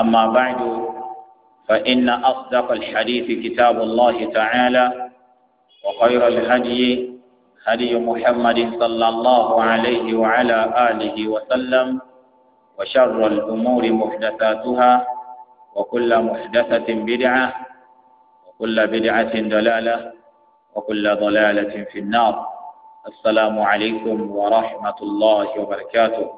أما بعد فإن أصدق الحديث كتاب الله تعالى وخير الهدي هدي محمد صلى الله عليه وعلى آله وسلم وشر الأمور محدثاتها وكل محدثة بدعة وكل بدعة دلالة وكل ضلالة في النار السلام عليكم ورحمة الله وبركاته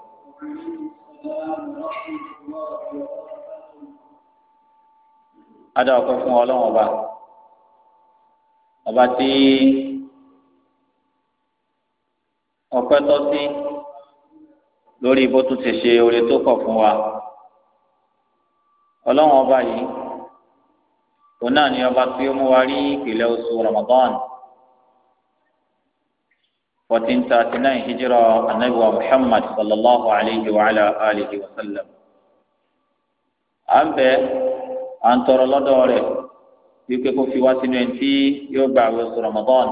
adá ọpẹ́ fún Ọlọ́run ọba ọba tí ọpẹ́ tọ́ sí lórí bó tún ti ṣe oore tó kọ fún wa Ọlọ́run ọba yìí òun náà ni ọba tí ó mú wa rí ìpìlẹ̀ oṣù Ramadan fourteen thirty nine hijira anabi Muhammad sallallahu alayhi wa ala wa sallam A ń tọrọ lọ́dọ̀ rẹ̀ wípé kó fi wá sínú ẹni tí yóò gba àwọn oṣù Ramadan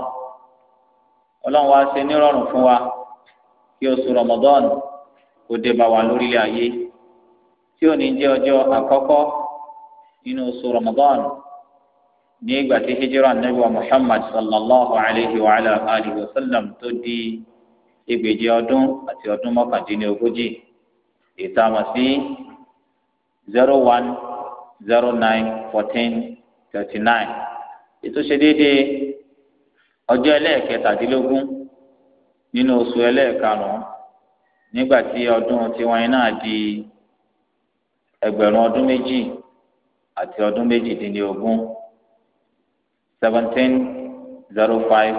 Ọlọ́run wa ṣe nírọ̀rùn wa kí oṣù Ramadan kó dé wa ayé tí ní Ramadan ní hijira wa Muhammad sallallahu alayhi wa alayhi wa sallam tó di ìgbèje ọdún àti zero one. zero nine fourteen thirty nine ètò ṣe déédéé ọjọ́ ẹlẹ́ẹ̀kẹtàdínlógún nínú oṣù ẹlẹ́ẹ̀karùn-ún nígbà tí ọdún tiwọn yẹn náà di ẹgbẹ̀rún ọdún méjì àti ọdún méjìdínlógún seventeen zero five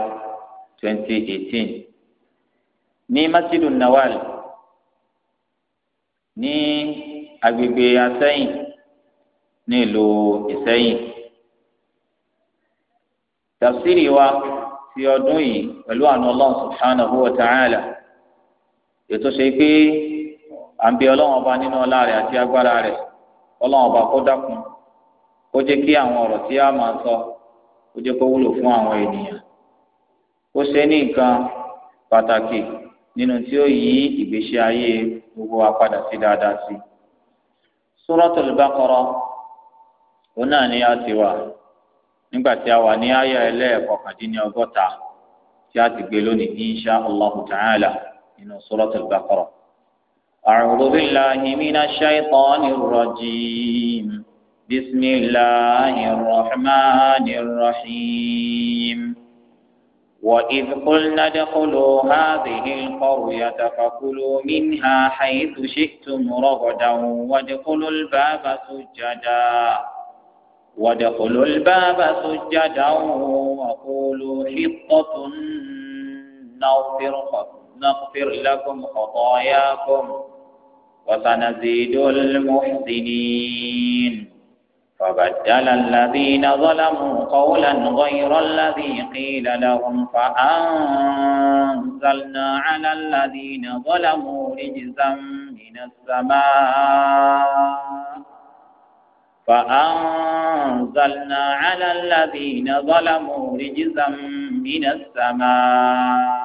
twenty eighteen ní masjidu nawal ní agbègbè asẹ́yìn ní ìlú ìsẹ́yìn tafsiri wa ti ọdún yìí pẹ̀lú àánú ọlọ́run subhanahu wa ta'ala ètò ṣe pé à ń bi ọlọ́run ọba nínú ọlá rẹ̀ àti agbára rẹ̀ ọlọ́run ọba kó dákun kó jẹ́ kí àwọn ọ̀rọ̀ tí a máa sọ kó jẹ́ kó wúlò fún àwọn ènìyàn kó ṣe ní nǹkan pàtàkì nínú tí ó yí ìgbésí ayé gbogbo wa sí dáadáa sí. Suratul Baqarah òun náà ni a ti wà nígbà tí a wà ní àyà ẹlẹ́ẹ̀kọkàndínní ọgọ́ta tí a ti gbé lónìí insha allahu ta'ala nínú suratul baqara. أعوذ بالله من الشيطان الرجيم بسم الله الرحمن الرحيم وإذ قلنا ادخلوا هذه القرية فكلوا منها حيث شئتم رغدا وادخلوا الباب سجدا وادخلوا الباب سجدا وقولوا حطة نغفر, نغفر لكم خطاياكم وسنزيد المحسنين فبدل الذين ظلموا قولا غير الذي قيل لهم فأنزلنا على الذين ظلموا رجزا من السماء فأنزلنا على الذين ظلموا رجزا من السماء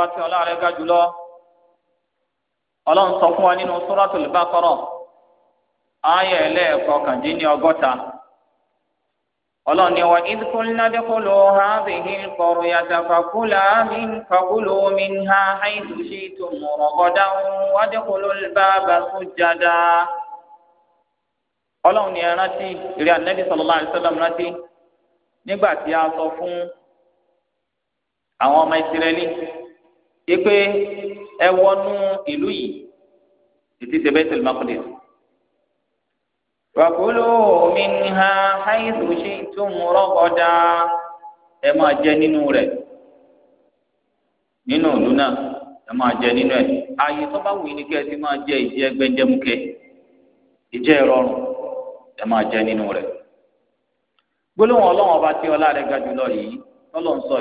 ọba tí ọlá rẹ̀ ga jùlọ ọlọ́run sọ fún wa nínú Suratul Baqara ayé ẹlẹ́ẹ̀kọkàndínní ọgọ́ta ọlọ́run ni wa idh qulna udkhulu hadhihi al-qaryata fakula min fakulu minha haythu shi'tum ragadan wadkhulu al-baba sujjada ọlọ́run ni ẹ rántí ìrìn ànábì sallallahu alaihi wasallam rántí nígbà tí a sọ fún àwọn ọmọ ìsirẹ́lì. pé ẹ wọnú ìlú yìí títí ṣe Baitul Maqdis. Fàkúlù minha omi shi'tum rọ́gọ́dá ẹ máa jẹ nínú rẹ̀ nínú ìlú náà ẹ máa jẹ nínú ẹ̀. Ààyè tó bá wù yín ni kí ẹ ti máa jẹ ìjẹ gbẹjẹmúkẹ ìjẹ ẹ máa jẹ nínú rẹ̀. Gbólóhùn ọlọ́run ọba tí ọlá rẹ̀ ga jùlọ yìí ọlọ sọ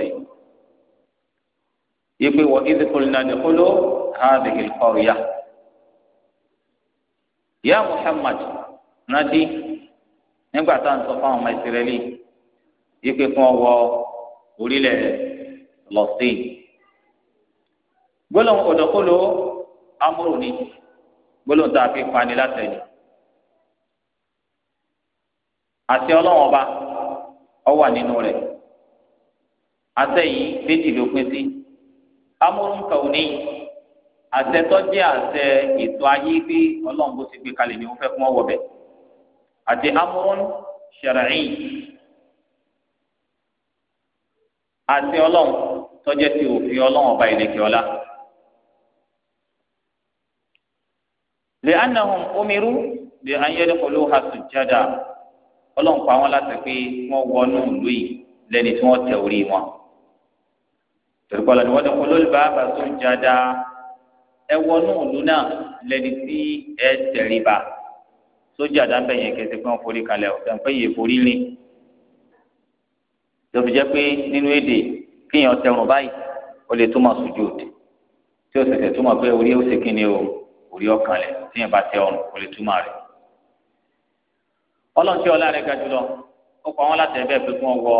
ipe wọ idikulina dikulu hadhihi alqarya ya muhammad nadi nígbà tá à ń sọ fáwọn ọmọ ìsirẹ́lì ipe fún ọwọ́ orílẹ̀ lọ́sìn gbólóhùn òdòkúlò amúrò ni gbólóhùn tá a fi pani látẹ̀lẹ̀ àti ọlọ́wọ́n ọba ó wà nínú rẹ̀ àtẹ̀yìn méjì ló pín sí amúrún kàwé àṣẹ tó jẹ́ àṣẹ ètò ayé pé ọlọ́run bó ti gbé kalẹ̀ ni wọ́n fẹ́ fún ọwọ́ bẹ̀ àti amúrún ṣẹ̀rẹ̀ẹ́yì àṣẹ ọlọ́run tó jẹ́ ti òfin ọlọ́run ọba ìlẹ̀kẹ̀ ọlá. لأنهم أمروا بأن يدخلوها سجدا ọlọ́run pa wọ́n láti pé wọ́n wọnú ìlú yìí tí wọ́n tẹ orí wọn tẹ̀kọ́lá ni wọ́n ti kọ́ lórí bàbá tó ń jáda ẹ wọnú òlu náà lẹ́ni tí ẹ tẹ̀ríba sójà dábẹ́ yẹn kẹsì fún ọ̀fọ́rí kalẹ̀ ọ̀sẹ̀ ń pẹ́ yẹ forí rìn lọ́bi jẹ́ pé nínú èdè kíyàn tẹ̀rùn báyìí ó lè túmọ̀ sùjúdù tí ó ṣẹ̀ṣẹ̀ túmọ̀ pé orí ó ṣe kíni o orí ọkàn lẹ̀ tíyẹn bá tẹ ọrùn ó lè túmọ̀ rẹ̀ ọlọ́run tí ọlá rẹ̀ ga jùlọ ó pa wọn láti ẹ̀bẹ̀ pé kí wọ́n wọ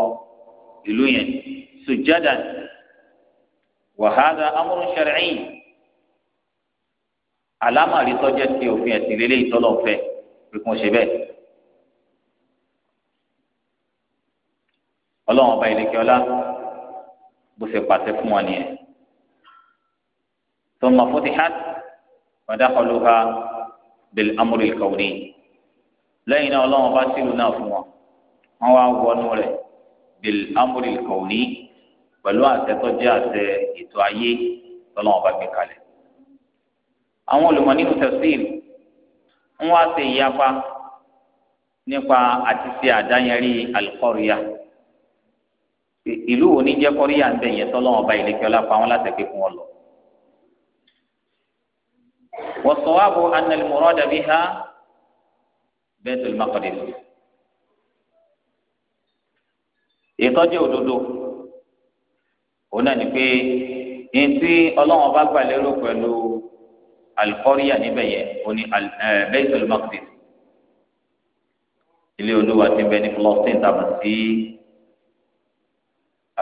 ìlú yẹn sùjádà ni wàhálà amúrú sẹrẹ̀ẹ́yìn àlámàrí tọ́jẹ́ ti òfin ẹ̀sìn lélẹ́ ìtọ́lọ̀ fẹ́ pé kò ṣe bẹ́ẹ̀. ọlọ́run ọba ìlẹ̀kẹ́ ọlá bó ṣe pàṣẹ fún wọn nìyẹn. ثم فتحت فدخلوها بالأمر الكوني lẹ́yìn náà ọlọ́run ọba sílùú náà fún wọn wọ́n wá wọnú rẹ̀ بالأمر الكوني pẹ̀lú àṣẹ tó jẹ́ àṣẹ ètò ayé tọ́lọ́ wọn bá gbé kalẹ̀. àwọn olùmọ̀ nínú tẹ̀síìlì ń wá ṣe ìyapa nípa àti ṣe àdáyẹrí alikọ́ríyà ìlú wo ní jẹ́ kọ́ríyà ń bẹ̀ yẹn tọ́lọ́ wọn bá ilé kí ọlá pa wọn láti pé fún wọn lọ. والصواب أن المراد بها بيت المقدس ìtọ́jú òdodo òun náà ni pé ní tí ọlọ́wọ́n bá gbà lérò pẹ̀lú alikọ́ríyà níbẹ̀ yẹn òun ni Baitul Maqdis ilé olúwa ti bẹ ní Palestine tàbí sí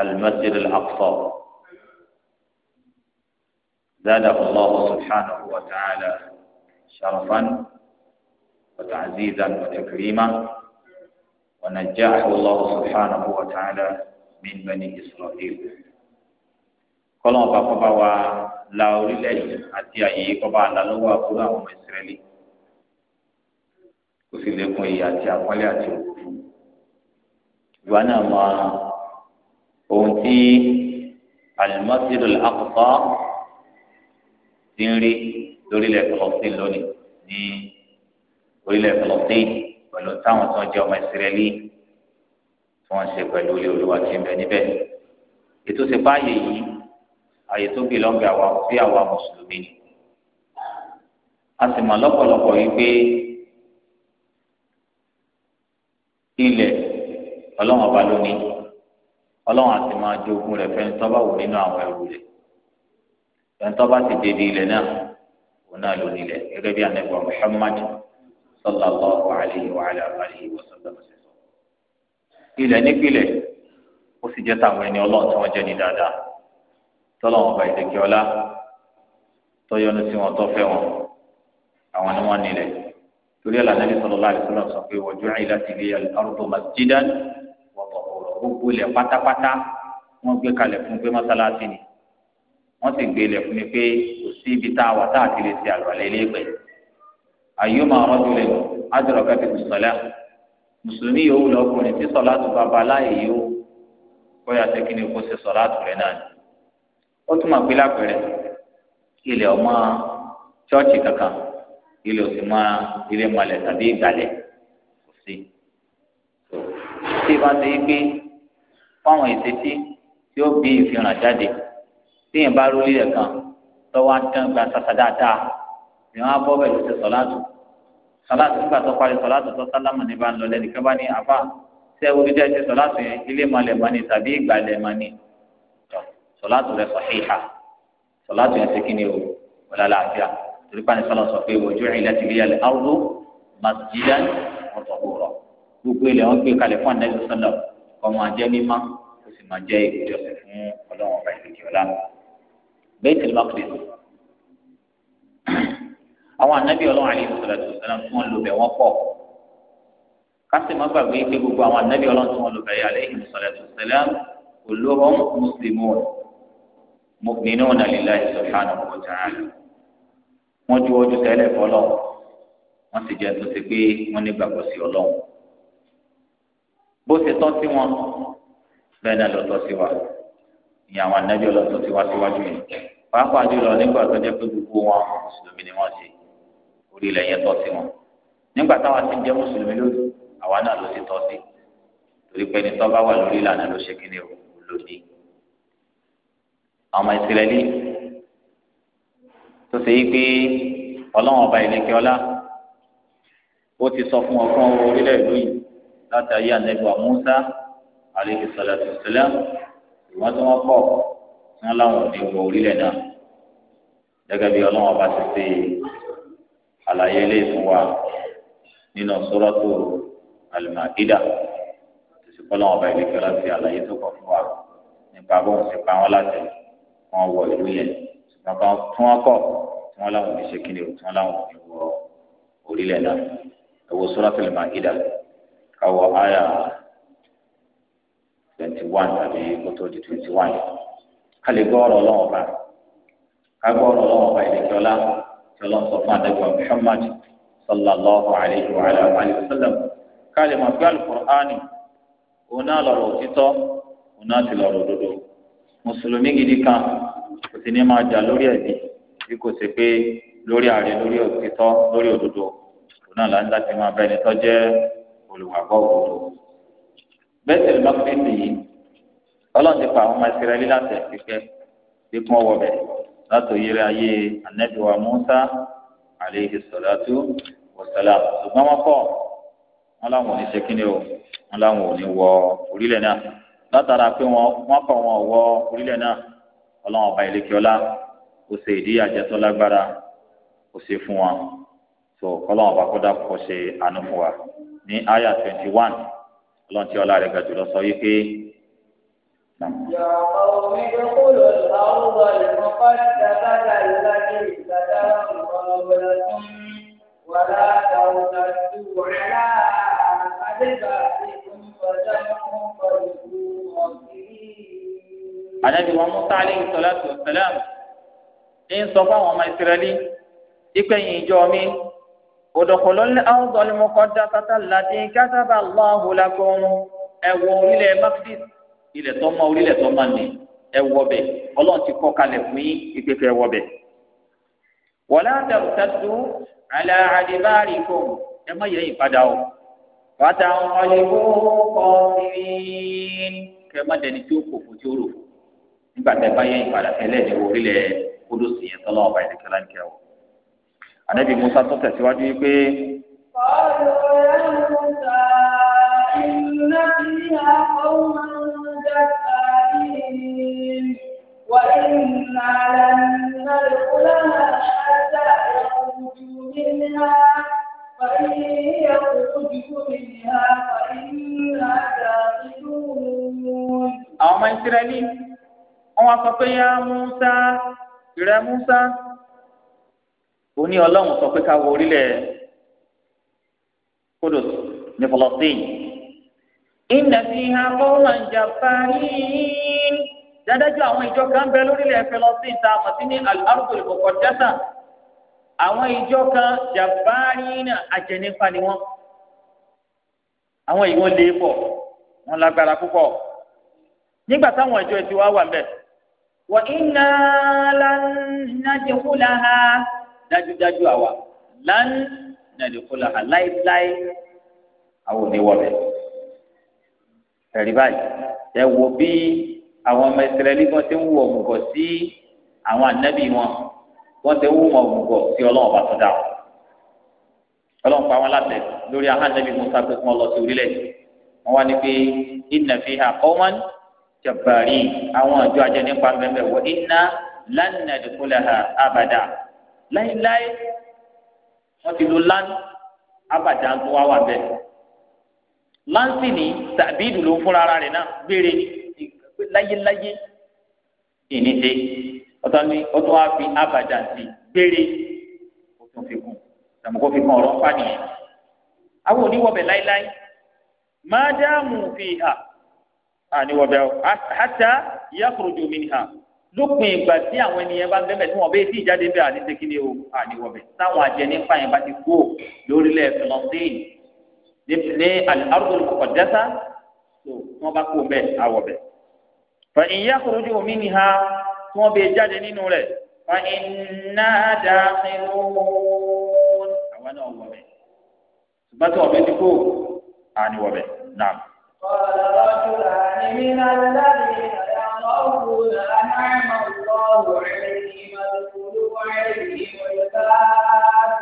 al-Masjid al-Aqsa zadahu Allah subhanahu wa ta'ala sharafan wa ta'zizan wa takrima wa najjahu Allah subhanahu wa ta'ala min bani Isra'il kọ́lọ́n bá kọ́ bá wa la orílẹ̀ yìí àti àyè yìí kọ́ bá la lọ́wọ́ àbúrò àwọn ọmọ ìsirẹ́lì kò sì lékun èyí àti àpọ́nlé àti òkú ìwà náà mọ ohun tí alimọ́sídùl akọ́kọ́ ti ń rí lórílẹ̀ kọlọ́sìn lónìí ní orílẹ̀ kọlọ́sìn pẹ̀lú táwọn tó ń jẹ́ ọmọ ìsirẹ́lì tí wọ́n ń ṣe pẹ̀lú olè olúwa ti ń bẹ níbẹ̀ ètò ìsìnkú ààyè yìí àyè tó bí lọ́gbẹ̀ àwa sí àwa mùsùlùmí ni a sì mọ̀ lọ́pọ̀lọpọ̀ yìí pé ilẹ̀ ọlọ́run ọba lónìí ọlọ́run àti máa jogún rẹ̀ fẹ́ni tọ́ba wò nínú àwọn ẹrú rẹ̀ fẹ́ni tọ́ba ti dèdè ilẹ̀ náà òun náà lónìí lẹ̀ gẹ́gẹ́ bí anagba Muhammad sallallahu alayhi wa alayhi wa sallam ilẹ̀ nípìnlẹ̀ ó sì jẹ́ tàwọn ẹni ọlọ́run tí wọ́n jẹ́ ní dáadáa tọ́lọ̀ wọn bá ìdèkè ọlá tọ́yọ́nu sí wọn tọ́fẹ́ wọn àwọn ni wọ́n nílẹ̀ torí àlànà ní sallallahu alaihi wasallam sọ pé waju'ilat liya al-ardu masjidan wa tahura gbogbo ilẹ̀ pátápátá wọ́n gbé kalẹ̀ fún pé mọ́sálásí ni wọ́n sì gbé ilẹ̀ fún mi pé kò sí ibi tá a wà tá a ti lè ṣe àlùwalẹ̀ lẹ́gbẹ̀ẹ́ ayyuma rajulin adrakat as-salah mùsùlùmí yòówù lọ́kùnrin tí sọ̀lá tó bá ba láàyè yòó kọ́yà tẹ́kínì kó ṣe sọ̀lá rẹ̀ náà ni ó tún máa gbé lápẹ̀rẹ̀ ilẹ̀ ọmọ chọ́ọ̀chì kankan ilẹ̀ òsì mọ́ ilé mọ́lẹ̀ tàbí ìgbàlẹ̀ kò sí. tí ìbá ti yí pé fáwọn ìṣesí tí ó bí ìfihàn jáde tí yẹn bá rórí rẹ̀ kan tọ́wọ́ á tán gba sàṣà dáadáa ìwọ́n á bọ́ bẹ̀ ló ti sọ̀láàtù sọ̀láàtù nígbà tó parí sọ̀láàtù tó sálámà ní bá ń lọ lẹ́nu kí wọ́n bá ní àfà sẹ́wọ́n bí dẹ́ ti yẹn ilé mọ́lẹ̀ mọ́ni tàbí ìgbàlẹ̀ mọ́ni sọláàtù rẹ sọhíhà sọláàtù yẹn ti kí ni o wọlé aláàfíà torí pàṣẹ sọlá sọ pé wọ́n ju ìlẹ̀ ti léyà lẹ́ arúgbó masjidan ọ̀tọ̀kùrọ̀ gbogbo ilẹ̀ wọn gbé kalẹ̀ fún anabi sọlá kọ́ máa jẹ́ mímọ́ ó sì máa jẹ́ ìjọsìn fún ọlọ́run ọba ìlú ọ̀la Baitul Maqdis àwọn anabi ọlọ́run àlẹ́ ìsọ̀rọ̀ tó tí wọ́n lò bẹ̀ wọ́n pọ̀ kasi ma gbàgbé pé gbogbo àwọn anabi ọlọ́run tí wọ́n lò bẹ̀rẹ̀ alẹ́ ìsọ̀lẹ̀ tó mu'minuna lillahi subhanahu wa ta'ala wọ́n ju ojú tẹ́lẹ̀ fọlọ́ wọ́n sì jẹ́ tó ti pé wọ́n ní gbàgbọ́ sí ọlọ́run bó ṣe tọ́ sí wọn bẹ́ẹ̀ náà ló tọ́ sí wa ìyẹn àwọn anájọ́ ló tọ́ sí wa síwájú yẹn pàápàá jùlọ nígbà tó jẹ́ pé gbogbo wọn mùsùlùmí ni wọ́n ṣe orí ilẹ̀ yẹn tọ́ sí wọn nígbà táwa ti jẹ́ mùsùlùmí lónìí àwa náà ló ti tọ́ sí torí pé ní tọ́ba wà lórí ìlànà ló ṣe kíni o ọmọ ìsirẹ́lì tó ṣe yí pé ọlọ́wọ́n ọba ìlẹ́kẹ́ ọlá ó ti sọ fún ọkàn orílẹ̀ ìlú yìí láti ayé ànẹ́gbà Musa alayhi salatu wassalam ìwọ́n tí wọ́n pọ̀ tí wọ́n láwọn ò ní wọ orílẹ̀ náà gẹ́gẹ́ bí ọlọ́wọ́n ọba ti ṣe àlàyé ilé ìfún wa nínú suratu al-Ma'idah tó ṣe kọ́ ọlọ́wọ́n ọba ìlẹ́kẹ́ ọlá ti àlàyé tó kọ̀ fún wa nípa bóun ṣe pa wọn láti wọn wọ ìlú yẹn ṣùgbọ́n kan tí wọ́n kọ̀ tí wọ́n láwọn oníṣe kíni o tí wọ́n láwọn òní wọ orílẹ̀ náà ẹ wo Suratul Maida káwọ àyà twenty one tàbí kótó di twenty one ká lè gbọ́ ọ̀rọ̀ ọlọ́wọ́n bá ká gbọ́ ọ̀rọ̀ ọlọ́wọ́n bá ìdẹ́kẹ́ ọlá tí ọlọ́run sọ fún adébọ̀ Muhammad sallallahu alayhi wa alayhi wa sallam ká lè máa gbé alukur'ani òun náà lọ̀rọ̀ òtítọ́ òun náà ti lọ̀rọ̀ òdodo mùsùlùmí gidi kan kò sì ní máa jà lórí ẹ̀bi bí kò ṣe pé lórí ààrẹ lórí òtítọ́ lórí òdodo òun náà láti láti máa bá ẹni tó jẹ́ olùwàgbọ́ òdodo. bẹ́tẹ̀lì mọ́kìrìsì yìí ọlọ́run ti pa àwọn ọmọ ìsirẹ́lì láti ẹ̀fífẹ́ bí kí wọ́n wọ bẹ̀ láti òyìnbó ayé Ànábì wa Mùsá alayhi salatu wa salam ṣùgbọ́n wọn kọ́ wọn làwọn ò ní ṣe kíni o wọn làwọn ò ní wọ orílẹ̀ náà látara pé wọn kọ́ wọn wọ orílẹ̀ náà ọlọ́run ọba ìlẹ́kíọ́lá kò ṣe ìdíyàjẹ tó lágbára kò ṣe fún wa so ọlọ́run ọba kọ́dà kò ṣe àánú fún wa ní àyà twenty one ọlọ́run tí ọlá rẹ̀ ga jùlọ sọ yìí pé ànábì wọn Musa alayhi salatu wa salam ní sọ fáwọn ọmọ ìsirẹ́lì ìpẹ́yìn ìjọ mi òdòkòló ní awùdọ́lì mọ́kọ́dá tata láti kátàbà Allahu lakum ẹ̀wọ̀ orílẹ̀ Maqdis ilẹ̀ tó mọ orílẹ̀ tó mọ ní ẹ̀wọ̀ bẹ̀ ọlọ́run ti kọ́ kalẹ̀ fún yín ìpẹ́kẹ́ ẹ̀wọ̀ bẹ̀. wala tartaddu ala adbarikum ẹ má yẹ ìpadà o. wàtà ọ̀lẹ́kọ̀ọ́ kọ́ mi kẹ́ má dẹni tí kò fún tí ó rò fún nígbà tẹ bá yẹn ìpadà tẹ́lẹ̀ ní orílẹ̀ kúdùsì yẹn tọ́lọ́ ọba ìdíkẹ́lá ń kẹ́ o. ànábì musa tó tẹ̀síwájú wípé. kọ́ọ̀lù ẹ̀ ń sọ ìlú náà وإنا لن ندخلها حتى يخرجوا منها وإن يخرجوا منها فإنا داخلون. أو من wọ́n wá sọ pé yá Musa ìrẹ́ Musa ó ní ọlọ́run sọ pé ká wọ orílẹ̀ kódò ní fọlọ́sìn ìnà fi hàn kọ́wọ́n jàpá yín dádájọ́ àwọn ìjọ kan bẹ lórílẹ̀ fẹlọ́sìn tá a mọ̀ sí ní al-ardul muqaddasa àwọn ìjọ kan jàbáyìn àjẹnífà ni wọ́n àwọn èyí wọ́n lé pọ̀ wọ́n lágbára púpọ̀ nígbà táwọn ìjọ ti wá wà mbẹ وإنا لن ندخلها دجو دجو أوا لن ندخلها لاي لاي أو نيوبي تريباي ẹ wo bí àwọn ọmọ ìsirẹ́lì wọn ti ń wù ọ̀mùgọ̀ sí àwọn ànábì wọn wọn ti ń wù ọ̀mùgọ̀ sí ọlọ́run tó dà wọn ọlọ́run pa wọn látẹ̀ lórí ahánẹ́bí musa pé kí wọ́n lọ sí orílẹ̀ wọn wá ní pé inna fiha qawman jabari àwọn àjọ àjẹ nípa mẹmẹ wọ iná lánàá ìdókòlè ha abàdà láíláí wọn ti lo lánà abàdà tó wá wà bẹ́ẹ̀ láǹsì ní tàbí ìdùnnú fúnra ara rẹ̀ náà gbére láyéláyé ìníṣe ọtọ ní ọtọ wa fi abàdà sí gbére ó tún fi kún tàbùkọ fi kún ọ̀rọ̀ ńpa àwọn oníwọbẹ láíláí má dáàmú fi hà àníwọ̀bẹ̀ ọ́ àtà yakhruju minha lópin ìgbà tí àwọn ènìyàn bá ń bẹ́ẹ̀ tí wọ́n bẹ́ẹ̀ tí ìjáde bẹ́ẹ̀ àti sekele o àníwọ̀bẹ̀ ah, táwọn àjẹní fàyàn bá ti kú ò lórílẹ̀ Filistin ní al-ardul muqaddasa tó wọ́n bá kú bẹ́ẹ̀ àwọ̀bẹ̀. fa in yakhruju tí wọ́n bẹ́ẹ̀ jáde nínú rẹ̀ fa inna dakhilun àwọn náà wọ̀bẹ̀ ṣùgbọ́n tí wọ́n bẹ́ẹ̀ ti kú náà. من الذين يرون أنعم الله عليهم ادخلوا عليهم الباب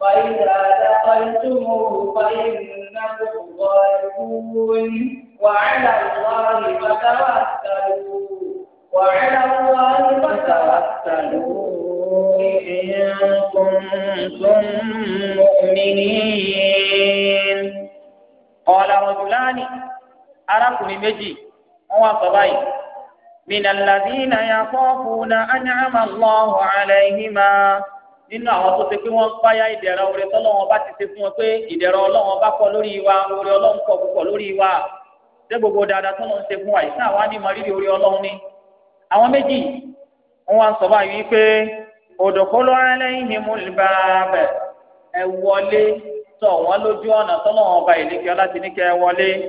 فإذا دخلتموه فإنكم غالبون وعلى الله فتوكلوا وعلى الله فتوكلوا إن كنتم مؤمنين قال رجلان arákùnrin méjì wọ́n wá sọ báyìí. من الذين يخافون أنعم a عليهما nínú àwọn tó ṣe pé wọ́n ń páyà ìdẹ̀ra oore bá ti ṣe fún wọn pé ìdẹ̀ra ọlọ́wọ́n bá lórí wa oore ọlọ́wọ́n kọ púpọ̀ lórí wa ṣé gbogbo dáadáa ṣe fún wa wọn wá sọ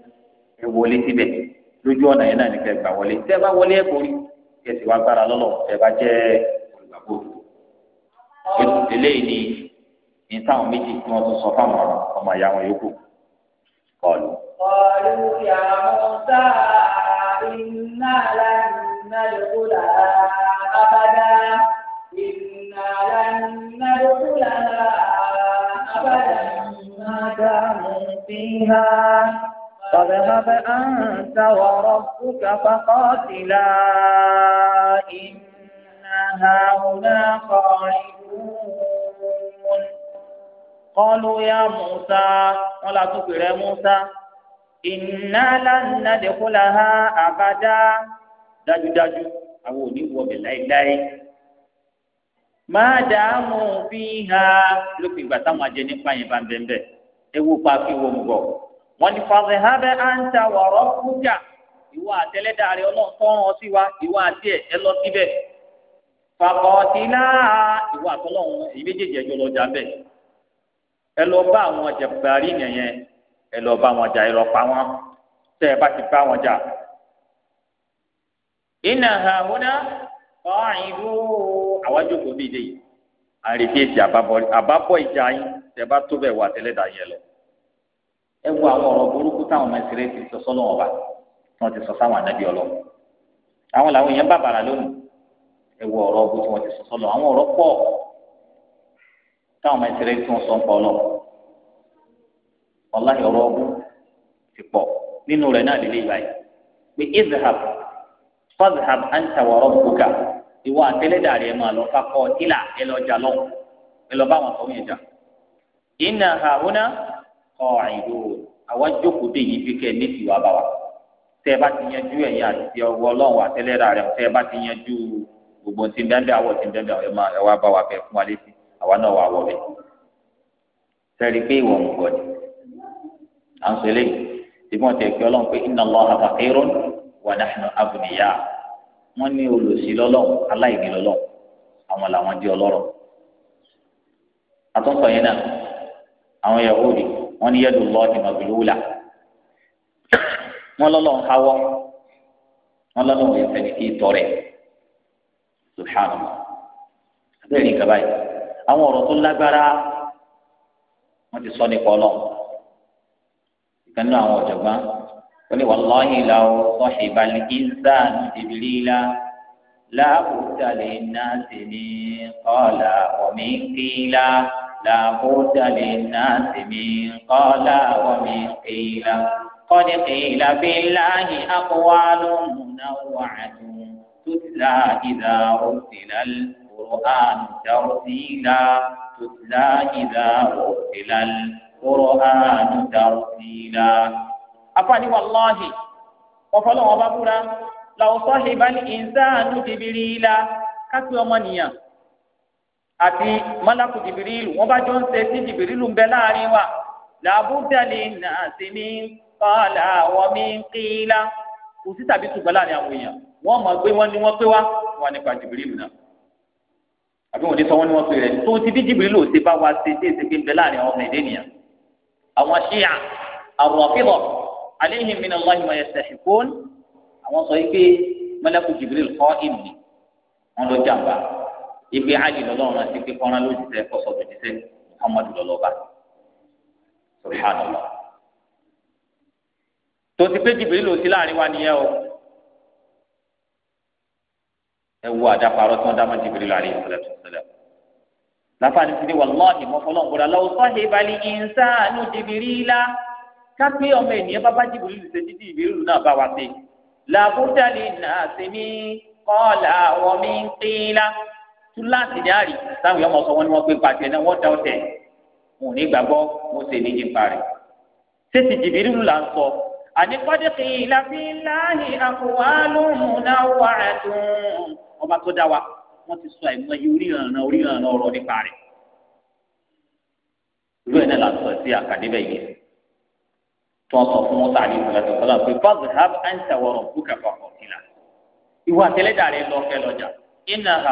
ẹ wọlé síbẹ̀ lójú ọ̀nà yẹn náà ní kẹ́ gbà wọlé tẹ́ bá wọlé ẹ̀ borí kẹsì wá gbára lọ́lọ́ tẹ́ bá jẹ́ olùgbàgbọ́ òdodo eléyìí ni ní méjì tí wọ́n tún sọ fáwọn ọmọ ìyá wọn yòókù kọlu. kọlu ya Musa iná lánà lókùlà abada iná lánà lókùlà abada má dàmú fi hàn. فاذهب أنت وربك فقاتلا إن هاهنا قاعدون قالوا يا موسى ولا تكر موسى إنا لن ندخلها أبدا دجو دجو أو نبوة بالله máa dààmú fi ha lópin ìgbà táwọn ajẹ nípa yẹn bá ń bẹ́ẹ̀ bẹ́ẹ̀ ewu pa kí wọ́n gbọ́ wọ́n ní fàzẹ̀ hábẹ́ àǹtà wọ̀rọ̀ kújà ìwọ àtẹlẹ́dàrẹ́ ọlọ́ọ̀tọ́rọ̀ sí wa ìwọ àti ẹ̀ ẹ lọ síbẹ̀ fàkọ̀tìlá ìwọ àtọ́lọ́hún èyí méjèèjì ẹjọ́ lọ jà bẹ́ẹ̀ ẹ lọ bá àwọn ọjà gbàrí nìyẹn ẹ lọ bá wọn jà ẹ wọn tẹ ẹ bá ti bá wọn jà. iná àhùnà ọ̀hìnrú àwọn jókòó bíi dé àrètí èsì àbábọ̀ ìjà yín tẹ bá tó bẹ̀ wà tẹ́lẹ̀dà yẹn lọ. ẹ wo àwọn ọ̀rọ̀ burúkú táwọn ọmọ ìṣeré ti sọ sọ́nà ọ̀bà tí wọ́n ti sọ sáwọn ànábì ọlọ́ àwọn làwọn èèyàn bàbàrà lónìí ẹ wo ọ̀rọ̀ ogun tí wọ́n ti sọ sọ́nà àwọn ọ̀rọ̀ pọ̀ táwọn ọmọ wọ́n sọ ń ọ̀rọ̀ ogun ti pọ̀ nínú rẹ̀ náà pé izhab ọ̀rìndò àwa jókòó dé yìí fi kẹ́ ní tiwa bá wa tẹ́ ẹ bá ti yanjú ẹ̀yìn àti ọwọ́ ọlọ́run àtẹ́lẹ́ra rẹ̀ tẹ́ ẹ bá ti yanjú gbogbo ti bẹ́ẹ̀ àwọ̀ ti bẹ́ẹ̀ ẹ máa ẹ bá wa bẹ̀ fún wa létí àwa náà wà wọ̀ bẹ̀ sẹ́rí pé ìwọ̀n ń gbọ́ ni à ń sọ eléyìí tí wọ́n ti ẹ̀kẹ́ ọlọ́run pé inna Allaha faqirun wa nahnu aghniya wọ́n ní olùsí lọ́lọ́run aláìní lọ́lọ́run àwọn làwọn di ọlọ́rọ̀ àtúntò yẹn náà àwọn Yahudi wọ́n ní yẹ́dùn lọ́ọ̀dì màgbìlúwùlà wọ́n lọ́lọ́ ń hawọ́ wọ́n lọ́lọ́ ń yẹn fẹ́ni kí tọrẹ subhanallah bẹ́ẹ̀ ni kaba yìí àwọn ọ̀rọ̀ tó lágbára wọ́n ti sọ nípa ọlọ́ ìkan nínú àwọn ọ̀jọ̀gbọ́n wọ́n ní wàlláhi làwọn sọ́ọ̀ṣì ìbálẹ̀ ìnsá ìbílíla láàbùtà lè ná sí ní kọ́ọ̀là ọ̀mí kíla. لابد للناس من قال ومن قيل قد قيل بالله أقوال منوعة تتلى إذا أرسل القرآن ترسيلا تتلى إذا أرسل القرآن ترسيلا أفني والله وفلو أبابنا لو صاحب الإنسان جبريلا كتب منيا àti malaku jibiril wọ́n bá jọ ń ṣe tí jibiril ń bẹ láàrin wa làbúdàlì nàásì mi kọ́là wọ́n mi ń kíla kò sí tàbí ṣùgbọ́n láàrin àwọn èèyàn wọ́n mọ̀ pé wọ́n ní wọ́n pé wá wọn nípa jibiril náà àbí wọn ní sọ wọn ní wọ́n pè rẹ tó ti bí jibiril ò ṣe bá wa ṣe tí èsì ń bẹ láàrin àwọn ọmọ ẹ̀dẹ́ àwọn ṣíà àwọn ọ̀fíìbọ̀ aléhìn mi náà lọ́yìn wọ́n ẹsẹ̀ ṣìkún àwọn sọ yìí pé malaku jibiril kọ́ ìmì ibi ali lọlọrun àti pé kọ́ra ló ti sẹ kọsọ tó ti sẹ muhammadu lọlọba subhanallah tó ti pé jìbìrì lòsí láàrin wa nìyẹn o ẹ wo àdàparọ tí wọn dá mọ jìbìrì láàrin ìṣẹ̀lẹ̀ tó ṣẹlẹ̀ láfààní ti ní wàláhì mọfọlọ ngbọdọ lọ sọ ìbàlì ìnsánu jìbìrì la kápẹ ọmọ ènìyàn bàbá jìbìrì lùsẹ títí jìbìrì náà bá wa sí làbújá lè nà sí mi kọ́ làwọn mi ń pín in la túláàsì ní àrí táwọn yọmọ sọ wọn ni wọn pé pàṣẹ náà wọn da ọtẹ wọn ò ní gbàgbọ́ wọn sì ní nípa rẹ̀ sẹsì jìbìrìlù là ń sọ àníkọ́dé kì í láfi láàyè àkùwá lóhùn náà wà á dùn ọba tó dá wa wọn ti sọ àìmọye oríhànà oríhànà ọ̀rọ̀ nípa rẹ̀ ìlú ẹ̀ náà là sọ sí àkàdébẹ̀ yìí tí wọ́n sọ fún wọn sáré ìfọlá tó kọ́lá pé fáwọn ìhàb àǹtà wọ̀rọ̀ bùkà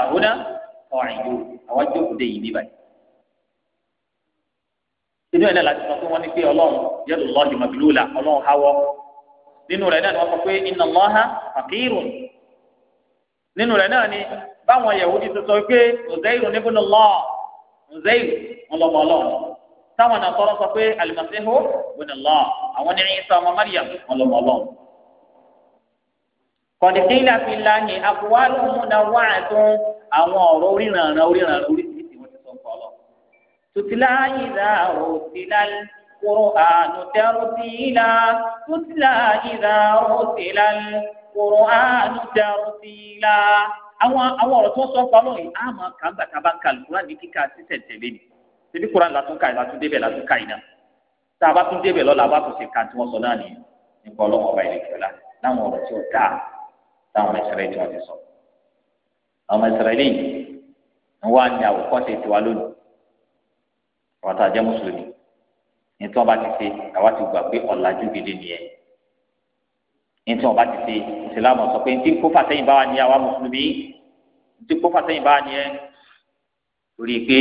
fà ọ̀rìn yóò àwọn jókòó dé yìí níbàyí. inú ẹ̀ náà láti sọ pé wọ́n ní pé ọlọ́run yẹ́dù lọ́ọ̀dì màbílúùlà ọlọ́run háwọ́ nínú rẹ̀ náà ni wọ́n sọ pé iná lọ́ha fàkírùn nínú rẹ̀ náà ni báwọn Yahudi ti sọ pé ọ̀zẹ́yìrù níbo ni lọ́ọ̀ ọ̀zẹ́yìrù ọlọ́mọ ọlọ́run táwọn náà sọ pé alimasihu kọ̀dìkìlà fi láàyè àkùwálù múna wá àtún àwọn ọ̀rọ̀ oríranran oríranran oríṣiríṣi wọn ti sọ nǹkan lọ. tutila ìlà òtìlá kúrò àánú tẹ́rù tutila ìlà òtìlá kúrò àánú tẹ́rù sí ìlà. àwọn àwọn ọ̀rọ̀ tó ń sọ nǹkan lóyìn á máa kà ń gbà tábà ń kà lùkúrà ní kíkà sísẹ̀ tẹ̀lé ni ṣebí kúrò látúnkà látúndébẹ̀ látúnkà yìí náà tá a bá tún débẹ̀ lọ́la a bá táwọn ìṣẹ̀lẹ̀ tí wọ́n ti sọ. àwọn ìṣẹ̀lẹ̀ yìí wọ́n á ní àwòkọ́ṣe tiwa lónìí wọ́n tó àjẹ́ mùsùlùmí ní tí wọ́n bá ti ṣe àwa ti gbà pé ọ̀làjú gidi nìyẹn ní tí wọ́n bá ti ṣe ìsìlámù sọ pé ntí kófà sẹ́yìn bá wà ní àwa mùsùlùmí ntí kófà sẹ́yìn bá wà ní ẹ torí pé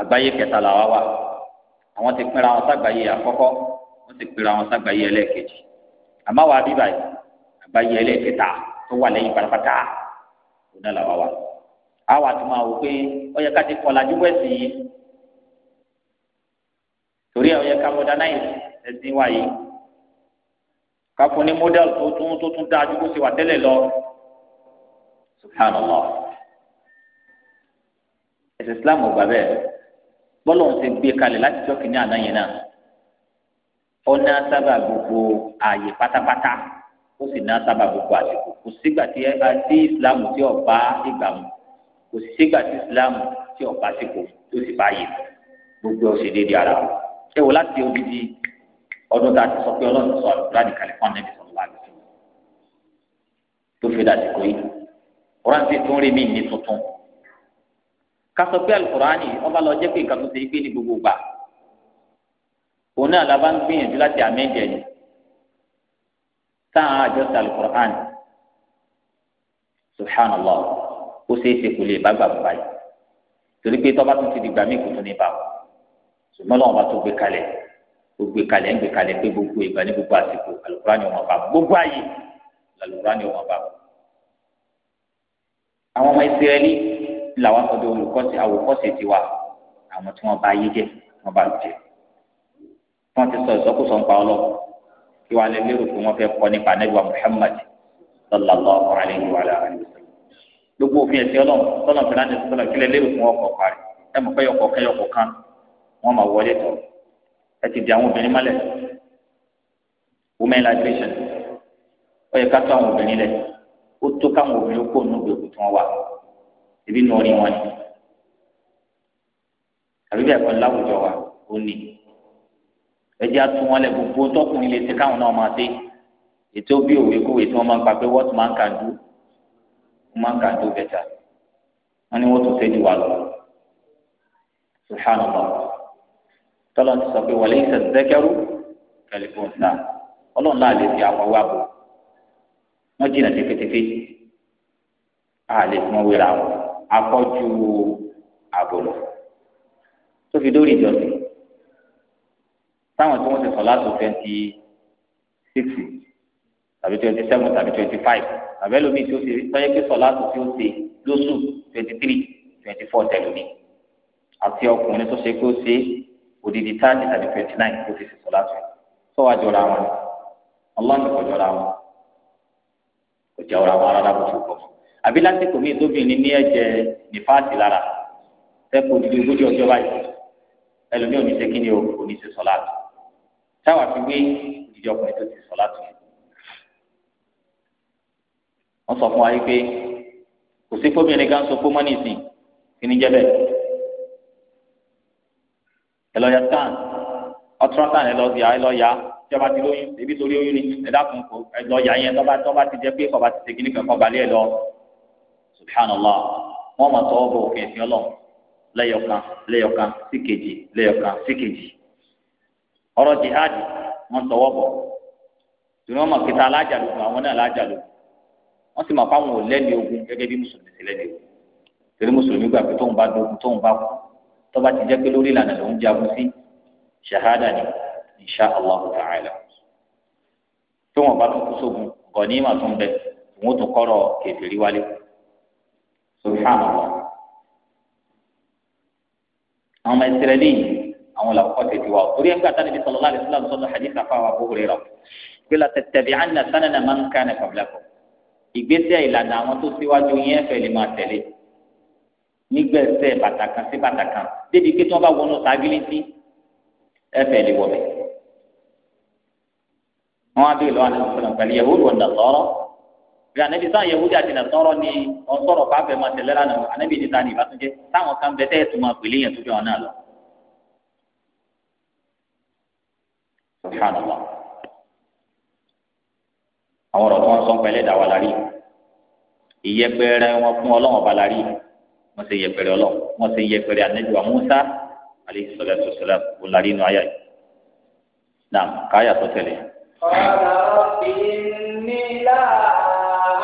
àgbáyé kẹta làwa wà àwọn ti pinra wọn sàgbáyé àkọ́kọ́ wọ́n ti pinra wọn sàgbáyé ẹlẹ́ẹ̀kejì àmọ́ wàá bíbáyìí báyìí ẹlẹ́ẹ̀kẹta tó wà lẹ́yìn pátápátá kò náà làwọn wa àwọn àti máa wò pé ó yẹ ká ti kọ́ lajú bọ́ ẹ̀sìn yìí torí ó yẹ ká modernize ẹ̀sìn wa yìí ká fún ní model tó tún tó tún dáa ju kó ṣe wà tẹ́lẹ̀ lọ subhanallah ẹ̀sìn islam ò gbà bẹ́ẹ̀ bọ́lọ̀ ń ṣe gbé kalẹ̀ láti jọ́ kìnìún àná yẹn náà ọ̀nà sábà gbogbo ààyè pátápátá ó sì ná sábà gbogbo àsìkò kò sígbà tí ẹ bá tí islam tí ọba ìgbà mu kò sígbà tí islam tí ọba àsìkò tó sì bá yẹ gbogbo ọ̀sẹ̀ déédé ara wọn. ẹ wò láti odidi ọdún tá a ti sọ pé ọlọ́run sọ àdúrà ní california ní sọ̀rọ̀ wáyé tó fi dàsìkò yìí ọ̀rọ̀ ti tún rí mi ní tuntun kásọ pé alukurani ọba lọ jẹ́ pé nǹkan tó ṣe é gbé ní gbogbo gbà òun náà la ń gbìyànjú láti àmì ẹ̀jẹ̀ táwọn àjọsìn alukur'an subhanallah ó ṣeé ṣe kò lè bá gbàgbọ́ báyìí torí pé tọ́ba tún ti di gbàmí kò tún ní bá wọn ṣùgbọ́n lọ́wọ́ bá tó gbé kalẹ̀ ó gbé kalẹ̀ ń gbé kalẹ̀ pé gbogbo ìgbà ní gbogbo àsìkò alukur'an yóò wọn bá gbogbo ayé alukur'an yóò wọn bá wọn. àwọn ọmọ ìsirẹ́lì làwọn sọdọ olùkọ́sí àwòkọ́sí tiwa àwọn tí wọ́n bá ayé jẹ́ wọ́n bá lù jẹ́ wọ́n ti sọ ìsọkúsọ ń pa ọlọ́run kí wàá lè lérò pé wọ́n fẹ́ kọ́ nípa anábìwá Muhammad sallallahu alayhi wa sallam gbogbo òfin ẹ̀sìn ọlọ́run sọ́nà tó láti sọ́nà kí lè lérò pé wọ́n kọ́ parí ẹ mọ̀ pé yọkọ̀ kan yọkọ̀ kan wọ́n máa wọlé tọ̀ ẹ ti di àwọn obìnrin mọ́lẹ̀ women liberation ó yẹ ká tó àwọn obìnrin lẹ̀ ó tó káwọn obìnrin kó nù gbèkú tí wọ́n wà ibi nù orin wọn ni àbí bẹ́ẹ̀ láwùjọ wa ó ní ẹjẹ atún wọn lẹ gbogbo tọkùnrin lè ṣe káwọn náà máa dé ètò bí òwe kówé tí wọn máa ń gbà pé what man can do man can do better wọn ni wọn tún ṣe ju wa lọ subhanallah tọ́lọ́ ti sọ pé wàlẹ́ ìṣẹ̀ dẹ́kẹ́rú kẹlẹ́fọ́n sá ọlọ́run náà lè fi àwọn wá bò wọ́n jìnnà tẹ́fẹ́tẹ́fẹ́ a lè fi wọn wéra wọn akọ́jú àbòlọ̀ tó fi dórí ìjọsìn táwọn tí wọ́n ti sọ láti twenty six tàbí twenty seven tàbí twenty five tàbí ẹlòmíì tí ó ṣe tọ́jú pé sọ láti tí ó ṣe lóṣù twenty three twenty four tẹ̀lómi àti ọkùnrin tó ṣe pé ó ṣe òdìdí táàdì tàbí twenty nine tó fi ṣe sọ láti sọ wá jọra wọn ọlọ́run kò jọra wọn kò jẹ́ ọ̀rọ̀ àwọn aráàlú tó kọ̀ àbí lásìkò míì tóbìnrin ní ẹ̀jẹ̀ nífàásì lára tẹ́kọ̀ọ́ òdìdí ogójì ọjọ́ báyìí ẹlòmíì ò ní ṣe kí ni o ò ní ṣe sọ láti táwa fi wé ìdíje ọkùnrin tó ti sọ láti yẹn wọ́n sọ fún wa yìí pé kò sí fóbìnrin kan sopó mọ́ nìsín kí ni jẹ́ bẹ́ẹ̀ ẹ lọ́ọ́ ya tán ọtúrọ́tàn ẹ lọ́ọ́ ya ẹ lọ́ọ́ ya ìjọba ti lóyún ebi torí oyún ni ẹ dákun kó ẹ lọ́ọ́ ya yẹn tọ́ba tọ́ba ti jẹ́ pé kọba ti segin nìkan kọba lé ẹ lọ subhanallah wọ́n mọ̀ tọ́wọ́ bọ̀ òkè ẹ̀sìn ọlọ́ lẹ́yọ̀kan lẹ́yọ̀kan sí lẹ́yọ̀kan sí ọ̀rọ̀ jihad, wọn tọwọ́ bọ̀ torí wọn mọ̀ pé ta alájà lógun àwọn náà alájà lógun wọn sì mọ̀ pé àwọn ò lẹ́ni ogun gẹ́gẹ́ bí mùsùlùmí sì lẹ́ni ogun torí mùsùlùmí gbà pé tóun bá dógun tóun bá kú tọ́ba ti jẹ́ pé lórí ìlànà lòún jagun sí ṣahada ni insha allah ta'ala tó wọn bá tún kú sógun gọ̀ọ́nì mà tún bẹ òun tún kọ́rọ̀ kẹfìrí wálé subhanallah àwọn ọmọ ìsirẹ́lì àwọn làkọ́kọ́ tètè wa torí ẹgbẹ́ àtàlẹ́ bí sallallahu alaihi wasallam sọ́dọ̀ hadith afa wa bóore rà bí la tẹ̀tẹ̀bi àná sanana máa ń ká ní kọ̀bìlẹ́kọ̀ ìgbésẹ̀ ìlànà àwọn tó síwájú yẹn fẹ́ lè máa tẹ̀lé nígbẹ̀sẹ̀ bàtàkàn sí bàtàkàn débi pé tí wọ́n bá wọnú tábìlì sí ẹ̀fẹ̀ lè wọ̀ mí. wọ́n á bí ìlú àná sọ̀rọ̀ pẹ̀lú yahudu ọ̀nà sọ̀rọ̀ bí anabi sáà yahudi àti nasọrọ ni ọsọrọ fàbẹ máa tẹlẹ lánàá anabi níta ni ìbátúnjẹ táwọn kan bẹ tẹ ẹtùmọ àpèlé yẹn tó jọ ọ lọ. subhanallah àwọn ọ̀rọ̀ tí wọ́n sọ ń pẹ́lẹ́ dà wà lárí ìyẹpẹrẹ wọn fún ọlọ́wọ́n bá lárí wọ́n ṣe yẹpẹrẹ ọlọ́wọ́ wọ́n ṣe yẹpẹrẹ anẹ́jọ́ Musa aleyhi salatu salam wọn lárí inú ayá yìí naam káyà tó tẹ̀lé. ọ̀rọ̀ ìnílá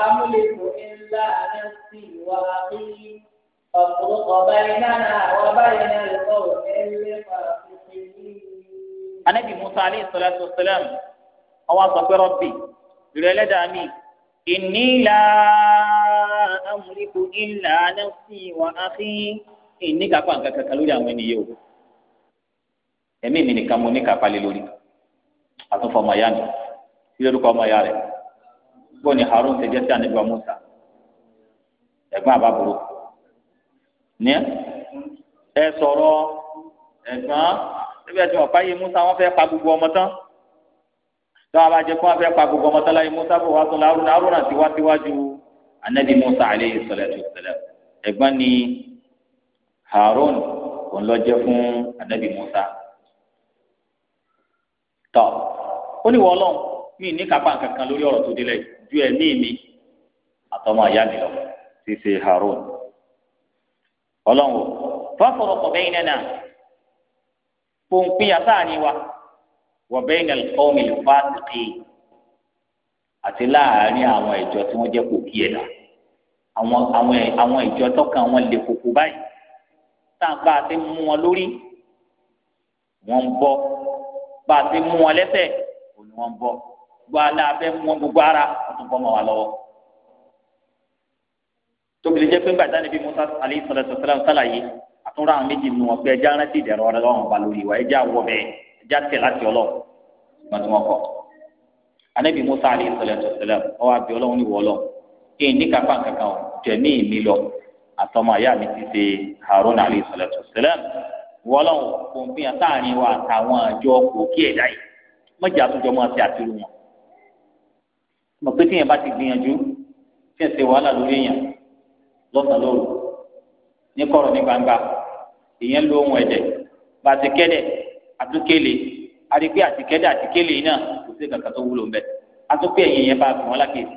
amúlẹ̀kùn ńlá nẹ́sì wà bí ọ̀pọ̀lọpọ̀ báyìí náà wà báyìí náà lọ́wọ́ ẹ̀ lé fàáfin anabi musa alayhi salatu wasalam ọwọ́ àgbàgbẹ́ rọ́bì ìrẹ́lẹ́dàá mi ìní la amúlíkù ìlà nafsi wa akhi ìní kápá nǹkan kankan lórí àwọn ènìyàn o ẹ̀mí mi nìkan mo ní kápá lé lórí àtúnfọ ọmọ ya ni sí lórúkọ ọmọ ya rẹ bó Harun ṣe jẹ anabi wa Musa ẹ̀gbọ́n àbábúrò ní ẹ sọ̀rọ̀ ẹ̀gbọ́n níbi ẹ̀sìn ọ̀pá yìí musa wọ́n fẹ́ pa gbogbo ọmọ tán tọ́wọ́ bá jẹ́ kó wọ́n fẹ́ pa gbogbo ọmọ tán láyé musa fún wa sọ̀rọ̀ arúnà arúnà tiwa tiwájú anabi musa aleyhi sọlẹ̀tù sẹlẹ̀ ẹ̀gbọ́n ni harun òun lọ jẹ́ fún anabi musa tọ́ ó ní wọ́n lọ́n mí ní kápá kankan lórí ọ̀rọ̀ tó délẹ̀ ju ẹ̀mí mi àtọmọ àyá mi lọ ṣíṣe harun ọlọ́run fọ́fọ́rọ́ kọ̀ bẹ́yìn náà pòǹpìyà sáàrin wa wọ̀ bẹ́ẹ̀ ní ẹ̀kọ́ mi lè fa àtìkè àti láàárín àwọn ìjọ tí wọ́n jẹ́ kò kí ẹ̀ dà àwọn àwọn àwọn ìjọ tọ́kàn wọn lè kókó báyìí tá a bá a ti mú wọn lórí wọ́n ń bọ́ bá a ti mú wọn lẹ́sẹ̀ kò ní wọ́n ń bọ́ gbọ́ alẹ́ abẹ́ mú wọn gbogbo ara wọ́n tún bọ́ mọ́ wa lọ́wọ́ tóbi lè jẹ́ pé ń gbàdánilẹ́bí Musa alayhi salatu wa salam sálàyé àtúnrà àwọn méjì nù wọn pé ẹjẹ arántí ìdẹ̀rọ ọlọ́run ọba lórí wa ẹjẹ àwọ bẹ́ẹ̀ ẹjẹ àtẹ láti ọlọ ìgbà tí wọn kọ. anabi musa alayhi salatu wasalam ọwọ abẹ ọlọ́run ní wọlọ kí n ní kápá kankan o tẹmí mi lọ àtọmọ àyà mi ti ṣe harun alayhi salatu wasalam wọlọ kò ń fi hàn sáàrin wa àtàwọn àjọ kò kí yìí mọ̀jà àtúnjọ máa ṣe àtìrú wọn. mọ̀ pé tíyẹn bá ti gbìyànjú tíyẹn ṣe wàhálà lórí èèyàn lọ́sàn-án lóru ní kọ̀rọ̀ ní gbangba ìyẹn ló ohun ẹ̀dẹ̀ bàtìkẹ́dẹ̀ àtúkẹ́lẹ̀ àdìpé àtìkẹ́dẹ̀ àtìkẹ́lẹ̀ náà kò sí kankan tó wúlò ńbẹ àtúkẹ́ ẹ̀yìn yẹn bá a fi wọn lákèsí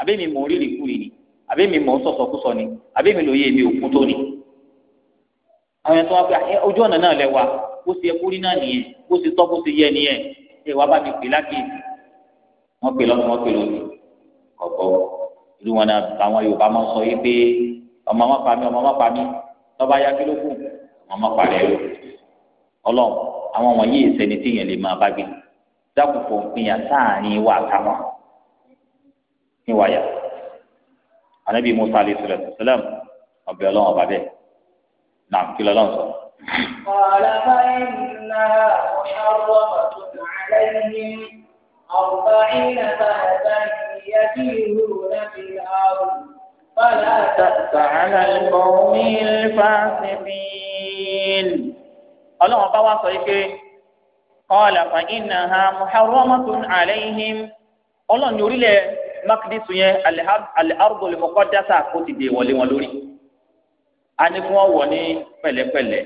àbí mi mọ̀ rírì kúrì ni àbí mi mọ̀ sọ̀sọ̀kúsọ ni àbí mi lòye mi ò kú tó ni. àwọn ẹ̀tọ́ wa pé ojú ọ̀nà náà lẹ wa bó ṣe kúrí náà nìyẹn bó ṣe tọ́ bó ṣe yẹ nìyẹn ẹ wàá bá mi pè lákèsí wọ́n wọ́n pè ya kí wọn má parí ẹrú ọlọ́run àwọn wọ̀nyí ìsẹni tí yẹn lè máa bá gbé dákòókò ìpínyà sáàrin wà táwọn níwáyà anabi musa alayhi salatu wa salam ọbẹ ọlọ́run ọba bẹ́ẹ̀ náà kí lọlọrun sọ. قال فإنا محرمة عليهم أربعين سنة يسيرون في الأرض فلا تأس على القوم الفاسقين ọlọ́run bá wá sọ yìí pé qala fa innaha muharramatun alayhim ọlọ́run ní orílẹ̀ makidisu yẹn al-ardul muqaddasa kó ti dè wọlé wọn lórí a ní kí wọ́n wọ̀ ní pẹ̀lẹ́pẹ̀lẹ́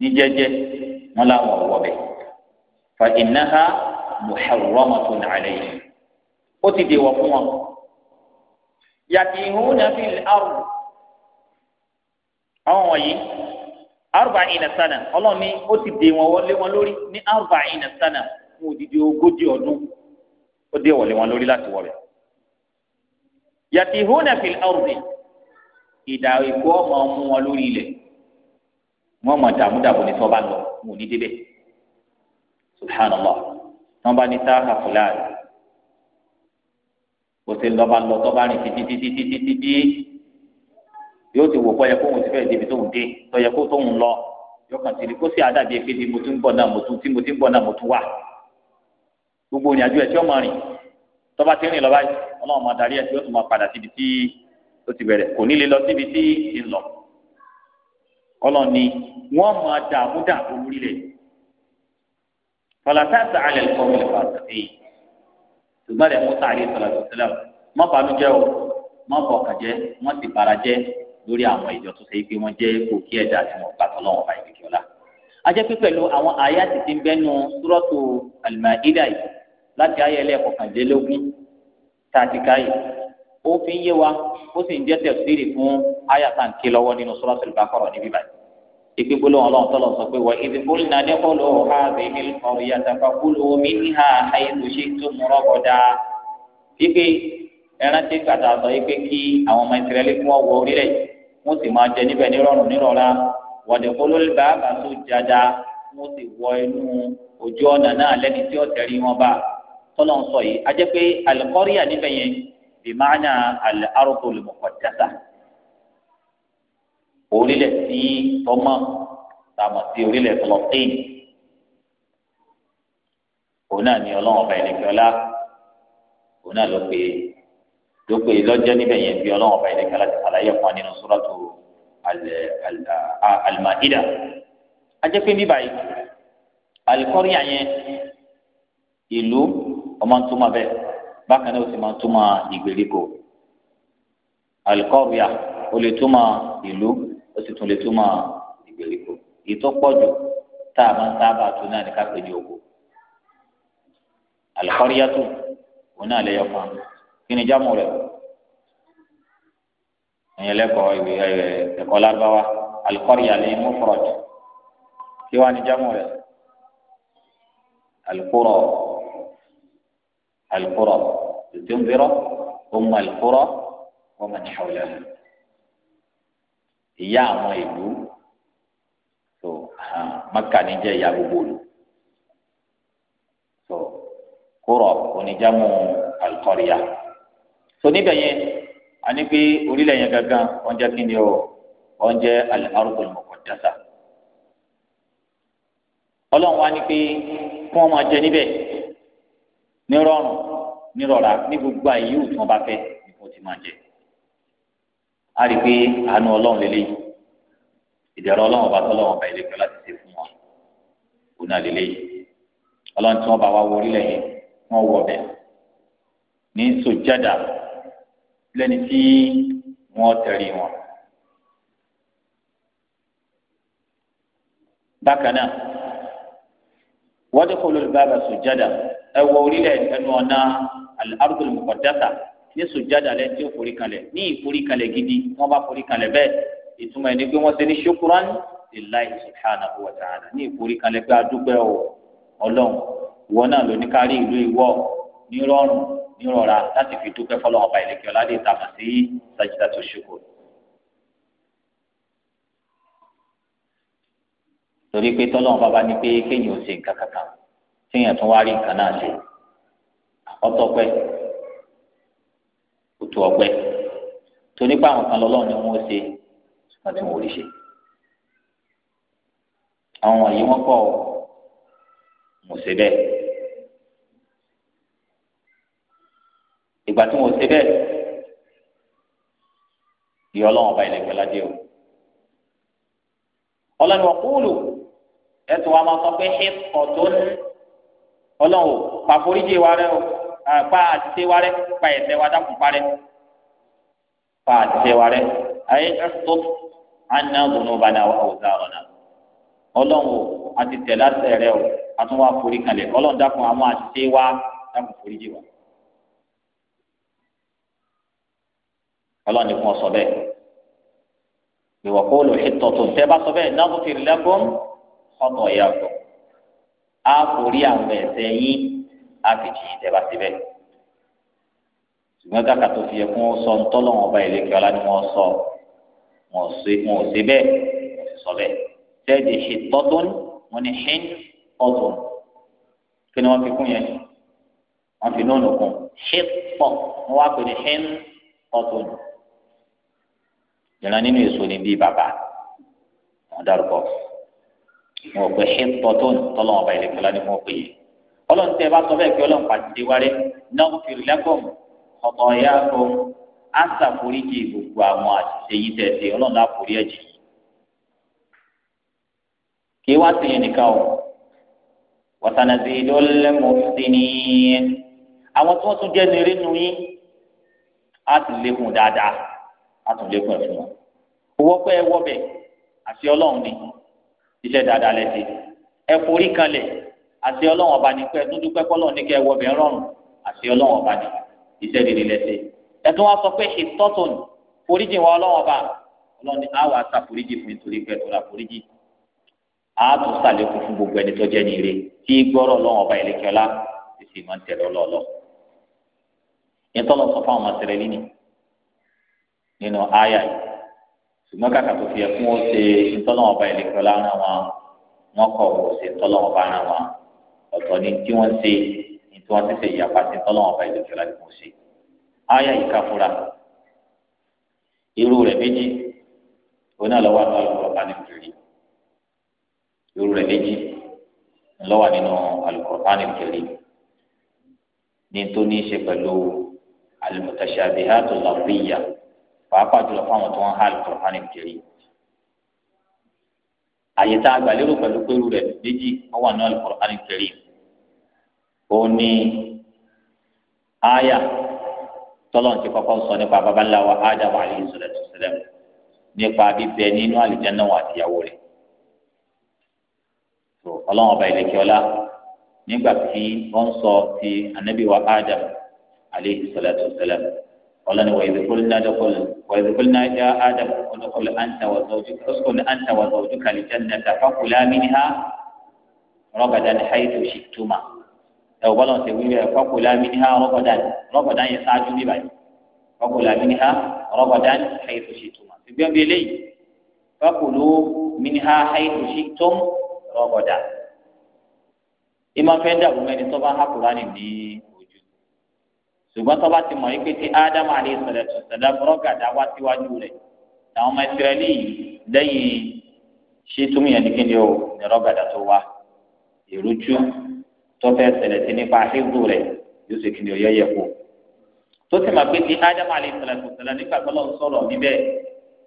ní jẹ́jẹ́ wọn làwọn wọ̀ bẹ́ẹ̀ fa innaha muharramatun alayhim ó ti dè wọ̀ fún wọn yàtìhùn náà fi àrùn àwọn wọ̀nyí arba'ina sana ọlọ́run ní ó ti dè wọ́n wọlé wọn lórí ní arba'ina sana fún odidi ogójì ọdún ó dé wọlé wọn lórí láti wọlé. yatihuna fil ardi ìdá ìkó ọmọ mú wọn lórí ilẹ̀ wọn mọ dàmúdàbò ní sọ́ba lọ wọn ò ní débẹ̀ subhanallah wọn bá ní sáà fúláàrí kò sí lọ́ba lọ tọ́ba rìn títí títí títí títí yóò ti wò kọ́ yẹ kó òun ti fẹ́ débi tóun dé tọ́yẹ kó tóun lọ yóò kàn sí ni kó sì àdàbí ẹ pé ni mo ti ń bọ̀ náà mo tún tí mo ti ń bọ̀ náà mo tún wà gbogbo ìrìn àjò ẹ̀ tí ó máa rìn tọ́ba ti rìn lọ báyìí ọlọ́run máa darí ẹ̀ tí ó tún máa padà síbi tí ó ti bẹ̀rẹ̀ kò ní lè lọ síbi tí ti ń lọ ọlọ́run ni wọ́n máa dààmú dààmú lórílẹ̀ fọlátàtà alẹ́ lọ́kọ́ mi lè fa ṣùgbọ́n rẹ̀ mú sáà lórí àwọn ìjọ tó ṣe é pé wọ́n jẹ́ kòkí ẹ̀dá tí wọ́n gbàtọ́ lọ́wọ́ bá ìdíkẹ́ ọ̀la. a jẹ́ pé pẹ̀lú àwọn àyà ti ti ń bẹ́nu súrọ́tù Al-Ma'idah yìí láti ayé ẹlẹ́ẹ̀kọkàndínlógún tààtì káyì ó fi ń yé wa ó sì ń jẹ́ tẹ̀síìrì fún àyà tá à ń ké lọ́wọ́ nínú súrọ́tù Al-Baqara níbí báyìí ìgbégbó lọ́wọ́ ọlọ́run tọ́lọ̀ wọ́n sì máa jẹ níbẹ̀ nírọ̀rùn nírọ̀ra wọ̀dẹ̀kọ́ lórí bàbá tó jáda wọ́n sì wọ inú ojú ọ̀nà náà lẹ́ni tí ó tẹ̀rí wọn bá tọ́lọ̀ ń sọ yìí a jẹ́ pé alikọ́ríyà níbẹ̀ yẹn bìmáànà al-ardul muqaddasa orílẹ̀ tí tọ́mọ́ tààmù sí orílẹ̀ Filistin òun náà ni ọlọ́run ọba ẹ̀lẹ́kẹ́ọ́lá òun náà ló pe dókè lọ́jọ́ níbẹ̀ yẹn bí ọlọ́run ọba ìdẹ́kẹ́ láti ṣàlàyé fún wa nínú sọ́rọ́tò al-Maida ajẹ́pẹ́ bíbá yìí alikọ́rí àyẹn ìlú ọmọ ntoma bẹ́ẹ̀ bákan náà ó sì máa túmọ̀ ìgbèríko alikọ́rí à ó lè túmọ̀ ìlú ó sì tún lè túmọ̀ ìgbèríko ìtọ́pọ̀jù tá a máa ń sábà tó náà ní kápẹ́ ní oko alikọ́rí yàtọ̀ òun náà lè yọ fún wa kí ni jámù rẹ̀ ẹ̀yìn lẹ́kọ̀ọ́ ìwé ẹ̀kọ́ lárúbáwá alikọ́rìyà ní mufrad kí wàá ní jámù rẹ̀ alikúrọ̀ alikúrọ̀ tunzirọ̀ ọmọ alikúrọ̀ ọmọ ní hawlẹ̀ ìyá àwọn ìlú tó maka ní jẹ́ ìyá gbogbo olùkọ́ kúrọ̀ oníjàmù alkọ́ríyà so níbẹ̀ yẹn àní pé orílẹ̀ gangan wọ́n jẹ́ kí ni ọ wọ́n jẹ́ al-ardul muqaddasa ọlọ́run wa ni pé kí wọ́n máa jẹ níbẹ̀ nírọ̀rùn nírọ̀ra ní gbogbo àyè yóò tún ọba fẹ́ ni kò ti máa jẹ a rí i pé àánú ọlọ́run lélẹ́yìí ìdẹ̀rọ̀ ọlọ́run ọba tọ́lọ́run ọba ìlẹ́kọ̀ọ́ láti ṣe fún wọn òun náà lélẹ́yìí ọlọ́run tí wọ́n bá wá wọ orílẹ̀ yẹn wọ́n wọ sojada lẹ́ni tí wọ́n tẹ̀lé wọn. bákan náà wọ́n dẹ́kọ̀ lórí bàbá sùjádà ẹ wọ orílẹ̀ ẹnu ọ̀nà al-ardul muqaddasa ní sùjádà lẹ́ni tí ó forí kalẹ̀ ní ìforí kalẹ̀ gidi wọ́n bá forí kalẹ̀ bẹ́ẹ̀ ìtumọ̀ ẹni pé wọ́n ṣe ní ṣukuran lillahi subhanahu wa ta'ala ní ìforí kalẹ̀ pé a ọlọ́run ìwọ náà ló ìlú ìwọ ní nírọ̀ra láti fi dúpẹ́ fọlọ́ ọba ìlẹ́kẹ́ ọ̀làdé ìtàmà sí sàjìdá tó ṣòkò. torí pé tọ́lọ́wọ́n bàbá ní pé kéèyàn ò ṣe nǹkan kankan téèyàn tún wá rí nǹkan náà ṣe ọtọ́pẹ́ òtù ọpẹ́ torí pé àwọn kan lọ́lọ́run ni wọ́n ṣe wọ́n ti wọ́n rí ṣe. àwọn yìí wọ́n pọ̀ mọ̀ ṣe bẹ́ẹ̀. ìgbà tí wọn ò ṣe bẹ́ẹ̀ ìyá ọlọ́run ọba ilẹ̀ gbẹ̀lájẹ́ o ọlọ́run wọ kúlù ẹ̀sùn wa máa sọ pé ẹ̀kọ́ tó ń ọlọ́run o pàforíjì wa rẹ o pa àtìsẹ́ wa rẹ pa ẹ̀ṣẹ̀ wa dákun parẹ́ pa àtìsẹ́ wa rẹ ayé ẹ̀sọ́ àná dùnú bana wa ọ̀sà ọ̀nà ọlọ́run àti tẹ̀lé àtẹ̀rẹ́ o àtúnwá forí kalẹ̀ ọlọ́run dákun àwọn àtìsẹ́ wa dákun foríjì wa. ọlọ́ọ̀ni kan sọ bẹ́ẹ̀ ìwọ kó lò ṣe tọ̀tù tẹ́ bá sọ bẹ́ẹ̀ náà ti lẹ́kùn ọ̀nà ìyàtọ̀ á forí àwọn ẹ̀ṣẹ̀ yín á fi jì í tẹ́ bá síbẹ̀ ṣùgbọ́n kàkà tó fi yẹ kó sọ ntọ́lọ́wọ́n ọba ìlẹ́kẹ́ ọlá ni wọ́n sọ wọn ò sí wọn ò sí bẹ́ẹ̀ wọn sì sọ bẹ́ẹ̀ tẹ́ẹ̀dì ṣe tọ́tún wọn ni ṣe ń ọ̀tún kí ni wọ́n fi kún yẹn wọ́n fi lónìí kún ṣe pọ̀ wọ́n wá pè ní ṣe ń ọ̀tún ìran nínú èso ni bíi bàbá wọn dárúkọ wọn ò pé ṣètò tó ń tọ́lọ́ ọba ìlẹ́kọ̀ọ́lá ni wọ́n pè é ọlọ́run tẹ bá sọ bẹ́ẹ̀ pé ọlọ́run pàṣẹ wáré náà fìrì lẹ́kọ̀ọ́ ọ̀pọ̀ ọ̀yá kọ́ á ṣàforíjì gbogbo àwọn àṣìṣe yìí tẹ̀sí ọlọ́run náà forí ẹ̀jẹ̀ kí wá sí yẹn nìkan o wàtánàzì lọ́lẹ́mọ̀ sí ni àwọn tí wọ́n tún jẹ́ nírínú yín á sì lékun dáadáa àtúndékùn ẹ̀ fún wọn. owó pé ẹ wọ́ bẹ̀ àti ọlọ́run ni iṣẹ́ dáadáa lẹ ti ẹ forí kanlẹ̀ àti ọlọ́run ọba ni pé ẹtún dúpẹ́ kọ́lọ́run ní kẹ́ ẹ wọ́ bẹ̀ rọrùn àti ọlọ́run ọba ni iṣẹ́ rere lẹ ti ẹtún wá sọ pé ìtọ́tún foríjì wa ọlọ́run ọba ọlọ́run ni á wàá sa foríjì fún nítorí pé ẹtún ra foríjì á tún sàlékún fún gbogbo ẹni tó jẹ́ ní ire kí gbọ́rọ̀ ọlọ́run ọba ìlẹ̀kẹ́ọ́lá ti sì máa ń tẹ̀lé ọlọ́ọ̀lọ́ ìyẹn tọ́lọ́ sọ fáwọn ọmọ tẹ̀lé nínú nínú àyà yìí ṣùgbọ́n kàkà tó fi ẹ̀kún ó ṣe ìtọ́lọ́wọ́n bá ìlẹ̀kọ́ lára wọn wọn kọ̀ ó ṣe ìtọ́lọ́wọ́n bá ara wọn ọ̀tọ̀ ni tí wọ́n ṣe ni tí wọ́n ti ṣe ìyapa sí ìtọ́lọ́wọ́n bá ìlẹ̀kọ́ láti mọ̀ ṣe. àyà yìí ká fura irú rẹ̀ méjì òun náà lọ́wọ́ àti alùpùpù nìkiri irú rẹ̀ méjì lọ́wọ́ nínú alùpùpù nìkiri ní tó ní ṣe pẹ̀lú almutashabihatul lafziyya pàápàá jùlọ fáwọn tó ń ha alukur'an ìjẹrì àyè tá a gbà lérò pẹ̀lú pẹ̀lú rẹ̀ méjì wọ́n wà ní alukur'an ìjẹrì ó ní aya tọ́lọ̀ ti kọ́kọ́ sọ nípa babaláwa Ádámù alayhi salatu wassalam nípa bíbẹ nínú àlìjáná wọn àtìyàwó rẹ̀ ọlọ́wọ́n ọba ìlẹ̀kẹ́ ọlá nígbà tí wọ́n sọ ti anabiwa Ádámù alayhi salatu wassalam ọlọ́ni wàyẹ̀dẹ̀ kúlù náà dọ́kọ̀lù wàyẹ̀dẹ̀ kúlù náà já ádámù ọdọ́kọ̀lù àǹtà wà zọ́ọ̀jú kàlí jannata fakula minha rọ́bàdàn haythu shiktuma ẹ̀wọ̀ bọ́lá ọ̀sẹ̀ wíwẹ̀ fakula minha rọ́bàdàn rọ́bàdàn yẹn sáájú níbà yìí fakula minha rọ́bàdàn haythu shiktuma ṣùgbọ́n bí eléyìí fakulu minha haythu shiktum rọ́bàdàn ìmọ̀ fẹ́ dàgbọ́ mẹ́ni tó bá hákùrá nìyí ṣùgbọ́n tó bá ti mọ̀ yí pé tí ádámù alayhi salatu wassalam rọ́gàdá wá síwájú rẹ̀ làwọn ọmọ ìsirẹ́lì yìí lẹ́yìn ṣètùmí yẹn ní kíni o ní rọ́gàdá tó wá ìrújú tó fẹ́ ṣẹlẹ̀ sí nípa hízù rẹ̀ yóò ṣe kíni o yẹ yẹ kó tó sì mọ̀ pé tí ádámù alayhi salatu wassalam nígbà tó lọ́n sọ̀rọ̀ níbẹ̀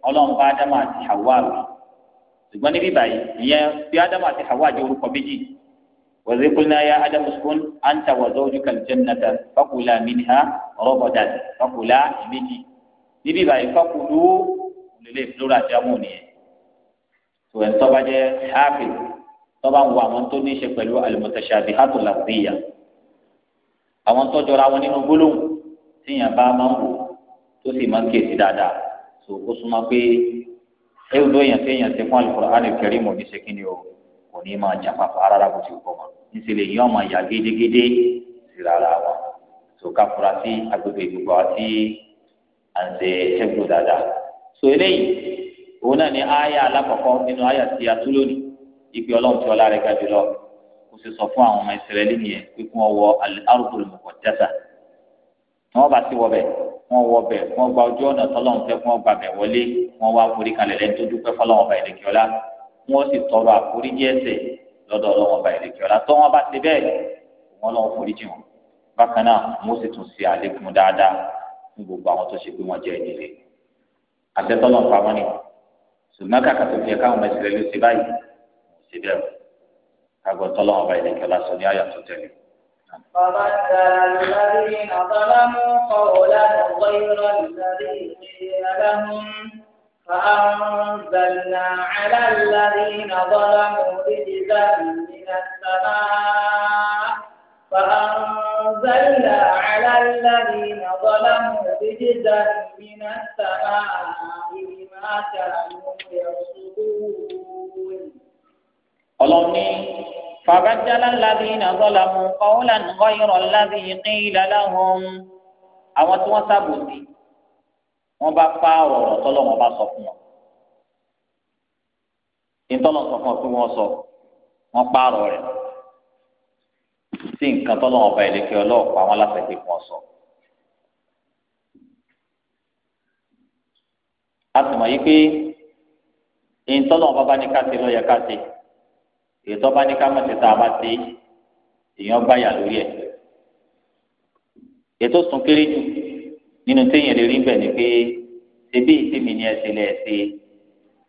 ọlọ́run وإذ قلنا يا آدم اسكن أنت وزوجك الجنة فكلا منها رغدا فكلا مني níbí báyìí fakulu lele flora jamu nìyẹn tó ẹ tọ́ba jẹ́ hafi tọ́ba ń wo àwọn tó ní í ṣe pẹ̀lú al-mutashabihatu lafziya àwọn tó jọra wọn nínú gbólóhùn tíyàn bá máa ń wò tó sì máa ń kíyèsí dáadáa tó ó súnmọ́ pé ẹ ò lóyàn téèyàn ti fún al-Qur'an al-Karim ní ṣe kí ni o kò ní máa jà pàpà rárá kò sì kọ́ ma níṣẹ́ lè yàn máa yà gédégédé sí rárá wa tó ká fura sí agbègbè gbogbo àti àǹtẹ ṣẹ́gun dáadáa. so eléyìí òun náà ni aya alákọ̀ọ́kọ́ nínú aya ti atúlónì ìpè ọlọ́run tí ọlá rẹ̀ ga jùlọ kò sì sọ fún àwọn ọmọ ìsirẹ́lì nìyẹn pé kí wọ́n wọ al-ardul muqaddasa wọn bá sí wọbẹ wọn wọbẹ wọn gba ojú ọ̀nà tọ́lọ́run fẹ́ wọn gbàbẹ̀ wọlé wọn wá forí kalẹ̀ lẹ́ni tó dúpẹ́ fọlọ́wọn ọba ìdèkì ọlá wọn sì tọrọ àforíjì ẹ̀ṣẹ̀ lọ́dọ̀ Ọlọ́run ọba ìlẹkẹ ọlá tó wọn bá ti bẹ́ẹ̀ wọn lọ foríjì wọn bákan náà wọn sì tún ṣe àlékún dáadáa fún gbogbo àwọn tó ṣe pé wọn jẹ ìdílé àtẹtọlọ ń pa ni ṣùgbọ́n kàkà tó fi ẹ káwọn ẹsẹ ló ṣe báyìí wọn ṣe bẹ́ẹ̀ kágbọn tọlọ ọba ìlẹkẹ ọlá sọ ní àyà tó tẹ̀lé. فبدل الذين ظلموا قولا غير الذي قيل لهم فأنزلنا على الذين ظلموا رجزا من السماء فأنزلنا على الذين ظلموا رجزا من السماء بما كانوا يرصدون قلوني فبدل الذين ظلموا قولا غير الذي قيل لهم أوت توسبوا wọ́n bá pa ọ̀rọ̀ tọ́lọ̀ wọn bá sọ fún wọn ìtọ́lọ̀ sọ fún wọn pé wọ́n sọ wọ́n pa ọ̀rọ̀ rẹ̀ sí nǹkan tọ́lọ̀ wọn bá ìlẹ́kẹ́ ọlọ́ọ̀pá wọn láti ẹgbẹ́ wọn sọ. a sì mọ̀ yí pé ìtọ́lọ̀ wọn bá ní ká ṣe lọ́yẹ ká ṣe ètò ọba ní ká má ṣe tá a bá èèyàn bá yà lórí ẹ̀ ètò sùn kéré jù nínú téèyàn lè rí bẹ̀ ni pé ṣebí ìsinmi ni ẹ ṣe lẹ̀ ṣe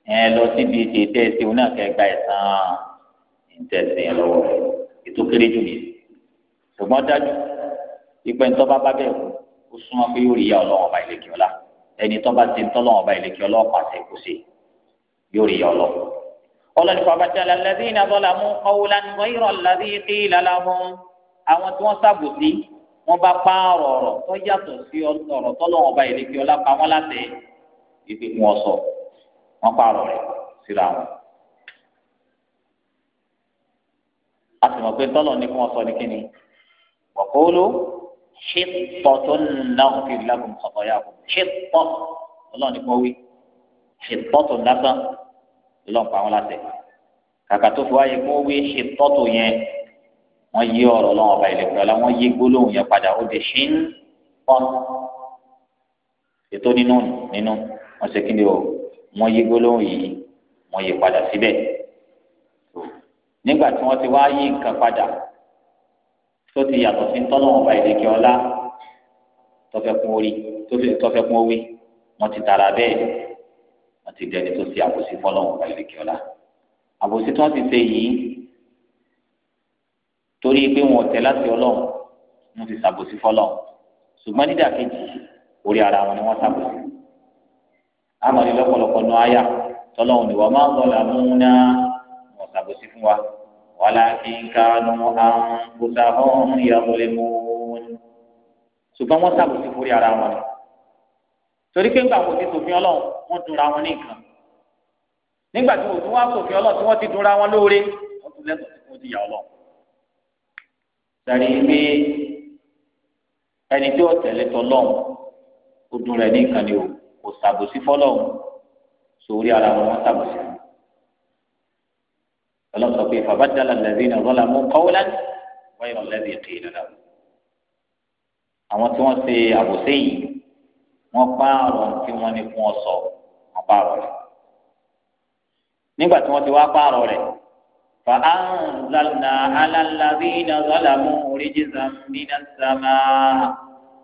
ẹ lọ síbi ètò ẹ̀sìn òun náà kẹ́ gba ẹ̀sán ìtẹ̀sìn lọ́wọ́ ètò kéré jù ní. ṣùgbọ́n dájú ìpẹ́ ń tọ́ba bá bẹ̀ wò ó súnmọ́ pé yóò rí ìyá ọlọ́wọ́n ọba ìlẹ̀kì ọ̀la ẹni tọ́ba ti ń tọ́lọ́wọ́n ọba ìlẹ̀kì ọlọ́wọ́ pàṣẹ kò sí yóò rí ìyá ọlọ́wọ́. ọlọ́ni fàbàtàlà lẹ́dínà bọ́lá mú ọ̀wùlà nìgbọ́ wọn bá pààrọ̀ ọ̀rọ̀ tó yàtọ̀ sí ọ̀rọ̀ tọlọ́run ọba ìlẹkẹ ọlá pa wọn láti ìpè fún ọsọ wọn pààrọ̀ rẹ̀ síra wọn. a sì mọ̀ pé tọ́lọ̀ ní fún ọsọ ní kíni wọ́kọ́ló ṣètò tó ń dáhùn sí ìlàgùn ọ̀tọ̀ yà kù ṣètò ọlọ́ọ̀ni kọ́ wí ṣètò tó lásán lọ́npa wọn láti kàkà tó fi wáyé kó wí ṣètò tó yẹn wọ́n yí ọ̀rọ̀ lọ́wọ́ ọba ìlẹ̀kùn ọ̀la wọ́n yí gbólóhùn yẹn padà ó di ṣín pọ́n ètò nínú nínú wọ́n ṣe kí ni o wọ́n yí gbólóhùn yìí wọ́n yí padà síbẹ̀ nígbà tí wọ́n ti wá yí nǹkan padà tó ti yàtọ̀ sí tọ́nà ọba ìlẹ̀kùn ọ̀la tọ́fẹ́ kún orí tọ́fẹ́ kún owí wọ́n ti tara bẹ́ẹ̀ wọ́n ti dẹni tó ṣe àbòsí fọ́lọ́wọ́n ọba ìlẹ̀kùn ọ̀la àbòsí tí wọ́n ti ṣe yìí torí pé wọn ọ̀tẹ̀ láti ọlọ́run wọn ti ṣàbòsí fọlọ́run ṣùgbọ́n nídàkejì orí ara wọn ni wọ́n ṣàbòsí. amọ̀lẹ́ lọ́pọ̀lọpọ̀ nu aya tọ́lọ́run ni wọ́n máa ń lọ làmúná wọn ṣàbòsí fún wa walakin kanu anfusahum yazlimun. ṣùgbọ́n wọ́n ṣàbòsí fún orí ara wọn ni torí pé ńgbà kò ti sòfin ọlọ́run wọ́n dunra wọn ní nǹkan nígbà tí òtún wá sòfin ọlọ́run tí wọ́n ti dunra wọn lóore wọ́n tún lẹ́sọ̀ tàbí pé ẹni tí ó tẹ̀lé tọlọ́hún ó dùn rẹ̀ ní ìkànnì o kò ṣàbòsí fọlọ́hún sórí ara wọn wọn ṣàbòsí. ọlọ́run sọ pé fàbádàlà lẹ́bí náà rọ́lá mú kọ́wọ́lá wáyọ̀ lẹ́bí ètò ìlera. àwọn tí wọ́n ṣe àbòsí yìí wọ́n pààrọ̀ tí wọ́n ní fún ọ sọ wọ́n pààrọ̀ rẹ̀. nígbà tí wọ́n ti wá pààrọ̀ rẹ̀ فأنزلنا على الذين ظلموا رجزا من السماء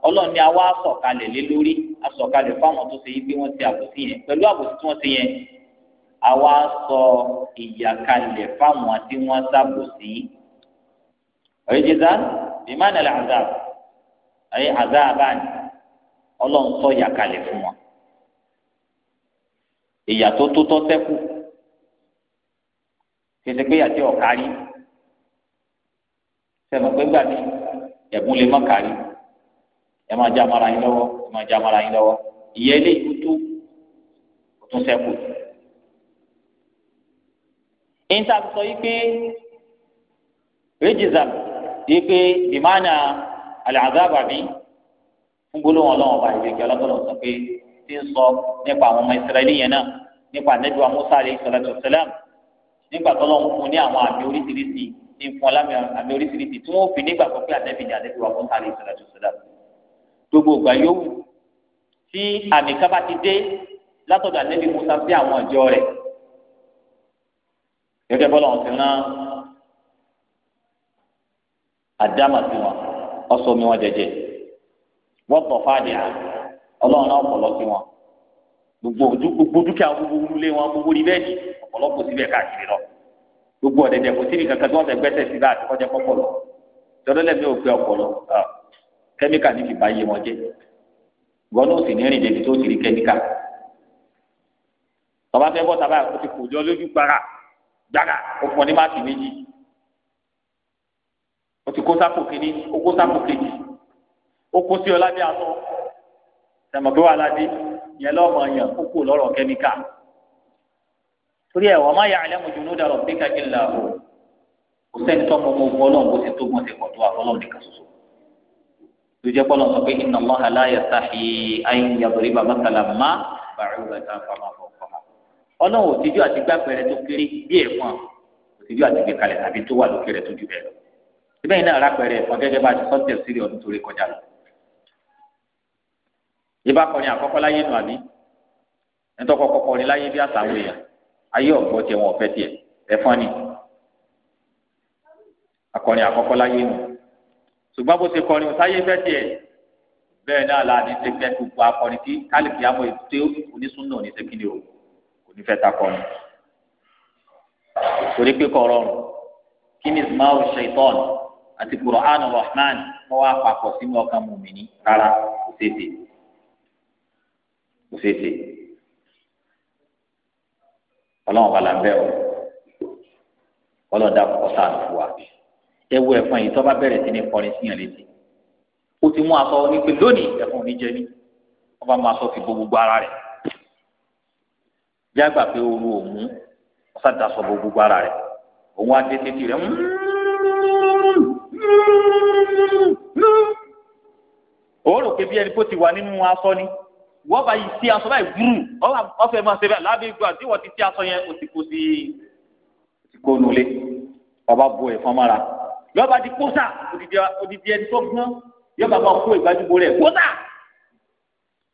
ọlọ́run ni a wá sọ̀kalẹ̀ lé lórí a sọ̀kalẹ̀ fáwọn tó ṣe bí wọ́n ti àbòsí yẹn pẹ̀lú àbòsí tí wọ́n ṣe yẹn a wá sọ ìyàkalẹ̀ fáwọn tí wọ́n ṣàbòsí. rijzan bimana al-azab ayé azaban ọlọ́run sọ ìyàkalẹ̀ fún wọn. ìyà tó tọ́ sẹ́kù kèsì pé yàtí ọ̀kárí sẹ́mi pé gbà mí ẹ̀bùn lè má kárí ẹ máa já mara yín lọ́wọ́ ẹ máa já mara yín lọ́wọ́ ìyẹn ilé ìlú tó kò tún sẹ́kù. ìyẹn tá a sọ yìí pé rejizam yìí pé bìmánà àlàzáàbà mi ń gbólóhùn ọlọ́run ọba ìrèké ọlọ́tọ̀ọ̀lọ́ sọ pé tí ń sọ nípa àwọn ọmọ ìsirẹ́lì yẹn náà nípa nẹ́dùá musa alayhi salatu wa salam nígbà tó lọ́n fún ní àwọn àmì oríṣiríṣi ní fún ọlámi àmì oríṣiríṣi tí wọ́n fi nígbà tó pé ànábì ní ànábì wa fún àlè ìṣẹ̀lẹ̀ ṣoṣọlá gbogbo ìgbà yòówù tí àmì kábà ti dé látọ̀dọ̀ ànábì Musa sí àwọn ọjọ́ rẹ̀ gẹ́gẹ́ bọ́lá wọn ti rán àdámà sí wọn ọsọ mi wọn jẹjẹ wọ́n tọ̀ fáàdì à ọlọ́run náà pọ̀ lọ sí wọn gbogbo gbogbo dúkìá gbogbo wúlé wọn gbogbo rí bẹ́ẹ̀ ni ọ̀pọ̀lọpọ̀ síbẹ̀ káàkiri lọ gbogbo ọ̀dẹ̀dẹ̀ kò síbi kankan tí wọ́n fẹ́ gbẹ́sẹ̀ sí láti kọjá pọ̀pọ̀lọ tọ́lọ́lẹ̀ mi ò pé ọpọlọ ah, kẹ́míkà ní fìbá yé wọn jẹ́ ìwọ náà sì ní rìn débi tó ti rí kẹ́míkà tọ́ba fẹ́ bọ́ tàbá kò ti kò jọ lójú gbára gbára ó fún ọ ní máàkì méjì ó ti kó sápò kínní ó kó sápò kejì ó kó sí ọ lábẹ́ àtọ́ sẹmọ pé wàhálà dé yẹn lọmọ yẹn kókó lọ́rọ̀ kẹmíkà torí ẹ wọ́n má yà àlẹmú jùlọ dàrọ bí kájí là o kò sẹ́ni tó mọ ogun Ọlọ́run bó ti tó gbọn ti pọ̀ tó nìkan ṣoṣo tó jẹ pọlọ pé iná mọ aláyà sáhì ayé yàtọrí bàbá sàlà má bàrú bàtà fama fọfọmọ Ọlọ́run òtíjú àti gbàgbẹrẹ tó kéré bí ẹ̀fọn òtíjú àti gbẹkalẹ tàbí tó wà lókèrè tó ju bẹ́ẹ̀ lọ síbẹ̀ iná ara pẹ̀rẹ̀ ẹ̀fọn gẹ́gẹ́ bá a ti sọ́tẹ̀ ìbá kọrin àkọ́kọ́ láyé nù àbí ẹ̀ńtọ́ kọ́kọ́ kọrin láyé bí àtàwọn èèyàn ayé ọ̀gbọ́ tiẹ̀ wọn ọ̀fẹ́ tiẹ̀ ẹ̀fọn ni akọrin àkọ́kọ́ láyé nù ṣùgbọ́n bó ṣe kọrin sáyé fẹ́ tiẹ̀ bẹ́ẹ̀ náà la ní ṣe fẹ́ gbogbo akọrin kí kálíkì àmọ́ ètò onísùnà ní ṣe kíni o kò ní fẹ́ ta kọrin torí pé kọ rọrùn kí ismail shaitan àti Qur'an rahman kọ́ wá papọ̀ sínú ọkàn mùmíní rárá kò tètè kò ṣeé ṣe ọlọ́run bá la ń bẹ̀ ọ́ ọlọ́dà kọ́sà fún wa ẹ wo ẹ̀fọn yìí tó bá bẹ̀rẹ̀ sí ní kọrin síyàn létí ó ti mú aṣọ onípe lónìí ẹ̀fọn oníjẹ ní wọ́n bá máa sọ fi bo gbogbo ara rẹ̀ jágbà pé ooru òmú ọ̀sá daṣọ bo gbogbo ara rẹ̀ òun á dé títí rẹ̀ mm, mm, mm, ó rò pé bí ẹni bó ti wà nínú aṣọ ni wọ́n bá yìí sí aṣọ báyìí gbúrú ọ̀fẹ́ máa ṣe bẹ́ẹ̀ lábẹ́ ìgbà tí wọ́n ti sí aṣọ yẹn o ti kó sí o ti kó nulẹ̀ ọba bo ẹ̀fọn mọ́ra yọba di kóṣà odidi ẹni tó gbọ́n yọba máa kó ìgbàdúgbò rẹ̀ kóṣà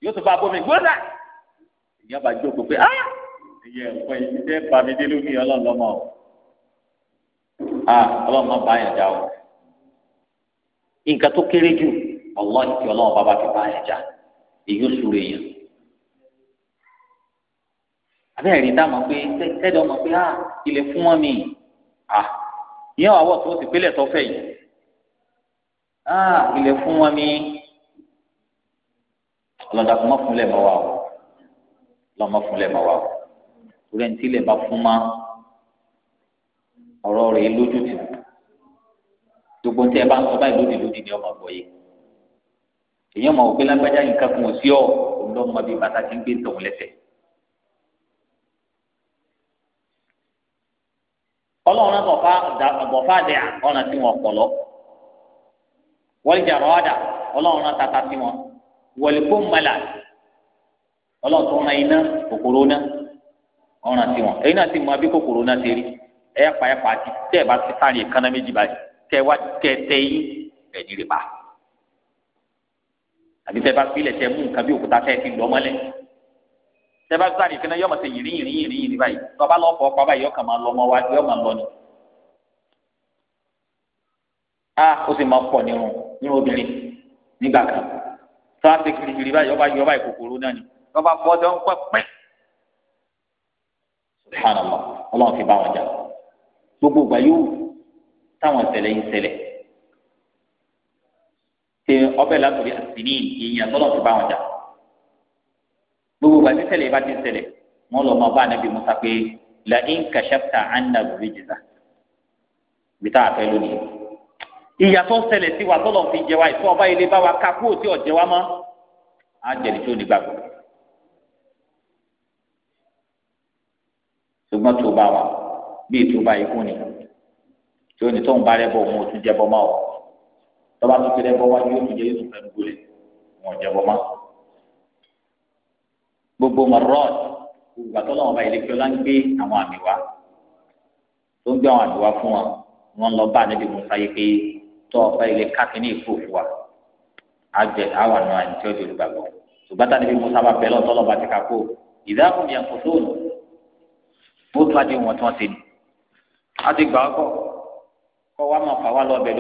yóò tó bá bọ́mi kóṣà ìyá bá jókòó pé ah ìyẹ nǹkan yìí tẹ́ bàmí dé lórí ọlọ́run lọ́mọ ah ọlọ́run máa bá yẹn já o nǹkan tó kéré jù ọlọ́run ti èyí ó sùn èèyàn abẹ́rẹ́ rí dáa mọ̀ pé tẹ́lẹ̀ mọ̀ pé ah ilẹ̀ fún wọn mi ah ìyẹn wà wọ̀ tó o sì pélẹ̀ tọ́fẹ̀ yìí ah ilẹ̀ fún wọn mi ọlọ́dà kò má fúnlẹ̀ mọ́ wa o lọ́ má fúnlẹ̀ mọ́ wa o torí ẹni tí ilẹ̀ bá fún ma ọ̀rọ̀ rẹ̀ lójú tì gbogbo tí ẹ bá ń sọ báyìí lódì lódì ni ọmọ gbọ́ yìí èèyàn mọ̀ òpin lágbájá nǹkan kan ò sí ọ òun ló mọ bí bàtà ti ń gbé tòun lẹ́sẹ̀. ọlọ́run bọ̀fá bọ̀fá dẹ̀ ọ̀nà tí wọ́n pọ̀ lọ. wọ́n jà rọ́ọ̀dà ọlọ́run tata sí wọn. wọ́n kó mọ́là ọlọ́run tó ń ran iná kòkòrò náà ọ̀nà tí wọn. èyí náà ti mọ bí kòkòrò náà ti rí ẹ̀yà pàyàpà àti tẹ́ ẹ̀ bá ti sáré kánná méjì báyìí tẹ́ wá tẹ́ tẹ́ yín ẹ̀ àbí tẹ bá filẹ̀ tẹ mú nǹkan bí òkúta tẹ ti lọ mọ́lẹ̀ tẹ bá sáré fúnná yọmọ sí yìnyín yìnyín yìnyín yìnyín báyìí tọba lọ fọ ọkọ báyìí ọkàn máa lọ ọmọ wa yọ máa lọ ni. a ó sì máa pọ̀ nínú nínú obìnrin nígbà kan tọ́wá ti kirikiri báyìí ọba yọ báyìí náà ni tọ́ba fọ́ tẹ́ ń pẹ́ pẹ́. subhanallah ọlọ́run fi bá wọn jà gbogbo ìgbà yóò táwọn ìṣẹ̀lẹ̀ yìí ọbẹ̀ látòrí àsìní ìyẹn tọ́lọ̀ ti bá wọn jà gbogbo ìgbà tí ṣẹlẹ̀ bá ti ṣẹlẹ̀ wọn lọ máa bá anabi musa pé la in kashafta anna rijza bìtá àfẹ́ lónìí ìyàtọ̀ ṣẹlẹ̀ sí wa tọ́lọ̀ fi jẹ wa ìfọ́ ọba ilé bá wa ká kó tí ò wa mọ́ á jẹ̀lẹ̀ tó nígbàgbọ́ ṣùgbọ́n tó bá wa bí ètò ikú ni tí ní tó ń bá rẹ bọ̀ òun ò tún jẹ bọ́ máa wọ̀ tọ́ba tó kéré bọ́ wájú yóò tún jẹ́ yóò tún fẹ́ gbolé wọn jẹ́ bọ́ má. gbogbo mọ̀rọ́ọ̀t gbogbo àtọ́lọ́ wọn bá ilé kíọ́lá ń gbé àwọn àmì wá tó ń gbé àwọn àmì wá fún wọn wọn lọ bá níbi musa yìí pé tọ́ ọba ilé kákínní ìfò fún wa àjẹ àwọn àna àti ọjọ́ olùgbàgbọ́ ṣùgbọ́n tá níbi musa bá bẹ̀ lọ́tọ́ lọ́ba ti ká kó ìdáhùn yẹn kò tóun ó tún adé wọn tán ni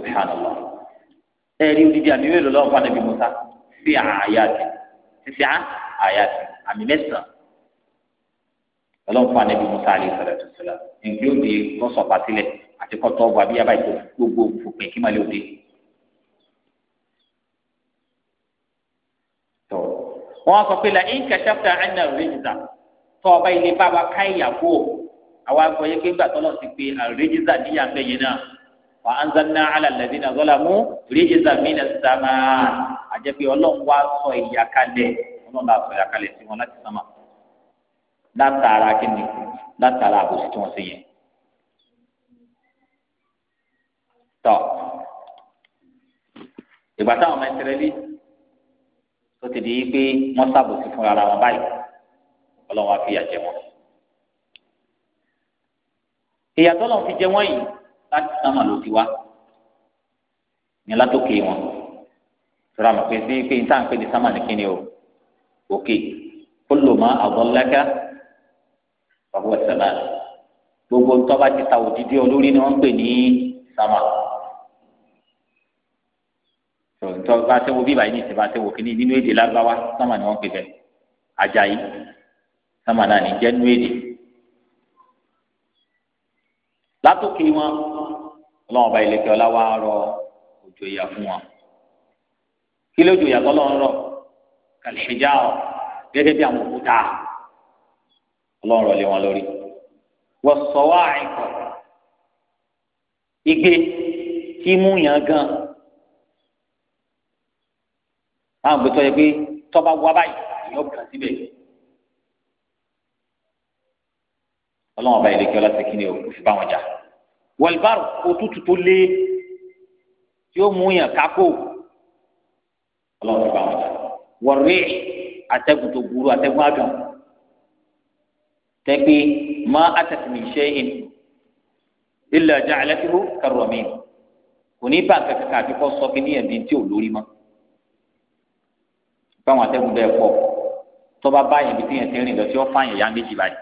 subhanallah ẹ̀rí odidi àmì mélòó lọ́wọ́ fún anabi musa sí àyàtì sísí àyàtì àmì mẹ́sàn-án ọlọ́run fún anabi musa alayhi salatu wasalam nǹkan yóò di lọ́sọ̀ pàtílẹ̀ àti kọ́tọ́ ọgbà bí yaba ètò gbogbo òfòpin kí màlẹ́ òde. wọ́n sọ pé la ń kẹsẹ́ fún ẹ̀nà rẹ́jìdá tọ́ ọba ilé bàbá ká ìyàwó àwọn agbọ̀yẹ́ pé gbàtọ́ lọ sí pé àrẹ́jìdá níyàgbẹ́yẹ náà wà á ń zanná alàlẹ́bí náà zọ́là mú rí ìzàmì náà sàmà àjẹpẹ́ ọlọ́run wá sọ ìyàkalẹ̀ ọlọ́run bá sọ ìyàkalẹ̀ sí wọn láti sàmà látara kíni látara àbòsí tí wọ́n ṣe yẹn. tọ́ ìgbà táwọn ọmọ ìsirẹ́lì tó ti di pé wọ́n ṣàbòsí fún ara wọn báyìí ọlọ́run fi ìyà jẹ wọ́n. ìyà tí fi jẹ wọ́n yìí láti sánmà ló ti wá ní látòkè wọn sọ̀rọ̀ àmọ̀ pé sí pé ní sáà ń pè ní sánmà ní kíni o òkè kullu ma adallaka fa huwa as-samaa gbogbo ntọ́ba ti ta òdìdí olórí ni wọ́n ń pè ní sánmà ntọ́ba tẹ́ wo bíbáyìí ní ìsìnbá tẹ́ wo kíní nínú èdè lágbáwá sánmà ni wọ́n pè bẹ́ẹ̀ ajayi sánmà náà ní jẹ́ èdè látòkè wọn ọlọ́run ọba ìlẹ̀kẹ́ ọlá wa rọ òjò ìyà fún wọn kí lójú ìyà tó lọ́n rọ kàlẹ́jà ọ gẹ́gẹ́ bí àwọn òkúta ọlọ́run rọ lé wọn lórí wọ́n sọ wá igbe tí mú yàn gan àwọn gbẹtọ́ yẹ pé tọ́ba wá báyìí yọ kàn yìí. ọlọ́run ọba ìlẹ̀kẹ́ ọlọ́sẹ̀ kí ni o kò fi bá wọn jà wọlbárò òtútù tó lé tí ó mú yàn kákó ọlọ́run fi bá wọn jà wọ̀rẹ́ atẹ́gùn tó burú atẹ́gùn àdùn tẹ́gbẹ́ má atẹ́sìmì ṣe é ilẹ̀ ọjà alẹ́kìrú kẹrọ mi kò ní bá nǹkan kankan kọ́ sọ kí ní ẹ̀mí tí ò lórí mọ́ báwọn atẹ́gùn bẹ́ẹ̀ pọ̀ tọ́ba báyìí ibi tí yẹn ti rìn lọ tí wọ́n fààyàn yá méjì báyìí.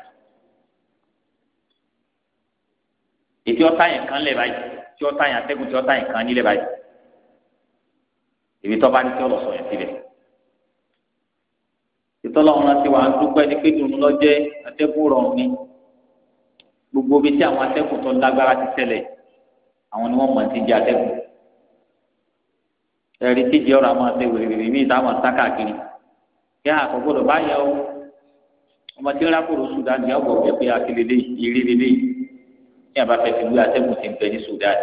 ètí ọ̀tá yẹn kan lẹ̀ báyìí tí ọ̀tá yẹn atẹ́gùn tí ọ̀tá yẹn kan nílẹ̀ báyìí èmi tó bá ní tí ọlọ́sọ̀ yẹn sílẹ̀ ìtọ́lọ́run láti wà á dúpẹ́ ní pé dùnú lọ́jẹ́ atẹ́gùn rọrùn ni gbogbo ibi tí àwọn atẹ́gùn tó lágbára ti ṣẹlẹ̀ àwọn ni wọ́n mọ̀ ti jẹ́ atẹ́gùn ẹ̀rí tíjẹ́ ọ̀rọ̀ àwọn atẹ́gùn rèé rèé mí ìtàwọn sákàkiri kí àkọ́gbọ́dọ̀ ọmọ tí ń rákòrò sùdánì ọgbọ̀gbẹ̀ pé akílélé ìrírí lélẹ́yìí ní abáfẹ́ fi wí atẹ́gùn ti ń bẹ ní Sudan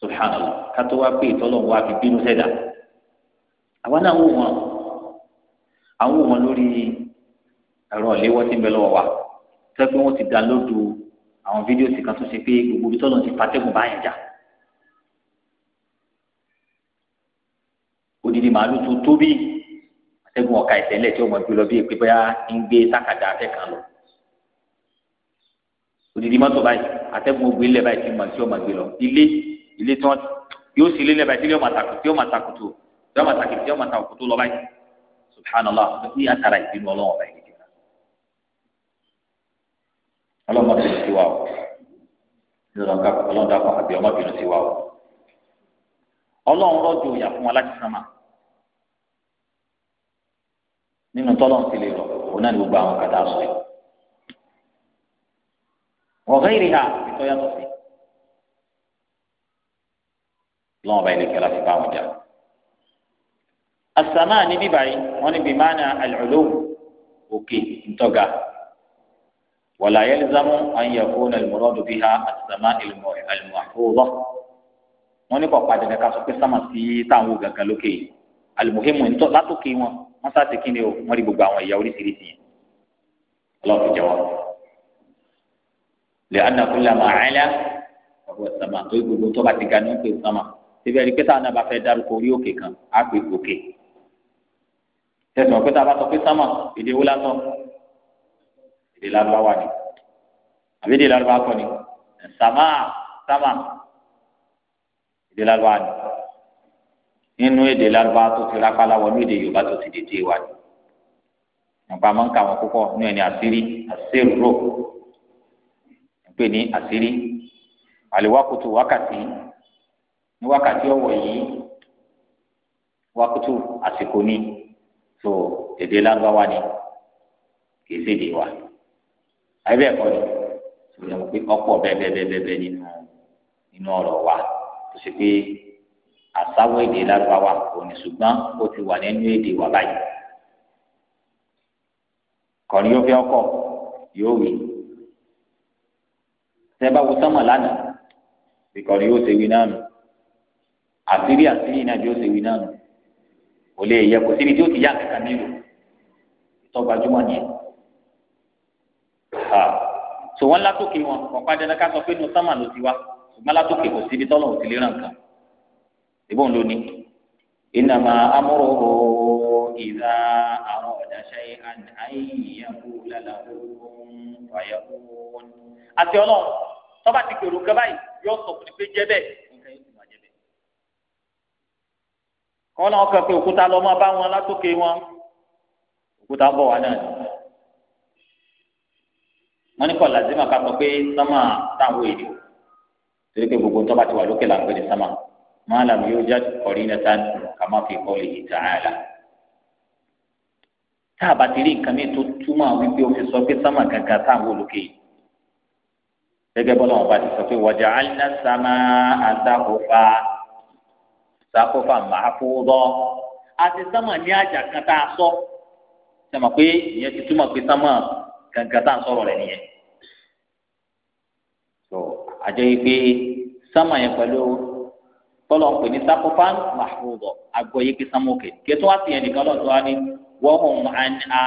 subhanallah kátó wá pé ìtọ́lọ̀ wa fi bínú sẹ́dá àwa náà wò wọn àwọn wò wọn lórí ẹ̀rọ ìléwọ́ tí ń bẹ lọ́wọ́ wa tẹ́ pé wọ́n ti dánlódù àwọn fídíò sì kan tó ṣe pé gbogbo ìtọ́lọ̀ ti patẹ́gùn báyìí jà. odidi màálù tó tóbi atẹ́gùn ọ̀ka ìtẹ́lẹ̀ tí ó mọ̀ gbé lọ bí èpè bóyá ń gbé sákàdá akẹ́kọ̀ọ́ lọ odidi mọ́tò báyìí atẹ́gùn ogun ilẹ̀ báyìí ti mọ̀ tí ó máa gbé lọ ilé ilé tí wọ́n yóò sì lélẹ̀ báyìí tí yóò máa takùtù tí yóò máa takùtù tí yóò máa takùtù tí yóò máa takùtù lọ báyìí subhanallah ní atara ìbínú ọlọ́wọ́n báyìí kìkìkà ọlọ́mọdé ti wà o ọlọ́dàkọ̀ àbí ọmọbìnrin ti wà o ọlọ́run rọ́jò ìyà fún wa láti sánmà nínú tọ́lọ́ وغيرها ìtọ́yàtọ̀ sí. lọ́wọ́ báyìí lè kẹ́lá fi bá wọn jà. àsàmà ní bíbáyìí wọ́n ní bíi mánà àlùlù òkè ntọ́ga. ولا يلزم أن يكون المراد بها السماء المحفوظة wọ́n ní kò padà ká sọ pé sámà sí táwọn wò gàgà lókè yìí alimuhimu ntọ́ látòkè wọn wọ́n sá ti kíni o wọ́n rí gbogbo àwọn ìyá oríṣiríṣi yẹn ọlọ́run jẹ́ wọn lè anakun lamọ àyìnlá ọ̀pọ̀ sàmà tó gbogbo tó bá ti ga ní ó pè sàmà síbi ẹni pété àwọn abafẹ́ dárúkọ orí òkè kan á pè òkè tẹsán pété abatọ pé sàmà èdè wó lásọ èdè lárúbáwá ni àbí èdè lárúbáwá kọ́ ni sàmà sàmà èdè lárúbáwá ni nínú èdè lárúbáwá tó ti rápálá wọnú èdè yorùbá tó ti dèjé wa ni nípa máa ń ka wọn púpọ̀ nínú ẹni àṣírí àṣírò pè ní àṣírí àlèwákùtù wákàtí ní wákàtí ọ̀wọ̀ yìí wákùtù àsìkò ní tó èdè lárúbáwá ni kì í ṣèdè wa àyẹ̀bẹ̀ ẹ̀kọ́ ni sọ̀rọ̀ yẹn pé ọ̀pọ̀ bẹ́ẹ̀bẹ́ẹ̀bẹ́ẹ̀ nínú nínú ọ̀rọ̀ wa tó ṣe pé àsáwọ̀ èdè lárúbáwá kò ní ṣùgbọ́n ó ti wà nínú èdè wa báyìí kọ̀ọ̀ni yóò fi ọkọ̀ yóò wí tẹ́bá wo sánmà lánàá ìkọ̀ ni yóò ṣe wí náà nù àṣírí àṣírí náà yóò ṣe wí náà nù kò lè yẹ kò síbi tí ó ti yá kankan nílò ìtọ́gbajúmọ̀ nìyẹn so wọn látòkè wọn ọ̀pá dandan ká sọ pé inú sánmà ló ti wá ṣùgbọ́n látòkè kò síbi tọ́lọ̀ ò ti lè ràn kàn ìbọn ló ní. ìnàmà amúròrò ìlà àwọn ọ̀dàṣẹ́ àyìnyẹ̀kú lálàó ọ̀yẹ̀kú wọn. àti ọlọ́run tọ́ba ti gbèrò nǹkan báyìí yóò sọ fún mi pé jẹ́ bẹ́ẹ̀ nǹkan yóò sì máa jẹ́ bẹ́ẹ̀. kọ́ náà kàn pé òkúta lọ́mọ bá wọn látòkè wọn òkúta bọ̀ wá náà wọ́n ní kọ́ làzima ká sọ pé sámà táwọn èdè torí pé gbogbo tọ́ba ti wà lókè là ní sámà máa làm yóò já kọ̀rí nẹ́ta kàmá fi kọ́ lè yìí tààlà ti rí nǹkan mi tó túmọ̀ wípé o fi sọ pé sámà gàgà táwọn olùkè yìí gẹ́gẹ́ bọ́lá wọn bá ti sọ pé wọjà alina sama asakofa sakofa mahfudọ àti sama ní àjà kan tá a sọ sama pé ìyẹn ti túmọ̀ pé sama gangan tá a sọ̀rọ̀ rẹ̀ nìyẹn tó àjọ yìí pé sama yẹn pẹ̀lú bọ́lá wọn pè ní sakofa mahfudọ àgọ́ yìí pé sama òkè kí wá sí yẹn lọ́dọ̀ wa ni wọ́n hùn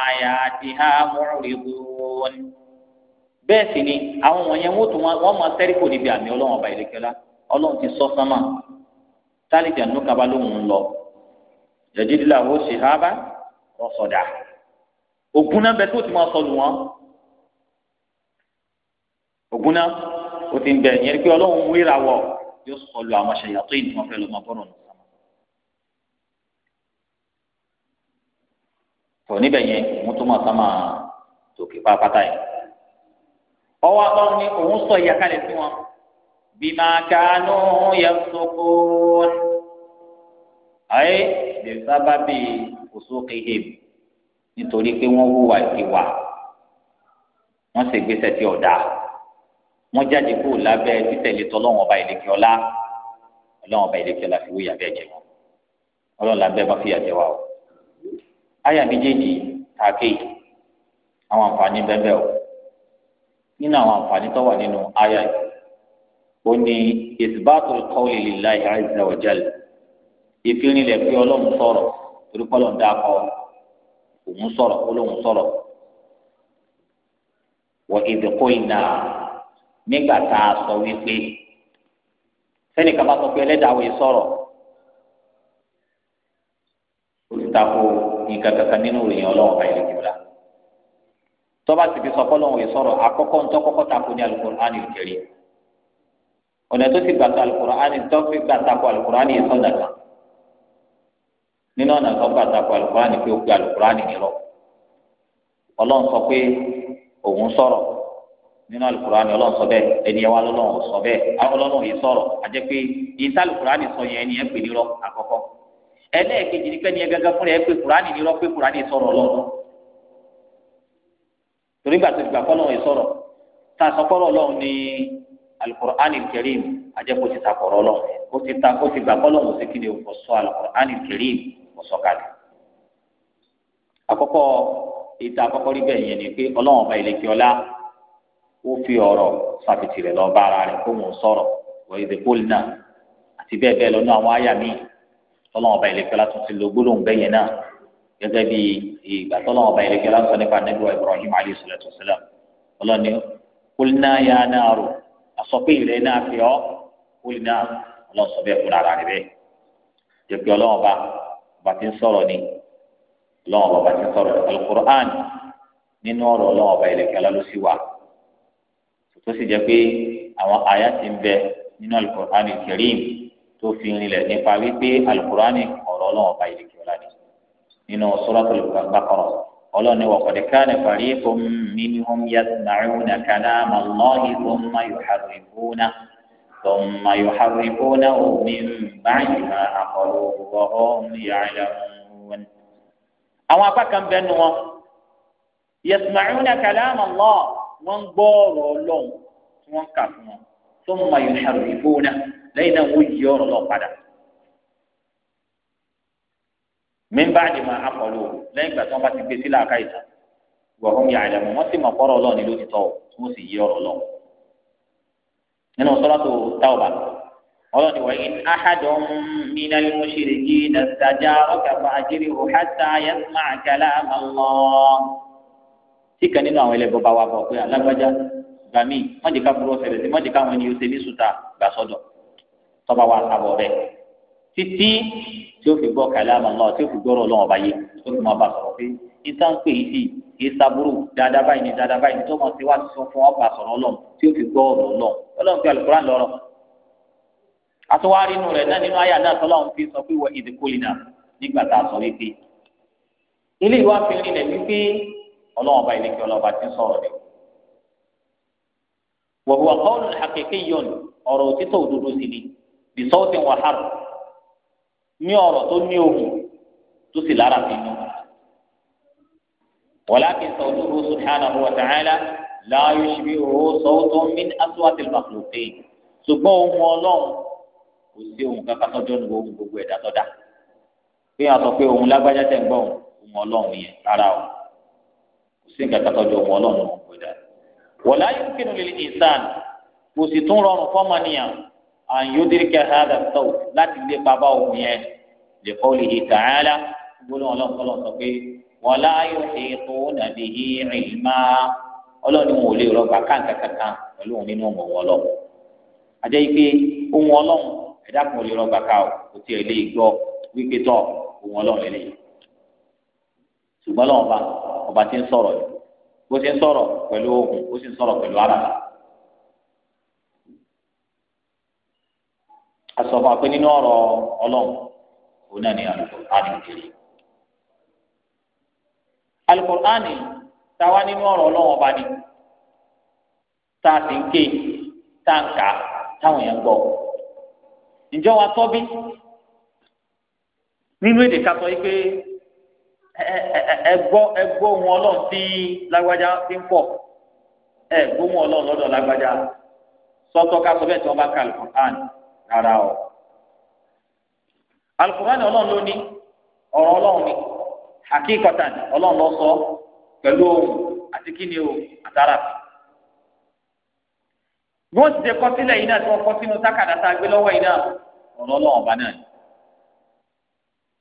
àyà àti ha mọ́rùn-ún bẹ́ẹ̀ sì ni àwọn wọ̀nyẹn wọ́n tún wọ́n máa tẹ́rí kò níbi àmì ọlọ́run ọba ìlẹ́kẹ́lá ọlọ́run ti sọ sánmà tálíjà nínú kaba lóhùn ń lọ jẹjẹdìlá wo ṣe ha bá ọsọdà ògùn náà bẹ tó ti máa sọnù wọn ògùn náà o ti ń bẹ yẹn pé ọlọ́run wíra wọ yóò sọlù àwọn aṣèyàtọ̀ yìí ni wọ́n fẹ́ lọ́ máa bọ́rọ̀ nù sánmà. níbẹ̀ yẹn òun tó máa sánmà tòkè pátápátá yẹn ọwọ́ ọlọ́run ní òun sọ ìyàkálẹ̀ fún wọn bima kanu yafsukun ayé lè sábà bí usukihim nítorí pé wọ́n hùwà ìwà wọ́n sì gbèsè tí ọ̀dà wọ́n jáde kó lábẹ́ títẹ̀lé tọ́lọ́wọ́n ọba ìlẹ́kẹ́ ọlá ọlọ́wọ́n ọba ìlẹ́kẹ́ ọlá fi wéyà bẹ́ẹ̀ jẹ wọn ọlọ́wọ́n lábẹ́ bá fìyà jẹ wa o. àyà méjèèjì tààkì àwọn àǹfààní bẹ́ẹ̀ bẹ́ẹ̀ o nínú àwọn àǹfààní tó wà nínú àyà yìí ó ní ìsìbáàtò kọ́ọ̀lì lillahi azza wa jalla ìfirinlẹ̀ pé ọlọ́run sọ̀rọ̀ torí pọ́lọ́n dákọ̀ òun sọ̀rọ̀ olóhùn sọ̀rọ̀ wọ ìdíkó iná nígbà tá a sọ wípé sẹ́nìkan bá sọ pé ẹlẹ́dàá wo sọ̀rọ̀ ó ti ta nǹkan kankan nínú ìròyìn ọlọ́run báyìí lójú tọ́ba sì fi sọ́kọ́ lọ́wọ́ yìí sọ̀rọ̀ àkọ́kọ́ ntọ́kọ́kọ́ tako ní alukur'ani ìkẹrì ọ̀nà tó ti gbàtà alukur'ani tó fi gbàtà kọ alukur'ani yìí sọ̀dà kan nínú ọ̀nà tó gbàtà kọ alukur'ani pé ó gbé alukur'ani nírọ̀ ọlọ́run sọ pé òun sọ̀rọ̀ nínú alukur'ani ọlọ́run sọ bẹ́ẹ̀ ẹni ẹwà lọ́lọ́run sọ bẹ́ẹ̀ ọlọ́run yìí sọ̀rọ̀ àjẹ́ pé yìí tá alukur'ani sọ yẹn ẹni ẹ pè nírọ̀ àkọ́kọ́ ẹlẹ́ẹ̀kejì torí gbàtò ìgbà kọ́ lọ́wọ́ ìsọ̀rọ̀ tá a sọ kọ́rọ̀ lọ́wọ́ ní alukur'ani kẹrim ajẹ́kọ̀ọ́ ti ta kọ̀rọ̀ lọ́wọ́ ó ti ta ó ti gbà kọ́ lọ́wọ́ síkì ni kò sọ alukur'ani kẹrim kò sọ kalẹ̀. àkọ́kọ́ ìta àkọ́kọ́ rí bẹ́ẹ̀ yẹn ni pé ọlọ́wọ́n ọba ilé kíọ́lá ó fi ọ̀rọ̀ sàfìtì rẹ̀ lọ bá ara rẹ̀ kó wọn sọ̀rọ̀ wọ́n ìdè kó lina àti bẹ́ẹ̀ bẹ́ẹ̀ lọ́nà àwọn àyà míì ọlọ́wọ́n ọba ilé kíọ́lá tuntun lọ gbólóhùn bẹ́ẹ̀ yẹn náà gẹ́gẹ́ bí ìgbà tó lọ́wọ́ báyìí lẹ́kẹ́ láti sọ nípa nílùú Ibrahim alayhi salatu wasalam ọlọ́ni kulna ya naru àsọpé ìrẹ́ náà fi ọ́ kulna ọlọ́sọ bẹ́ẹ̀ fún ara rẹ̀ bẹ́ẹ̀ jẹ́ pé ọlọ́wọ́ bá bá ti ń sọ̀rọ̀ ni ọlọ́wọ́ bá bá ti ń sọ̀rọ̀ ni alukur'an nínú ọ̀rọ̀ ọlọ́wọ́ báyìí lẹ́kẹ́ lọ́lọ́ sí wa tó sì jẹ́ pé àwọn àyà ti ń bẹ nínú alukur'an kẹrìm tó fi rinlẹ̀ nípa wípé alukur'an ọ̀rọ̀ ọlọ́wọ́ báyìí lẹ́kẹ́ ọ̀la nínú suratul Baqara ọlọ́ni wọ̀kọ̀dé káàní fariqun minhum yasma'una kalama Allahi thumma yuharrifunahu thumma yuharrifunahu min ba'di ma aqaluhu wa hum ya'lamun. àwọn apá kan bẹ́ẹ̀ nu wọn yasma'una kalama Allah wọ́n gbọ́ ọ̀rọ̀ wọ́n kà fún wọn thumma yuharrifunahu lẹ́yìn náà wọ́n yí ọ̀rọ̀ lọ́ padà mímbáàdì máa akọlù lẹ́yìn ìgbà tí wọ́n bá ti gbé sílẹ̀ àká ìtàn wọ ọhún yà àlẹ mọ wọ́n sì mọ kọrọ Ọlọ́run ló ti tọ ọ tí wọ́n sì yí ọ̀rọ̀ lọ. nínú sọ́lọ́tò táwọ̀bà Ọlọ́run ni wọ́n yìí ahadọ̀ mina yóò ṣe lè yí nàìjíríà ọkà fún àjírí òhàtà yasma àgàlà àmàlọ́. tí kan nínú àwọn ẹlẹ́bọ̀ bá wà bọ̀ pé alágbájá gbàmí mọ̀jẹ̀ká burú ọ̀sẹ̀ rẹ̀ sí mọ̀jẹ̀ká àwọn ènìyàn ṣe ní sùtà gbàsọ́dọ̀ tọ́ba wa sábọ̀ bẹ́ẹ̀ títí tí ó fi gbọ́ kalam Allah tí ó fi gbọ́rọ̀ Ọlọ́run ọba yé tó fi máa bá sọ̀rọ̀ pé ìtàn pé ìdí kìí sábúrú dáadáa báyìí ni dáadáa báyìí ni tó máa ti wá sọ fún ọba sọ̀rọ̀ Ọlọ́run tí ó fi gbọ́ ọ̀rọ̀ Ọlọ́run Ọlọ́run fi Al-Qur'an lọ́rọ̀ àtúwárí inú rẹ̀ náà nínú àyà náà tọ́lọ́run fi sọ pé wọ ìdíkólínà nígbà tá a sọ wípé ilé ìwà fi rinlẹ̀ wípé Ọlọ́run ọba ìlẹ̀kẹ́ ọlọ́ba ti sọ̀rọ̀ rẹ̀ wa huwa qawlun haqiqiyyun ọ̀rọ̀ òtítọ́ òdodo sì ni bi sawtin ní ọ̀rọ̀ tó ní ohùn tó sì lára fi nù. walakin sawtuhu subhanahu wa ta'ala la yushbihu sawtun min aswatil makhluqin ṣùgbọ́n ohùn ọlọ́run kò sí ohùn kankan tọ́jọ́ ní ohùn gbogbo ẹ̀dá tọ́da pé a sọ pé ohùn lágbájá tẹ̀ ń gbọ́ ohùn ọlọ́run yẹn rárá o kò sí nǹkan kan tọ́jọ́ ohùn ọlọ́run gbogbo ẹ̀dá wala yumkinu lil insan kò sì tún rọrùn fọ́mọnìyàn àyọ̀dẹ̀rẹ̀kẹ̀ hàdà tó láti lé pàbá òun yẹn lè kọ́ lè hì tààlà gbólóhùn ọlọ́nkọ́lọ́ sọ pé wọ́n láàyò ètò nàbí ìrìnmá ọlọ́ni wọn ò lè rọgbà káńkàkàkà pẹ̀lú òun nínú ọmọ wọn lọ. àjẹ́ yìí pé ohun ọlọ́run ẹ̀dá kan ò lè rọgbà ká o kò tiẹ̀ lè wípé tọ́ ohun ọlọ́run lè lè. ṣùgbọ́n lọ́wọ́ bá ti ń sọ̀rọ̀ bó ti ń sọ̀rọ̀ pẹ̀lú ohùn ó sì ń sọ̀rọ̀ pẹ̀lú asọ̀fọ̀ àpé nínú ọrọ ọlọrun òun náà alukur'ani kiri alukur'ani táwa nínú ọlọrun ọba ni a a táwọn yẹn wa bí nínú èdè yìí pé ẹ ẹ ohun rárá ọ alukurani ló ní ọrọ ni hakikatan ọlọ́run ló sọ pẹ̀lú ohun àti kíni o àtàrà bí wọ́n ti ṣe kọ yìí náà tí wọ́n kọ sínú tákàdá tá a gbé lọ́wọ́ yìí náà ọrọ ọba náà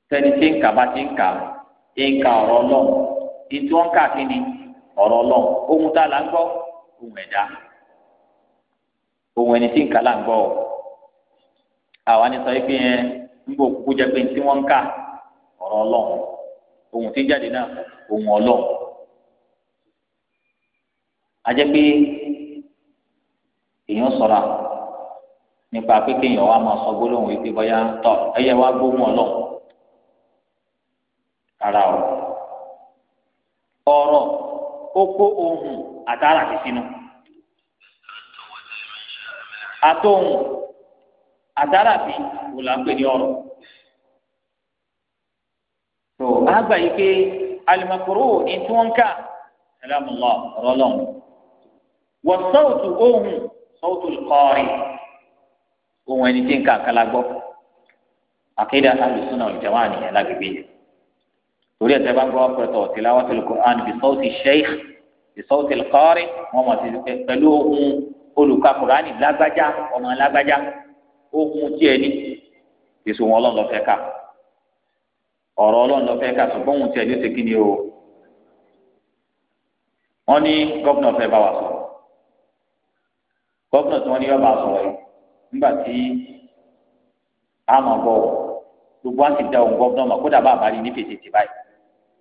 tẹni tí ń ohun tá a ohun ohun ẹni tí ń kà awa ni sọ pé fi ń bò kúkú jẹ pé tí wọn ń kà ọ̀rọ̀ ohun tí jáde náà ohun ọlọ́run a pé èèyàn ṣọ́ra nípa pé kéèyàn wá máa sọ gbólóhùn yìí pé tọ ẹyẹ wá gbóhùn ara ohun àtàrà àdára bí wò là ń pè ní ọ̀rọ̀ tó àgbà yìí pé alimakoro ìtúwọ́nká ẹlẹ́mùlá rọlọ́n wọ́n sọ́ọ̀tù ohun sọ́ọ̀tù kọ́ọ̀rì ohun ẹni tí ń ka àkàlà gbọ́ àkéde alùsùn náà ìjàmbá nìyẹn lágbègbè yẹn torí ẹ̀ tẹ́gbà ń gbọ́ pẹ̀tọ̀ tìláwàtì alukur'an bí sọ́ọ̀tì sheikh bí sọ́ọ̀tì kọ́ọ̀rì wọ́n mọ̀ sí pẹ̀lú ohun olùkọ́ alukur'an lágbájá ọmọ lágbájá ogun tiẹ̀ ní èso wọn ọlọ́run lọ́fẹ́ ká ọ̀rọ̀ ọlọ́run lọ́fẹ́ ká ṣùgbọ́n ohun tiẹ̀ ní ó ṣe kí ni o wọ́n ní gọ́vnà fẹ́ bá wa sọ̀rọ̀ gọ́vnà tí wọ́n ní yọ́ bá sọ̀rọ̀ yìí nígbà tí a máa bọ̀ gbogbo àti da ohun gọ́vnà mọ̀ kódà bá a bá rí ní fèsì tì báyìí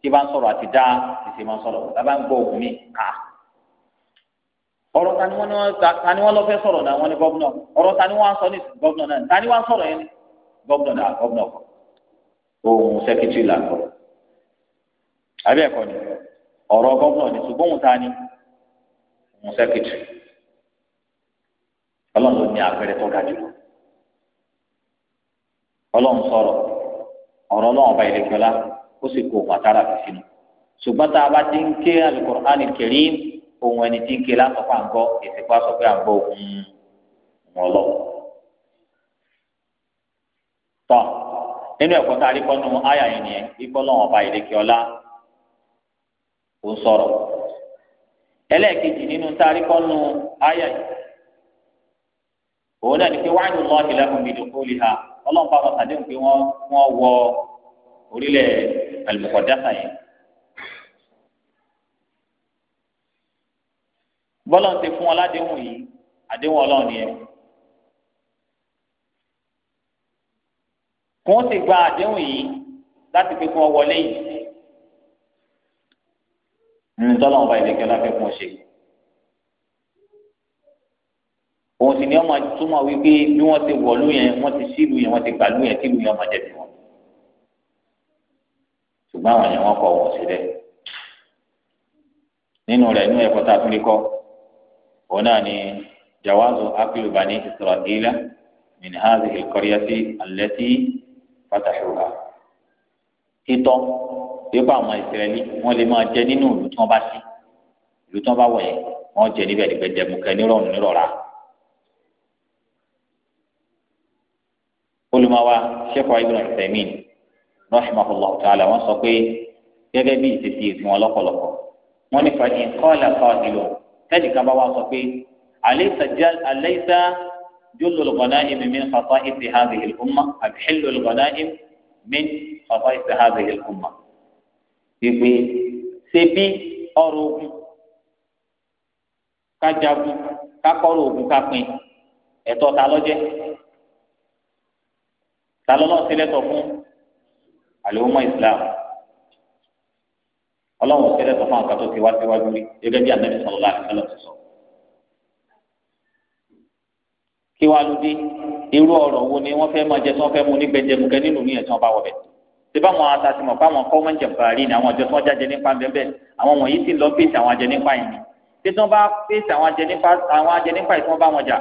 tí bá ń sọ̀rọ̀ àti dá ìṣe máa ń sọ̀rọ̀ bàbá ń gbọ́ ògùn mi kà á ọ̀rọ̀ ta ni wọ́n ta ni wọ́n lọ fẹ́ sọ̀rọ̀ náà wọ́n ní gọ́vnọ̀ ọ̀rọ̀ ta ni wọ́n sọ ní gọ́vnọ̀ náà ta ni wọ́n sọ̀rọ̀ yẹn ní gọ́vnọ̀ náà gọ́vnọ̀ kọ́ ohun sẹ́kítírì là ń kọ́ àbí ẹ̀kọ́ ni ọ̀rọ̀ gọ́vnọ̀ ni ṣùgbọ́n òun ta ni ohun sẹ́kítírì ọlọ́run ló ní àpẹẹrẹ tó ga jùlọ ọlọ́run sọ̀rọ̀ ọ̀rọ̀ ọlọ́run ọba ìlẹ̀kọ́lá ó sì kó pàtàrà fífi nù ṣùgbọ́n tá a bá ti ń ké Al-Qur'an Al-Karim ohun ẹni tí ń ké lásọpọ àǹgọ ìsìnkú àsọpọ àǹgọ òun wọn lọ. tọ́ nínú ẹ̀kọ́ tá a rí kọ́nu áyà yẹn nìyẹn ikọ́ lọ́wọ́n ọba ìrèké ọlá kò ń ẹlẹ́ẹ̀kejì nínú tá a rí yìí òun náà ni pé wáyé mi lè ha ọlọ́run bá wọn sàdéhùn pé wọ bọ́lá ń ti fún wọn ládéhùn yìí àdéhùn ọlọ́run yẹn. kò ń sì gba àdéhùn yìí láti fi fún ọ wọlé yìí. ntọ́lọ́ ọba ìlẹ́kẹ́ láfẹ́ fún ọ ṣe. òun sì ni ọmọ túmọ̀ wípé bí wọ́n ti wọ̀lú yẹn wọ́n ti sílùú yẹn wọ́n ti gbàlú yẹn kílùú yẹn ọmọ jẹ̀bi wọn. ṣùgbọ́n àwọn èèyàn wọn kọ̀ wọ́n sílẹ̀. nínú rẹ̀ inú ẹ̀kọ́ tá a tún lè kọ́ òun جواز ni jawazu إسرائيل من هذه القرية التي فتحوها. allati fatahuha títọ́ pépà àwọn ìsirẹ́lì wọ́n lè máa jẹ nínú ìlú tí wọ́n bá sí ìlú tí wọ́n bá wọ̀ yẹn wọ́n jẹ níbẹ̀ níbẹ̀ jẹmukẹ́ nírọ̀rùn nírọ̀ra. olùmọ̀wá sheikh ibn Uthaymeen rahimahullah ta'ala wọ́n sọ pé gẹ́gẹ́ bí ìṣesí ìsìn wọn wọ́n ní fàdí kọ́ọ̀lá kọ́ọ̀dìlò tẹnìkan bá wà sọ pé alaysa jullu al-ghanaim min khata'is hadhihi al-ummah àbí hillu al-ghanaim min khata'is hadhihi al-ummah. pípé ṣebí ọrọ̀ ogun kájagun kákọrọ ogun kápin ẹ̀tọ́ ta ló ta lọlọ sílẹ̀ tọ fún àlùmọ islam ọlọ́run òṣèlè tó fún àkàtó ti wá síwájú rí gẹ́gẹ́ bí anabi sallallahu alaihi wasallam ti sọ. kí wàá lóde irú ọ̀rọ̀ wo ni wọ́n fẹ́ máa jẹ tí wọ́n fẹ́ mu ní gbẹjẹmukẹ nínú ní ẹ̀sán ọba wọ̀bẹ̀. ṣé báwọn atasimọ̀ fáwọn kọ́ máa ń jẹ bàárì ni àwọn àjọṣọ́ jáde nípa bẹ́ẹ̀ àwọn wọ̀nyí sì lọ pèsè àwọn ajẹ nípa yìí ṣé tí wọ́n bá pèsè àwọn ajẹ àwọn ajẹ yìí tí wọ́n bá wọn jà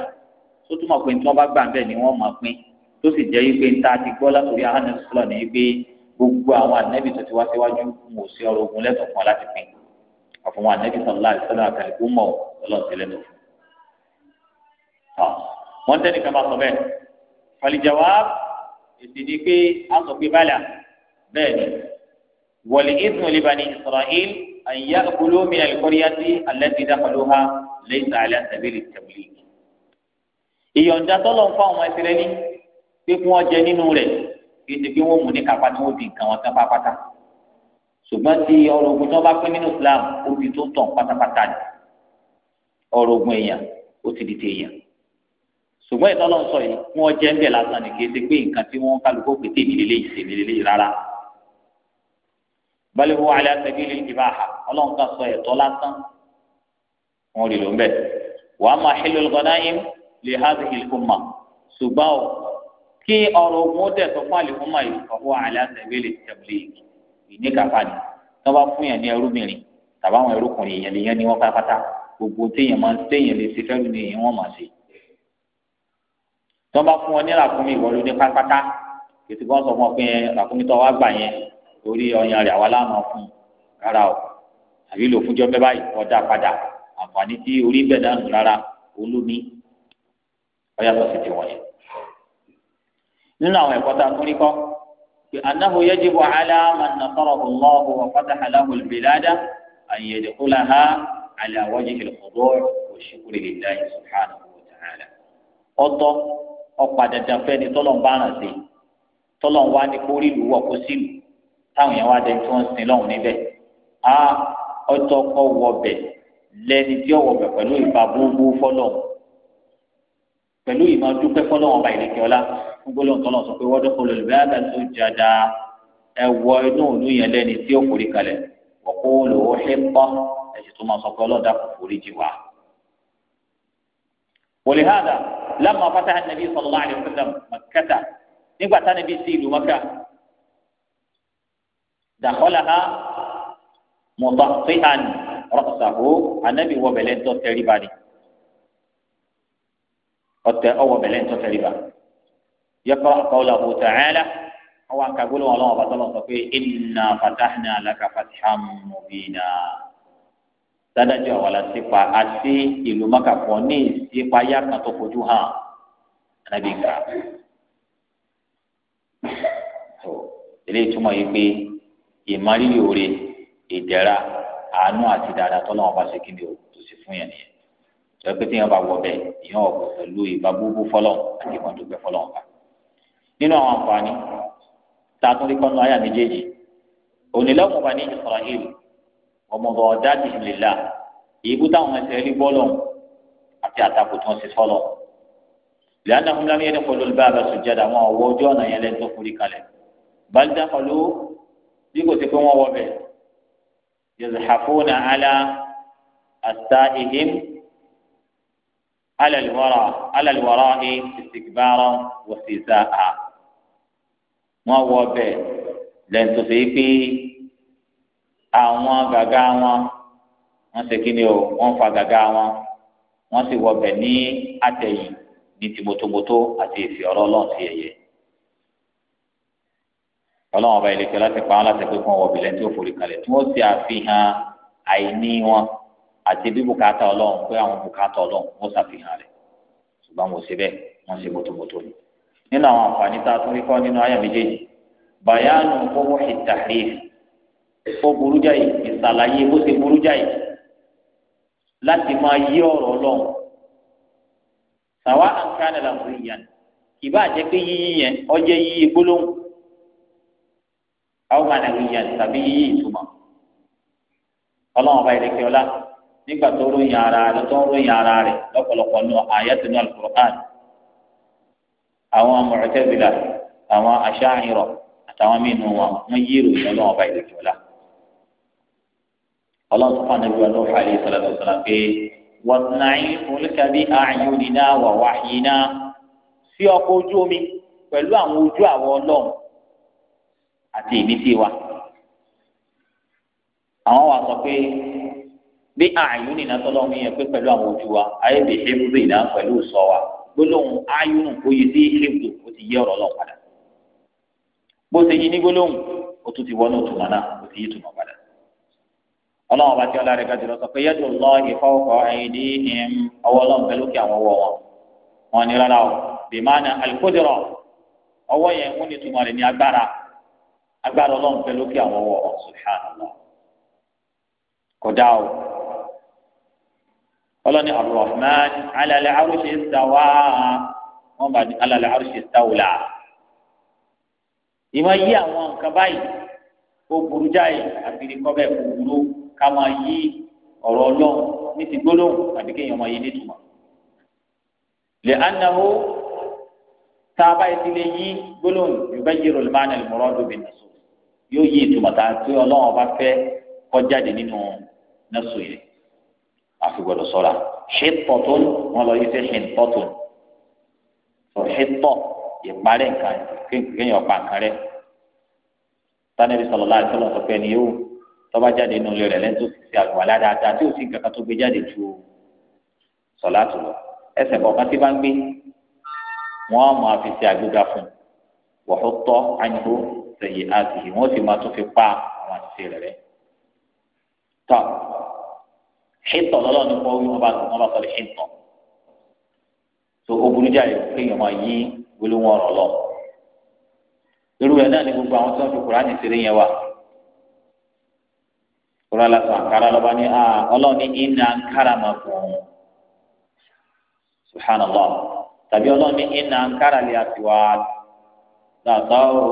tó túmọ̀ pé tí wọ́n bá gbà bẹ́ẹ̀ ni wọ́n máa pín tó sì jẹ́ wípé ń ta ti gbọ́ látòrí ahánẹ́sọ́lọ́ ní wípé gbogbo àwọn ànábì tó ti wá síwájú ń wò sí ọ̀rọ̀ ogun lẹ́tọ̀ọ́ fún wa láti pín àfọ wọn ànábì sọlá àìsàn àtàlẹ kó mọ Ọlọ́run ti lẹ́nu fún wọn tẹni kan máa sọ bẹ́ẹ̀ fàlìjàwá èsì ni pé a sọ pé báyà bẹ́ẹ̀ ni wọlé ìdùnnú libani israel àyà kúló mi àlùkọ́ríyàtì alẹ́tì dákàlóha lẹ́yìn sàlẹ̀ àtàbílì tẹ̀wìlì. ìyọ̀ǹda tọ́lọ̀ ń fáwọn ẹsẹ̀ rẹ ní pé kí wọ́n jẹ nínú rẹ̀ kí ṣe pé wọ́n mú ní kápá tí wọ́n fi nǹkan wọn tán pátápátá ṣùgbọ́n tí ọ̀rọ̀ ogun tí wọ́n bá pín nínú Islam ó ti tó tàn pátápátá ni ọ̀rọ̀ ogun èèyàn ó ti di ti èèyàn ṣùgbọ́n ìtọ́lọ́ sọ yìí kí wọ́n jẹ́ ń bẹ̀ lásán ni kì í ṣe pé nǹkan tí wọ́n kálukó pé tèmi lélẹ́yìí tèmi lélẹ́yìí rárá baliwo alẹ́ asẹ́bí lè ti bá ọlọ́run ká sọ ẹ̀tọ́ lásán wọn rí ló ń bẹ̀ wàá máa ṣe lọ́lọ́gbọ́n náà yín lè ha sí ìlú kùmà ṣùgbọ́n kí ọ̀rọ̀ ogun ó dẹ̀ tó fún àlèkún máa yìí ọ̀hún àlàsẹ̀bẹ̀lẹ̀ tẹ̀bílẹ̀ ìní kàfà ni tó bá fún yẹn ní ẹrúbìnrin tàbá àwọn ẹrúkùnrin yẹn lè yẹn ní wọn pátápátá gbogbo téèyàn máa ń téèyàn lè ṣe fẹ́rù ni èèyàn wọn máa ṣe tó bá fún wọn ní làkúnmí ìwọlú ní pátápátá ètò kan sọ fún ọ pé làkúnmí tó wá gbà yẹn torí ọyàn rẹ̀ àwa láàmú fún rárá o àbí lò fúnjọ́ mẹ́bàá ìkọjá padà nínú àwọn ẹ̀kọ́ tá a tún rí kọ́ pé annahu yajibu ala man nasarahu Allahu wa fataha lahu al-bilada an yadkhulaha ala wajhi al-khudu' wa shukri lillahi subhanahu wa ta'ala. ọtọ ọ̀pá dandan fẹ́ni tọ́lọ̀ ń bára sí tọ́lọ̀ ń wá ní kórìí ìlú wọ̀ kó sílùú táwọn yẹn wá dé tí wọ́n ń sin lọ́hùn níbẹ̀ a ọtọ kọ́ wọbẹ̀ lẹ́ni tí ọ̀wọ̀bẹ̀ pẹ̀lú ìfà búburú fọlọ́hùn pẹ̀lú ìmọ̀ dúpẹ́ fọlọ́wọn ọba ìlẹ̀kẹ́ ọlá gbogbo lóun tọ́lọ̀ sọ pé wọ́dọ̀ kọlọ̀ lùbẹ́ àgbà tó jada ẹ wọ inú òlú yẹn lẹ́ni tí ó forí kalẹ̀ wọ́pọ̀ lòó ṣe pọ́ ẹ̀sìn tó máa sọ pé ọlọ́dà kò forí jì wá. wòlé hàdà lámà fataha nàbí sallallahu alaihi wasallam makkata nígbà tá nàbí sí ìlú maka dàkọ́lá ha mọ̀tàfíhàn rọ̀ṣàkó ànábì ọtẹ ọwọ bẹlẹ ń tọtẹ riba yẹkọ akọwọlọ ọbọ tààlà ọwọ akagbolo wọn lọ́wọ́ bàtọ lọ sọ pé inna fatahna laka fatiham mubina sadajọ wàlá sípa àti ìlú maka fọ ní ìsípa yá kan tó fojú hàn anabi nka tó eléyìí túmọ̀ yìí pé ìmárìlì òre ìdẹ̀ra àánú àti dáadáa tọ́lọ́wọ́n bá ṣe kí o tó ṣe fún yẹn nìyẹn tọ́pẹ́ tí yẹn bá wọ bẹ́ẹ̀ èèyàn ọ̀pọ̀ pẹ̀lú ìgbà búburú fọlọ́n àti ìmọ̀ dúpẹ́ fọlọ́n ọ̀pá. nínú àwọn àǹfààní tá a tún rí kọ́nù àyà méjèèjì onílẹ̀kùn bá ní Israel ọmọọba ọ̀dá tìlélà ìbú táwọn ẹsẹ̀ rí bọ́lọ̀ àti àtakò tí wọ́n ti fọlọ́ lẹ́yìn àwọn ọmọlẹ́yìn ẹni kọlu bá abẹ́ sùn jáde àwọn ọwọ́ ojú ọ̀nà yẹn lẹ́nu forí kalẹ̀ balùdá kọlu على الوراء على الوراء استكبارا واستيزاء وهو به لن تسيبي àwọn gàgà wọn wọn ṣe kí ni o wọn fa gàgà wọn wọn sì wọbẹ ní àtẹ̀yìn ní ti mọtòmọtò àti èsì ọ̀rọ̀ Ọlọ́run sí ẹyẹ Ọlọ́run ọba ìlẹ̀kẹ̀ láti pa wọn láti pé kí wọn wọbẹ lẹni tí ó tí wọn sì àfihàn àìní wọn àti bí bùkátà ọlọ́run pé àwọn bùkátà ọlọ́run wọ́n ṣàfihàn rẹ̀ ṣùgbọ́n wọ́n ṣe bẹ́ẹ̀ wọ́n ṣe mọ́tòmọ́tò ni. nínú àwọn àǹfààní tá a tún rí kọ́ nínú àyà méjèèjì bàyánù owó ìtàríf ó burú jáì ìsàlàyé bó ṣe burú jáì láti máa yí ọ̀rọ̀ ọlọ́run sàwa àǹkánì làwọn èèyàn ìbá jẹ́ pé yíyí yẹn ọjẹ́ yíyí gbólóhùn àwọn àǹkánì làwọn èèyàn tàbí yíyí ìtumọ̀ ọlọ́run ọba ìrẹ́kẹ́ ọlá nígbà tó ròyìn ara rẹ̀ tó ròyìn ara rẹ̀ lọ́pọ̀lọpọ̀ nù àyàtì nù alukur'an àwọn Mu'tazila àwọn Asha'ira àtàwọn mìíràn wọn wọn yí ìròyìn Ọlọ́run ọba ìlú jọlá Ọlọ́run tó fún anabi wa ló fà lẹ́yìn sọlá lọsọlá pé wọn nàáyí olùkàbí àyùnìnà wà wáyìnà sí ọkọ̀ ojú omi pẹ̀lú àwọn ojú àwọn Ọlọ́run àti ìmísí wa àwọn wà sọ pé. bí àyùn nìyà tọ́lọ́ mi yẹ pé pẹ̀lú àwọn ojú wa ayé bí hebrew ìdá pẹ̀lú sọ wa gbólóhùn àyùn kò yé sí hebrew ó ti yé ọ̀rọ̀ lọ padà bó ṣe yí ní gbólóhùn ó tún ti wọnú tùmọ̀ náà ó ti tùmọ̀ padà ọlọ́run ọba tí ọlá rẹ̀ gàdúrà sọ pé yẹ́dùn lọ ìfọwọ́kọ ọwọ́ pẹ̀lú kí àwọn wọn wọn o ọlọ́ni Ar-Rahman alàlẹ́ arúṣe ìsàwá wọn bá ní alàlẹ́ arúṣe ìsàwùlà ìmọ̀ yí àwọn nǹkan báyìí ó burú jáì àbíríkọ́ bẹ́ẹ̀ kò wúlò ká máa yí ọ̀rọ̀ ọlọ́run ní ti gbólóhùn àbí kéèyàn máa yí nítumọ̀ lè anahu tá a bá ti lè yí gbólóhùn yubayyiru al-ma'na al-muradu bin-nass yóò yí ìtumọ̀ tá a ti ọlọ́run ọba fẹ́ kọjáde nínú nass yẹn àfi gbọ́dọ̀ ṣọ́ra ṣètọtún wọn lọ yí sí ṣètọtún ṣètọ ìparẹ nǹkan kéèyàn pa nǹkan rẹ tánẹbi sọlọ láti sọlọ sọ yóò tọba jáde inú rẹ lẹ́nu tó ti ṣe àlùwalá tí ò sí nǹkan kan tó gbé jáde ju sọlá tó lọ ẹsẹ̀ kọ̀ọ̀kan tí bá ń gbé wọn máa fi ṣe àgbéga fún un wọ́n tọ́ àyìnbó sẹ̀yìn àti wọ́n sì máa tún fi pa àwọn àti ṣe rẹ̀ rẹ̀ tọ́. xintɔ lɔlɔ ni kɔ wọn b'a wọn b'a sɔrɔ xintɔ so o burújà yìí kéèyàn máa yí ọrụ wọn rọ lọ irú yẹn náà ni gbogbo àwọn tí wọn fi kura sèré yẹn wa kura la sọ ankara lọba ni a ọlọ́ọ̀ni iná ankara máa fún subhanallah tàbí iná ankara lè àti wá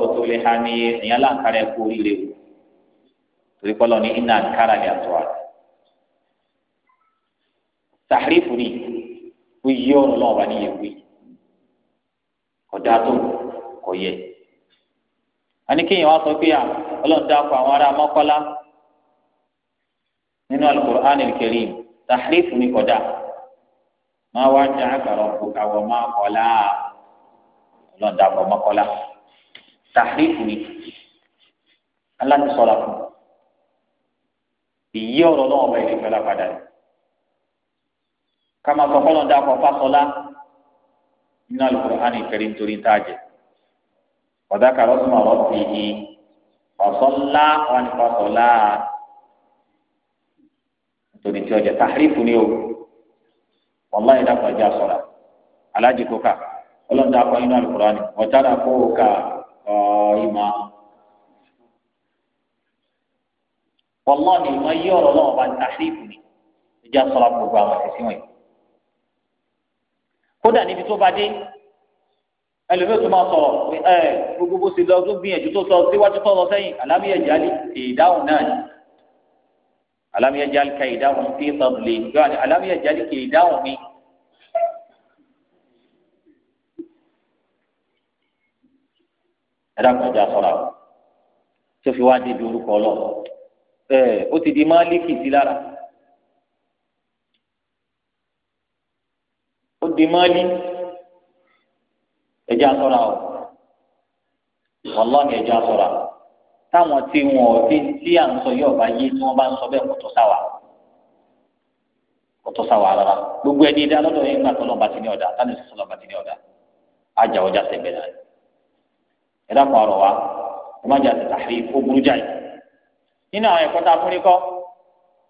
òtò lè ha ní ìyálà ankara ẹ̀kọ́ oríire o torí pé iná ankara lè àti wá. tàhírífù ni ó yí ọ̀rọ̀ náà wà níyẹn wí ọ̀dà tó kọ̀ yẹ. àní kéèyàn wá sọ pé à ọlọ́run dákọ̀ àwọn ará mọ́kọ́lá nínú al-Qur'an al-Karim tàhírífù ni kọ̀dà máa wá jẹ́ àgbàrọ̀ àwọn mọ́kọ́lá ọlọ́run dákọ̀ mọ́kọ́lá tàhírífù ni aláti fún ìyí ọ̀rọ̀ náà wà ìrẹ̀fẹ́ lápadà yìí kama kọkọlọ da kọ fasọla nínú alukur'ani kari nítorí ntaajẹ ọdaka lọsùnmọ rọbìhì fasọla wani fasọla nítorí tí ọjẹ tahrifu ni o wàllayi dàpọ̀ ẹjẹ asọ̀ra alájí kò ká ọlọ́dà kọ nínú alukur'ani ọ̀tàdà kò ká ọ̀ ìmọ̀ wàllayi ìmọ̀ yí ọ̀rọ̀ lọ́wọ́ bá tahrifu ni ẹjẹ asọ̀ra gbogbo àwọn ẹ̀sìn wọ̀nyí kódà níbi tó bá dé ẹlòmíràn tó máa sọ̀rọ̀ ẹ gbogbo bó ṣe lọ tó gbìyànjú tó sọ síwájú tó lọ sẹ́yìn alámìyẹ̀jẹ̀ alì ìdáhùn náà ni alámìyẹ̀jẹ̀ alì ka ìdáhùn fi sọ̀rọ̀ lè alámìyẹ̀jẹ̀ alì ka ìdáhùn mi. ẹ̀dá kan já sọ̀rọ̀ tó fi wá débi orúkọ lọ ẹ ó ti di máàlíkì sí lára. di ẹja sọ́ra o wàlọ́ọ̀nì ẹja sọ́ra táwọn tí wọn ò fi tí à ń sọ yóò bá yé tí wọ́n bá ń sọ gbogbo ẹni dá lọ́dọ̀ yẹn nígbà tó ti ní ti ní ajá ọjà náà ẹ dákun wa tàbí ó burú jáì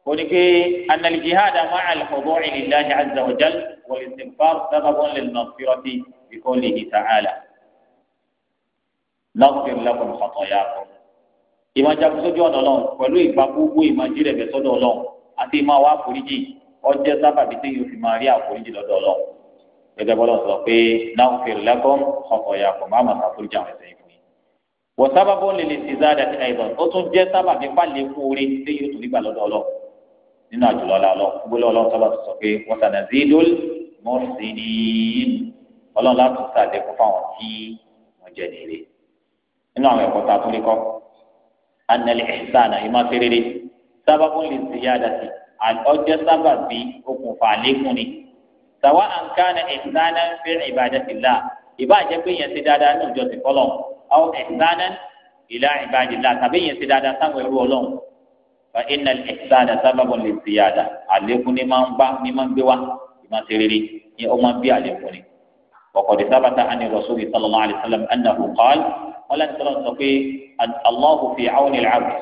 ونكي أن الجهاد مع الخضوع لله عز وجل والاستغفار سبب للمغفرة بقوله تعالى نغفر لكم خطاياكم ìmọ̀ jagun sójú ọ̀nà ọlọ́run pẹ̀lú ìgbà gbogbo ìmọ̀ jílẹ̀ bẹ̀ sọ́dọ̀ ọlọ́run àti ìmọ̀ àwọn àforíjì ọjọ́ sábàbí tí yóò fi máa rí àforíjì lọ́dọ̀ ọlọ́run gẹ́gẹ́ bọ́lá sọ pé نغفر لكم خطاياكم máa máa ṣàforíjì àwọn ẹ̀ṣẹ̀ ìfún yìí. wọ́n sábàbọ̀ lè lè ti záàdà ti àìsàn ó tún jẹ́ sábàbí pàlẹ́ fún oore tí yóò tún nígbà lọ́dọ̀ ọlọ́run nínú àjùlọ la lọ gbólé ọlọ́run sábà sọ pé wọ́n sànà zidol mọ́sìnì ọlọ́run láti sàdé kó fáwọn tí wọ́n jẹ nìyẹn nínú àwọn ẹ̀kọ́ tá a tún lè kọ́ anàlẹ́ ẹ̀sánà ìmọ̀ fẹ́rẹ́rẹ́ sábà lè ṣe yáda sí ọjọ́ sábà okùnfà lẹ́kùn ni sàwa àǹkánà ẹ̀sánà fẹ́ ìbàdàn ìlà ìbàjẹ́ pé yẹn ti dáadáa ní òjò ti àwọn ẹ̀sánà ìlà ìbàdàn ìlà tàbí yẹn ti dáadáa sáwọn ẹrú ọlọ́run fa iná ìsáàdà sábàbọ̀ lè ti yàdà àlékún ní máa ń bá ní máa ń gbé wá ìmọ̀ ṣe rere ní ó máa ń bí àlékún ni. وقد ثبت عن الرسول صلى الله عليه وسلم أنه قال ولن تلتقي الله في عون العبد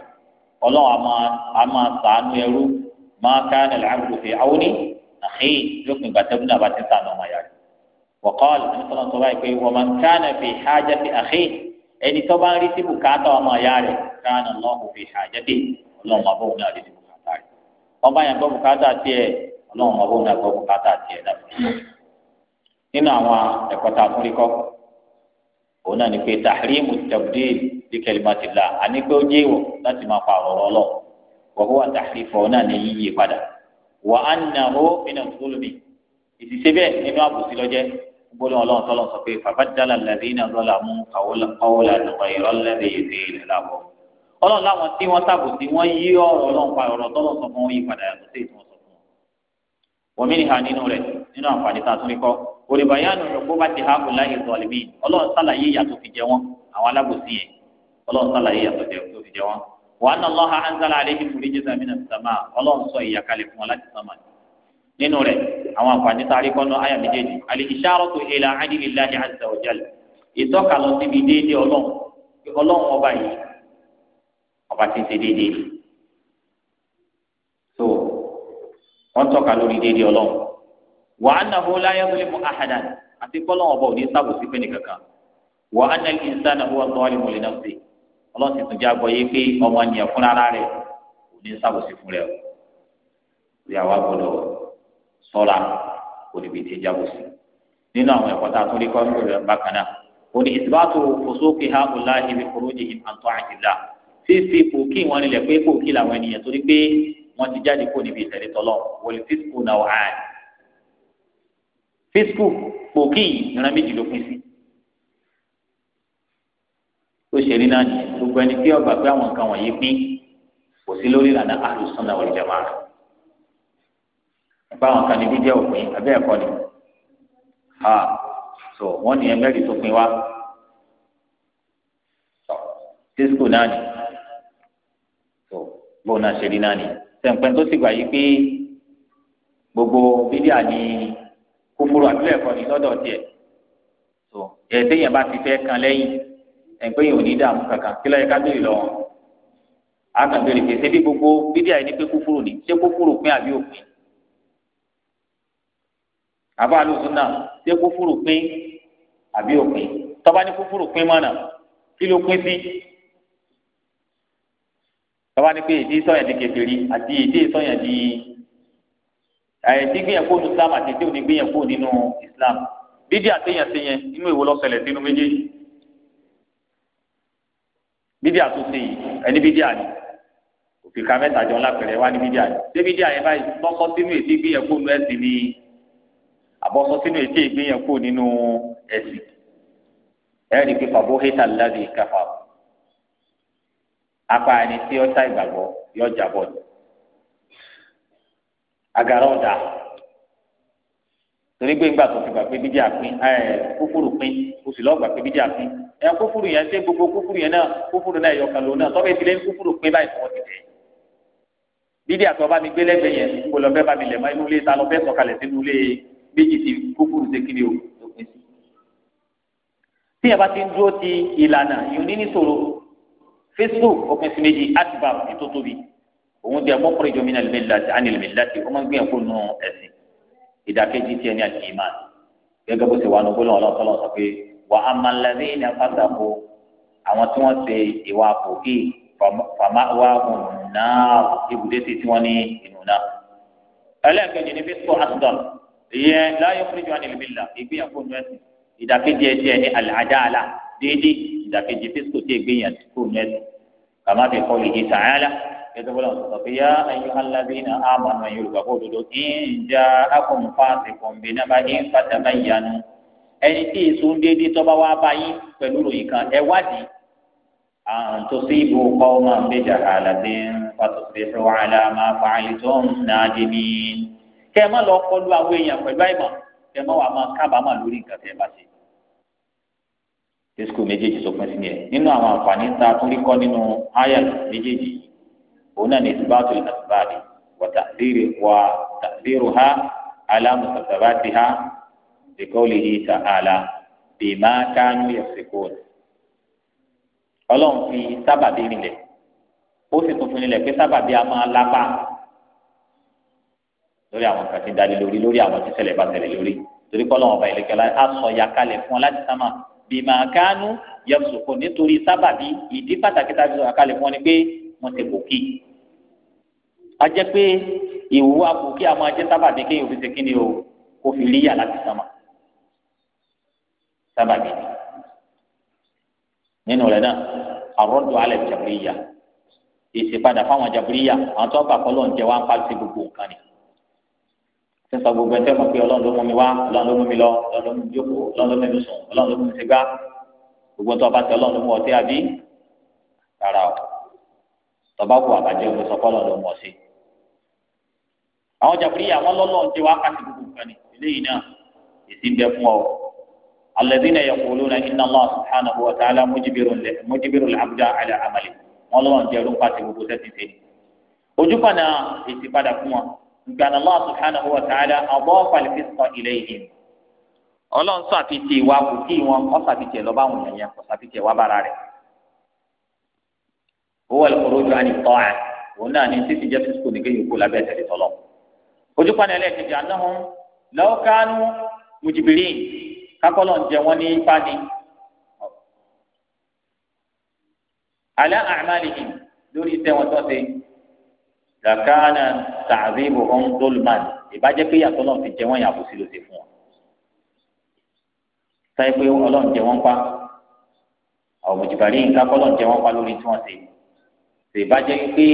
ولو أما أما صانو يرو ما كان العبد في عون أخي لكن بتبنى بتسانو ما يعني وقال أن صلى الله عليه وسلم ومن كان في حاجة أخيه أن يعني طبعا رتب كاتا وما يعني كان الله في حاجته ọlọ́run máa bọ́wọ́ náà lè ní bùkátà rẹ̀ wọ́n bá yàn gbọ́ bùkátà tiẹ̀ ọlọ́run máa bọ́wọ́ náà gbọ́ bùkátà tiẹ̀ náà nínú àwọn ẹ̀kọ́ tá a tún rí kọ́ òun náà ni pé tahrimu tabdil bi kalimatillah àní pé ó jẹ́ ìwọ̀ láti máa pa ọ̀rọ̀ ọlọ́ wa huwa tahrifu òun náà ni yíyí padà wa annahu min al-zulmi ìṣiṣẹ́ bẹ́ẹ̀ nínú àbòsí lọ́jẹ́ gbọ́dọ̀ ọlọ́run tọ́lọ́ sọ pé fàbádàlà alladhina zalamu qawlan ghayra alladhi qila lahum ọlọ́run láwọn tí wọ́n tàbùtì wọ́n yí ọ̀rọ̀ ọlọ́run pa ọ̀rọ̀ tọ́lọ̀ sọ fún yí padà yàtọ̀ sí ìtumọ̀ sọ fún wọn. wọ́n mí nìha nínú rẹ̀ nínú àǹfààní tá a tún lè kọ́ olùbáyánu ìrọ̀kọ́ bá ti ha kò láyé sọ̀lìmí ọlọ́run sàlàyé yàtọ̀ fi jẹ wọn àwọn alábòsí yẹn ọlọ́run sàlàyé yàtọ̀ tó fi jẹ wọn. wàá nà lọ́ha anzala aleyhi fúri jésù amínà sàmà ọlọ́run déédéé ọlọ́run ọba yìí ọba tí ń ṣe déédéé so wọn tọ́ka lórí déédéé Ọlọ́run wa annahu la yadhlimu ahadan àti kọlọn ọba ò ní sábòsí fẹ́ni kankan wa anna al-insana huwa adh-dhalimu li nafsihi Ọlọ́run ti tún jẹ àgbọ́yé pé ọmọ ènìyàn fúnra ara rẹ̀ ò ní sábòsí fún rẹ̀ o ìyá wa gbọ́dọ̀ ṣọ́ra olùbí tí jábọ sí nínú àwọn ẹ̀kọ́ tá a tún rí kọ́ ń bákan náà ó ní ìsìbáàtò fòsókè ha ọ̀la ibi kúrò ní ìmọ̀ àtọ́ àjìlá fífi pòkì wọn nílẹ̀ pé pòkì làwọn ènìyàn torí pé wọ́n ti jáde kó níbi ìtẹ̀lé tọ́lọ̀ wọlé fíṣkù náà wà á fíṣkù pòkì ìran méjì ló pín sí ó ṣe rí náà nìyẹn gbogbo ẹni tí ó gbà pé àwọn nǹkan wọ̀nyí pín kò sí lórí ìlànà àlùsùn náà wọlé jàmá nípa àwọn kan níbi jẹ́ òpin abẹ́ ẹ̀kọ́ ni ha so wọ́n ní ẹgbẹ́rì tó pin wá náà nìyẹn bóun náà ṣe rí náà ni sẹ̀ǹpẹ́ tó sì gbà yí pé gbogbo bídíà ni kúfúrú àbílẹ̀ ẹ̀kọ́ ni lọ́dọ̀ tiẹ̀ tó ẹ̀ẹ́dẹ́ yẹn bá ti fẹ́ kan lẹ́yìn ẹ̀ǹpẹ́ yẹn ò ní dààmú kankan kí lọ́yẹ ká béèrè lọ́wọ́ a kàn béèrè pé ṣé bí gbogbo bídíà yìí ni pé kúfúrú ni ṣé kúfúrú pín àbí òpin àbá alùsùn náà ṣé kúfúrú pín àbí òpin tọ́ba ní kúfúrú pín mọ́nà kí ló pín sí tọ́wá ní pé èdè sọ̀yàn di kékeré àti èdè sọ̀yàn di àyẹ̀tí gbìyànjú ònú islam àti èdè òní gbìyànjú nínú islam bídí àtẹ̀yàn sẹ́yìn inú èwo ló ṣẹlẹ̀ sínú méjèèjì bídí àtúnṣe yìí ẹni bídí àní òfin mẹ́ta jọ ńlá wá ní bídí àní ṣé bídí àyẹ̀ báyìí bọ́sọ́ sínú èdè gbìyànjú ònú ẹ̀sìn ni àbọ̀sọ́ apá ẹni tí ó ta ìgbàgbọ́ yọ jàbọ̀ ni agara ọ̀dà torí pé ńgbà tó ti gbà pé bídí àpín ẹ kúfúrú pín o sì lọ́ọ́ gbà pé bídí àpín ẹ kúfúrú yẹn ṣé gbogbo kúfúrú yẹn náà kúfúrú náà ẹ̀yọ̀ kan lòun náà tọ́bẹ̀ ìdílé kúfúrú pín báyìí fọwọ́ ti tẹ̀ bídí àtọ́ bá mi gbé lẹ́gbẹ̀ẹ́ yẹn kó lọ bẹ́ẹ̀ bá mi lẹ̀ mọ́ inú ilé ta lọ bẹ́ẹ̀ sọ̀kalẹ̀ sínú ilé méjì ti kúfúrú ṣe kiri o tó pín sí. tí ẹ bá ti ń dúró ti ìlànà ìyún ní níṣòro fésù òpin sí méjì atiba ní tó tóbi òun jẹ mọkùnrin jọ mìíràn lèmílàtì ànilèmílàtì ó máa ń gbìyànjú nù ẹsìn ìdákẹ́jì tiẹ̀ ní àti ìmá gẹ́gẹ́ bó ṣe wà nùgbọ́n lọ́wọ́ lọ́wọ́ sọ́lọ́ sọ pé wà á máa lẹ́rí ní afásàkó àwọn tí wọ́n ṣe ìwà àpòkì fàmáwá ọ̀nà ibùdó sí tí wọ́n ní ìnù náà. ẹlẹ́ẹ̀kejì ni fésù asdọ̀n ìyẹn láyé fúnjọ ànilèmílà ìgbìyànjú nù ẹsìn ìdákẹ́jì tiẹ̀ ní ìdàkejì fíṣkò tí ègbé yẹn ti kú mẹ́tò kàmá fi kọ́ lèyí tààlà gẹ́gẹ́ bọ́lá ọ̀sọ̀tọ̀ fi yá ayé alábí iná àmàna yorùbá kó dodo ìjà akọ̀nfàṣì kọ̀m̀bì náà bá ní fàtàmà ìyanu ẹni tí èso ń déédéé tọ́ba wá bá yín pẹ̀lú ròyìn kan ẹ wádìí àrùn tó sí ibò kọ́ máa ń bèjà àlàbí fàtòsíṣẹ́ tó ń náà tí skul méjèèjì sọpin sí nìyẹn nínú àwọn àǹfààní tá a tún rí kọ́ nínú àyà méjèèjì òun náà ní ìtìbáàtò ìnàtìbáàdì wà tàbíru ha alámùsàtàbàtì ha ìkọ́lé yìí ta àlà bèèmá kánú yẹ̀sìkò ọlọ́run fi sábàbí nílẹ̀ ó sì tún fi nílẹ̀ pé sábàbí a máa lápá lórí àwọn kan tí lórí lórí àwọn tí ṣẹlẹ̀ lórí torí kọ́ ọba ìlẹ̀kẹ́ láti ya kalẹ̀ fún ọ láti sámà bima kanu yafsuqun nítorí sábàbí ìdí pàtàkì tàbí sọ̀rọ̀ kalẹ̀ fún ọ ni pé wọ́n ti bòkì. a jẹ́ pé ìwúwa bòkì àwọn ajẹ́ sábàbí kéèyàn fi ṣe kí ni o kò fi rí yà láti sánmà sábàbí nínú rẹ̀ náà àrọ́dọ̀ alẹ́ jàbúríyà èsì padà fáwọn jàbúríyà àwọn tó bá kọ́ lọ́n jẹ́ wá ń pàṣẹ gbogbo nǹkan ni sísọ gbogbo ẹtẹ mọ̀ pé ọlọ́run ló mú mi wá ọlọ́run ló mú mi lọ ọlọ́run ló mú mi jókòó ọlọ́run ló mú mi sùn ọlọ́run ló mú mi ti gbá gbogbo tó ọba tí ọlọ́run ló mú ọtí àbí rárá o tọba kù àbàjẹ́ òun sọ pọ́lọ́ ló mú ọtí. àwọn jàpùrí àwọn lọ́lọ́run ti wá kàtí gbogbo nǹkan ni eléyìí náà èsì ń bẹ fún ọ. alladhina yaquluna inna Allah subhanahu wa ta'ala mujibirul abda ala amali wọn lọ́wọ́n jẹ́rú pàṣẹ gbogbo sẹ́tìsẹ́ ojú kan náà èsì padà ìgbàna Allah subhanahu wa ta'ala a al-fisqa ilayhim ọlọ́run sàfitì wa kò tí wọn kọ́ lọ́ba àwọn yẹn kọ́ sàfitì bára rẹ̀ huwa al-khuruju an at-ta'a òun náà ní títí jẹ́ fisco nìkan lábẹ́ ala lórí làkàna tààzíbù ọ̀ńdọ́lùmán ìbàjẹ́ pé yàtọ̀ náà fi jẹ wọ́n yàgò sí lóṣè fún wọn. sáyé pé ọlọ́run jẹ wọ́n pa àwọn mùjìbàrí nǹkan kọ́ ọlọ́run jẹ wọ́n pa lórí tí wọ́n ṣe ṣe ìbàjẹ́ pé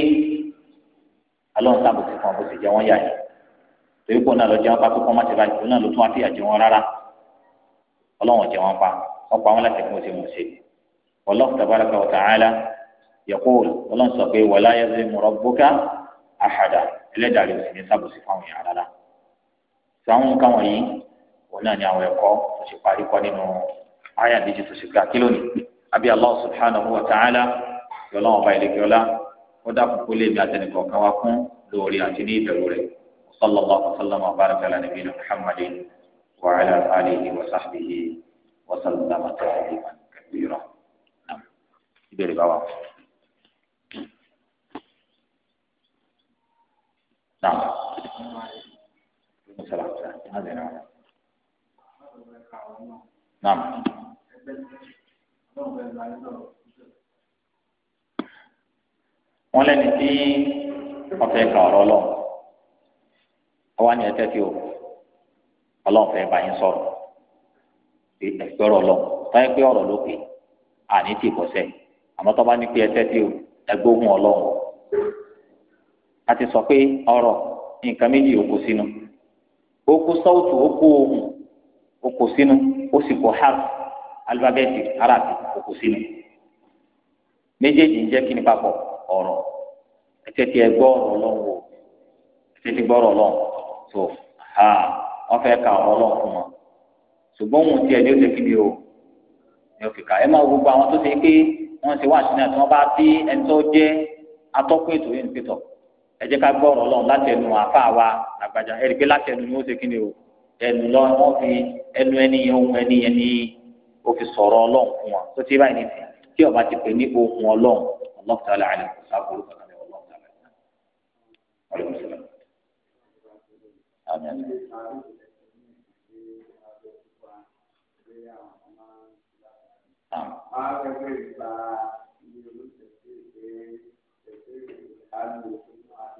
ọlọ́run sábò sí fún wọn bó ṣe jẹ wọ́n yà yìí torí pò náà lọ jẹ wọ́n pa pé kọ́ má ti báyìí òun náà ló tún wá fìyà jẹ wọ́n rárá ọlọ́run pa wọ́n pa wọ́n láti fún ṣe mú ṣe ọlọ́run tabaraka wa ta'ala yaqul ọlọ́run sọ pé wala yazlimu rabbuka àhàdà ẹlẹ́dàá rẹ̀ sì ní sàbòsí fáwọn èèyàn rárá sàwọn nǹkan wọ̀nyí òun náà ni àwọn ẹ̀kọ́ tó ṣe parí kọ́ nínú àyà méjì tó ṣe gbà kí lónìí àbí Allah subhanahu wa ta'ala yọlá ọba ìlẹkẹọlá ó dá kókó lé mi àtẹnìkọ kan wá fún lórí àti ní ìbẹ̀rù rẹ̀ sallallahu sallam wa baraka ala nabiyina muhammadin wa ala alihi wa sahbihi wa sallama tasliman kathira ìbéèrè bá wà. نعم السلام هذه نعم wọ́n tí wọ́n fẹ́ ka ọ̀rọ̀ lọ àwa ni ẹtẹ tí o Ọlọ́run fẹ́ bá yín sọ̀rọ̀ ọ̀rọ̀ lọ pé a ti sọ pé ọ̀rọ̀ nǹkan méjì ó kó sínú ó kó sọ́ọ̀tù ó kó ohùn ó kó sínú ó sì kó harf alifábẹ́ẹ̀tì aráàbí ó sínú méjèèjì ń jẹ́ kí papọ̀ ọ̀rọ̀ ẹ̀tẹ̀tì ẹ̀ ọ̀rọ̀ lọ́wọ́ wò ẹ̀tẹ̀tì gbọ́ ọ̀rọ̀ lọ́wọ́ tó ha wọ́n fẹ́ ka ọ̀rọ̀ lọ́wọ́ fún wọn ṣùgbọ́n òun tiẹ̀ ní ó ṣe kí ni o ní ó fi ẹ máa gbogbo àwọn tó ṣe pé wọ́n ṣe wáṣí náà tí wọ́n bá bí ẹni tó jẹ́ atọ́kùn ètò yìí ní pẹ̀tọ̀ ẹ jẹ́ ká gbọ́ ọ̀rọ̀ Ọlọ́run láti ẹnu àfa wa làgbàjà ẹ rí i pé láti ẹnu ni ó ṣe kí ni o ẹnu lọ wọn fi ẹnu ẹni ohun ẹni yẹn ni ó fi sọ̀rọ̀ Ọlọ́run fún wa tó ti báyìí nìsín tí ọba ti pè ní ohun Ọlọ́run Allahu ta'ala àlẹ kò sábúrú kankan ní Allahu ta'ala àlẹ kò sábúrú. Amen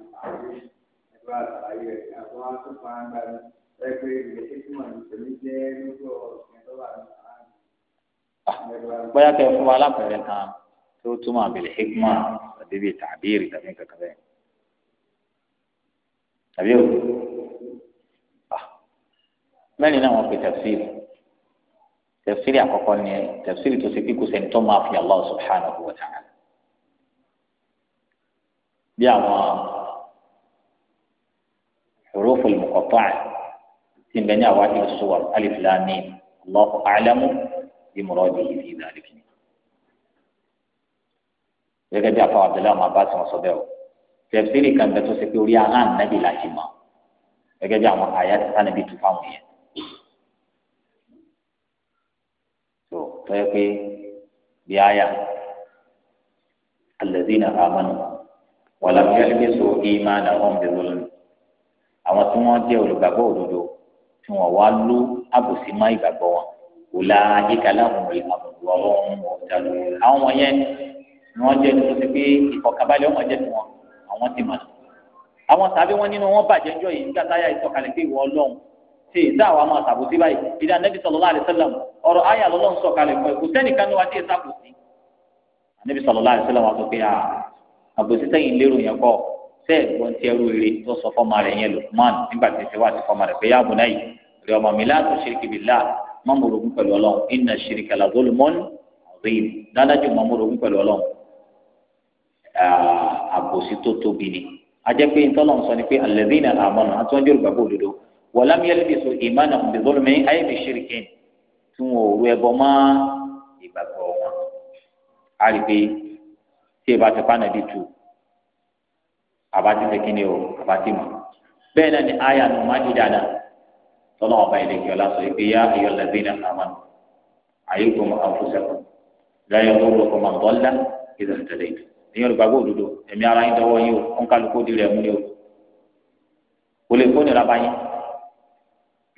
àti àwòrán ẹgbẹ́ àlàyé rẹ̀ àti wọn tó fa ń gbani ẹgbẹ́ ìrìlẹ̀ kékeré ní tèmi jẹ́ lójú ọ̀sìn tó wà ní àárín. bóyá kẹ́ ẹ fún wa lápẹ̀rẹ̀ kan tó túmọ̀ àbẹ̀lẹ̀ hikma tàbí bíi tàbíìrì tàbí kankan bẹ́ẹ̀ tàbí o ah. mẹ́rin náà wọ́n pe tafsiri tafsiri àkọ́kọ́ ni tafsiri tó ṣe kíkú sẹ́ni tó máa fi Allah subhanahu wa ta'ala bí àwọn. حروف المقطعة تنبني بني الصور ألف لام الله أعلم بمراده في ذلك gẹ́gẹ́ bí afọ abdullahi ọmọ abasi wọn sọ bẹ́ẹ̀ o tẹfsiri kan bẹ tó ṣe pé orí ahán nàbì láti mọ gẹ́gẹ́ bí àwọn àyà ti sá nàbì tó fáwọn yẹn tó tọ́yẹ pé bí àyà alẹ́dínà àmọ́nù wàlámù yẹn lè so ìmánà ọ̀hún bí wọ́n lò àwọn tí wọ́n jẹ́ olùgbàgbọ́ òdodo tí wọ́n wá lú àbòsí má ìgbàgbọ́ wọn kò la yíká láwọn ìgbàgbọ́ wọn ọ̀tá lò àwọn wọn yẹn ni wọ́n jẹ́ nítorí pé ìfọ̀kànbalẹ̀ ọmọ jẹ́ tiwọn àwọn ti mà àwọn tàbí wọn nínú wọn bàjẹ́ ńjọ yìí nígbà táyà ìsọ̀kalẹ̀ pé ìwọ ọlọ́run ṣe ìdá àwọn àmọ́ àtàbòsí báyìí ìdá nẹ́bí sallallahu alaihi wasallam ọ̀rọ̀ ayé àlọ́lọ́run sọ̀kalẹ̀ fún ẹ kò sẹ́nìkan ní wa tí èsà kò sí. nẹ́bí sallallahu alaihi wasallam wa sọ pé àbòsí sẹ́yìn lérò yẹn kọ́ bẹ́ẹ̀ gbọ́n ti ẹrú rere tó sọ fọ́mọ rẹ̀ yẹn Lukman nígbà tí ṣe wá sí fọ́mọ rẹ̀ pé yá àbúrò yìí rẹ̀ ọmọ mi láàtò ṣiriki billah má mo rogún pẹ̀lú ọlọ́run inna ṣiriki la zulmun azim dáadájú má pẹ̀lú ọlọ́run àbòsí tó tóbi ni ajẹ́ pé ntọ́lọ̀ sọ ni pé alladhina amanu àtúnjọ́ olùgbàgbọ́ wọn ò rú ẹbọ mọ́ ìgbàgbọ́ wọn. a ti pa nàbí tu àbátí sẹ́kínì o àbátí mọ̀ bẹ́ẹ̀ náà ni àyà ni wọ́n á di dáadáa tọ́lá ọba ilé kí ọlá sọ ìgbé yá ayọ̀ lẹ́bí náà àmà ayé kò mọ àfúsẹ́kù láyọ̀ tó rọ̀ kò mọ̀ bọ́lá ìdá tẹ̀lé ìyẹn olùgbàgbọ́ òdodo ẹ̀mí ara yín dọ́wọ́ yín o ó ń kálukó di rẹ̀ mú ni o kò lè fóònù rà bá yín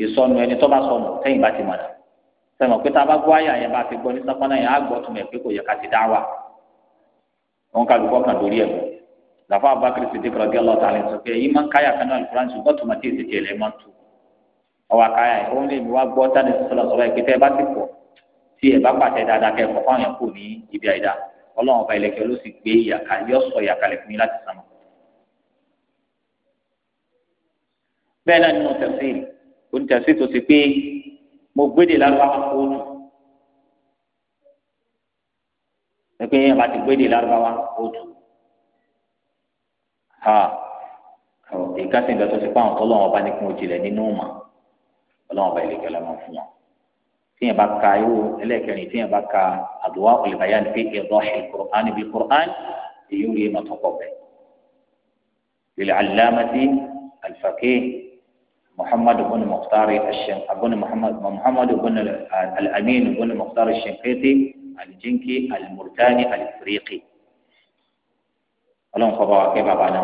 ìsọnù ẹni tó bá sọnù tẹ́yìn bá ti mọ̀ náà sẹ́nu tá a bá gbọ́ àyà yẹn bá ti gbọ́ ní sápánà yẹn á gbọ́ tún mẹ́ pé kò yẹ ká ti dá wa wọn kan lórí ẹ̀ mọ́ lafa abakiri sidik rọdí ọlọta alẹ sọ pé kaya máa ń káyà kanáà alukuran ṣùgbọ́n tòmátì ìsèké ẹlẹ máa tu ọwọ akáyà ẹ òun lè mi wá gbọ́ tani sọlọ sọlọ ìpè tẹ ẹ bá ti pọ tí ẹ bá pàtẹ dáadáa kẹ ẹ kọkọ àwọn yẹn kù ní ibi àyídá Ọlọ́run ọba ìlẹkẹ ló sì gbé ìyàkà yọ sọ ìyàkàlẹ fún yín láti sàmà. bẹ́ẹ̀ náà nínú tẹ̀sí onítẹ̀sí tó ti pé mo gbéde lárúbáwá kóòtù ẹ pé àbá ti gbéde lárúbáwá kóòtù ha ìka sì ń bẹ tó ti pa àwọn tọ́lọ́wọ́n ọba nìkan òjìlẹ̀ nínú mà ọlọ́wọ́n ọba ìlẹ̀kẹ́ la máa fún wọn tíyẹn bá ka irú ẹlẹ́kẹrin tíyẹn bá ka àdúrà olùbáyà ní pé ẹ̀rọ alukur'an bíi kur'an èyí ò rí ẹ̀ma tó kọ̀ bẹ̀. lèlè alámàdí alifakẹ́ muhammad bin mukhtar ashen abun muhammad muhammad alamin bin mukhtar ashen kété alijinki alimurtani alifiriki ọlọ́run kọ́ bá wa kẹ́ bàbá náà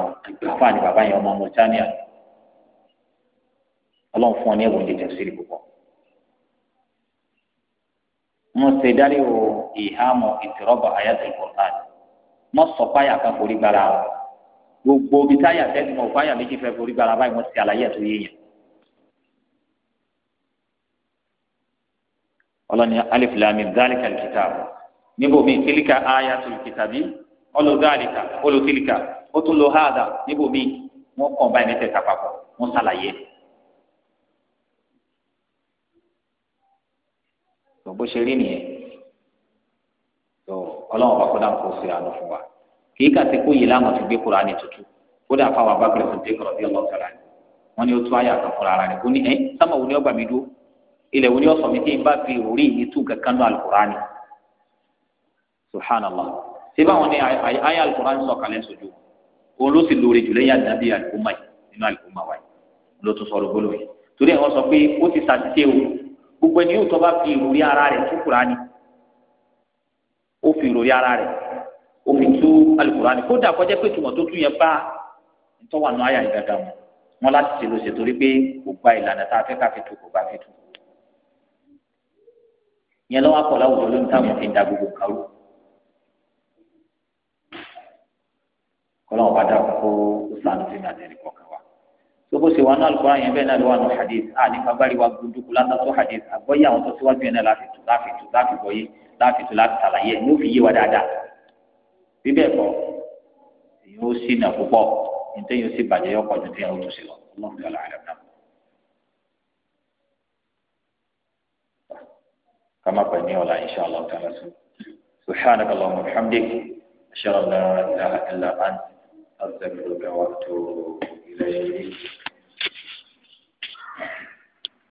àfa ni bàbá yẹn ọmọ mọ̀tánìà ọlọ́run fún ọ ní ẹ̀bùn jẹjẹrẹ sí púpọ̀. mo ṣe dárí o ìhámọ̀ ìtìrọ́bọ̀ àyàtọ̀ ìkọ̀tàn mo sọ páyà kan forí gbára gbogbo ibi táyà tẹ́sí mo páyà méjì fẹ́ forí gbára báyìí mo ṣe àlàyé ẹ̀ tó yé ọlọ́ni alif lam mim dhalika níbo mi kílíkà ayatul kitabi ọlọ́dàlìkà olùtìlìkà ó tún lo háàdà níbòmí wọ́n kàn báyìí mẹ́tẹ̀ẹ̀ta papọ̀ wọ́n ṣàlàyé. tó bó ṣe rí nìyẹn tó ọlọ́run bá kọ́dà kó ṣe àánú fún wa kì í kà sí kó yìí láwọn ti gbé Kùránì tuntun kódà fáwọn abákùrẹ́ fún dé kọ̀rọ̀ bí ọlọ́run sọ̀rọ̀ ni wọ́n ní ó tún àyà kan fúnra rẹ̀ kó ní ẹ́ sámà wo ni ọgbà mi dúró ilẹ̀ wo ni ọ̀sán mi tí n bá fi òrí mi tú kankan náà Al-Kùránì subhanallah síbá wọn ni àyà alukóra ń sọ kalẹ̀ sojú òun ló sì lóore jùlọ yà dàbí alukóma yìí nínú alukóma wa yìí ló tún sọ̀rọ̀ gbólóhùn yìí torí àwọn sọ pé ó ti sàtìsẹ́ o gbogbo ẹni yóò tọ́ bá fi ìròrí ara rẹ̀ tú Kùránì ó fi ìròrí ara rẹ̀ ó fi tú alukóraní kódà kọjá pé tùmọ̀ tó tún yẹn bá ntọ́wà nù àyà ìdàgà mu wọn láti ṣe ló ṣe torí pé kò gba ìlànà tá a fẹ́ ká fi tu kò bá fi tu yẹn lọ́wọ́ akọ̀ láwùjọ ló ń táwọn fi ń da gbogbo kàwé. kọlọ́wọ́n bá dàpọ̀ kó sànù sí náà tẹ̀lé kọ̀ọ̀kan wa. sókò ṣe wà náà lùkọ́ àyàn bẹ́ẹ̀ náà ló wà nù hadith a ní fagbárí wa gbódúkú látàtó hadith àgbọ́yé àwọn tó síwájú yẹn náà láti tù láti tù láti bọ̀yé láti tù láti sàlàyé ní ó fi yé wa dáadáa. bí bẹ́ẹ̀ kọ́ èyí ó sì nà púpọ̀ nítorí ó sì bàjẹ́ yọkọ̀ ju tí yẹn ó tù sí lọ ọlọ́run yọ láàrin náà. كما قلنا ولا إن شاء الله تعالى سبحانك اللهم وبحمدك أشهد أن لا إله إلا أنت أستغفرك وأتوب إليك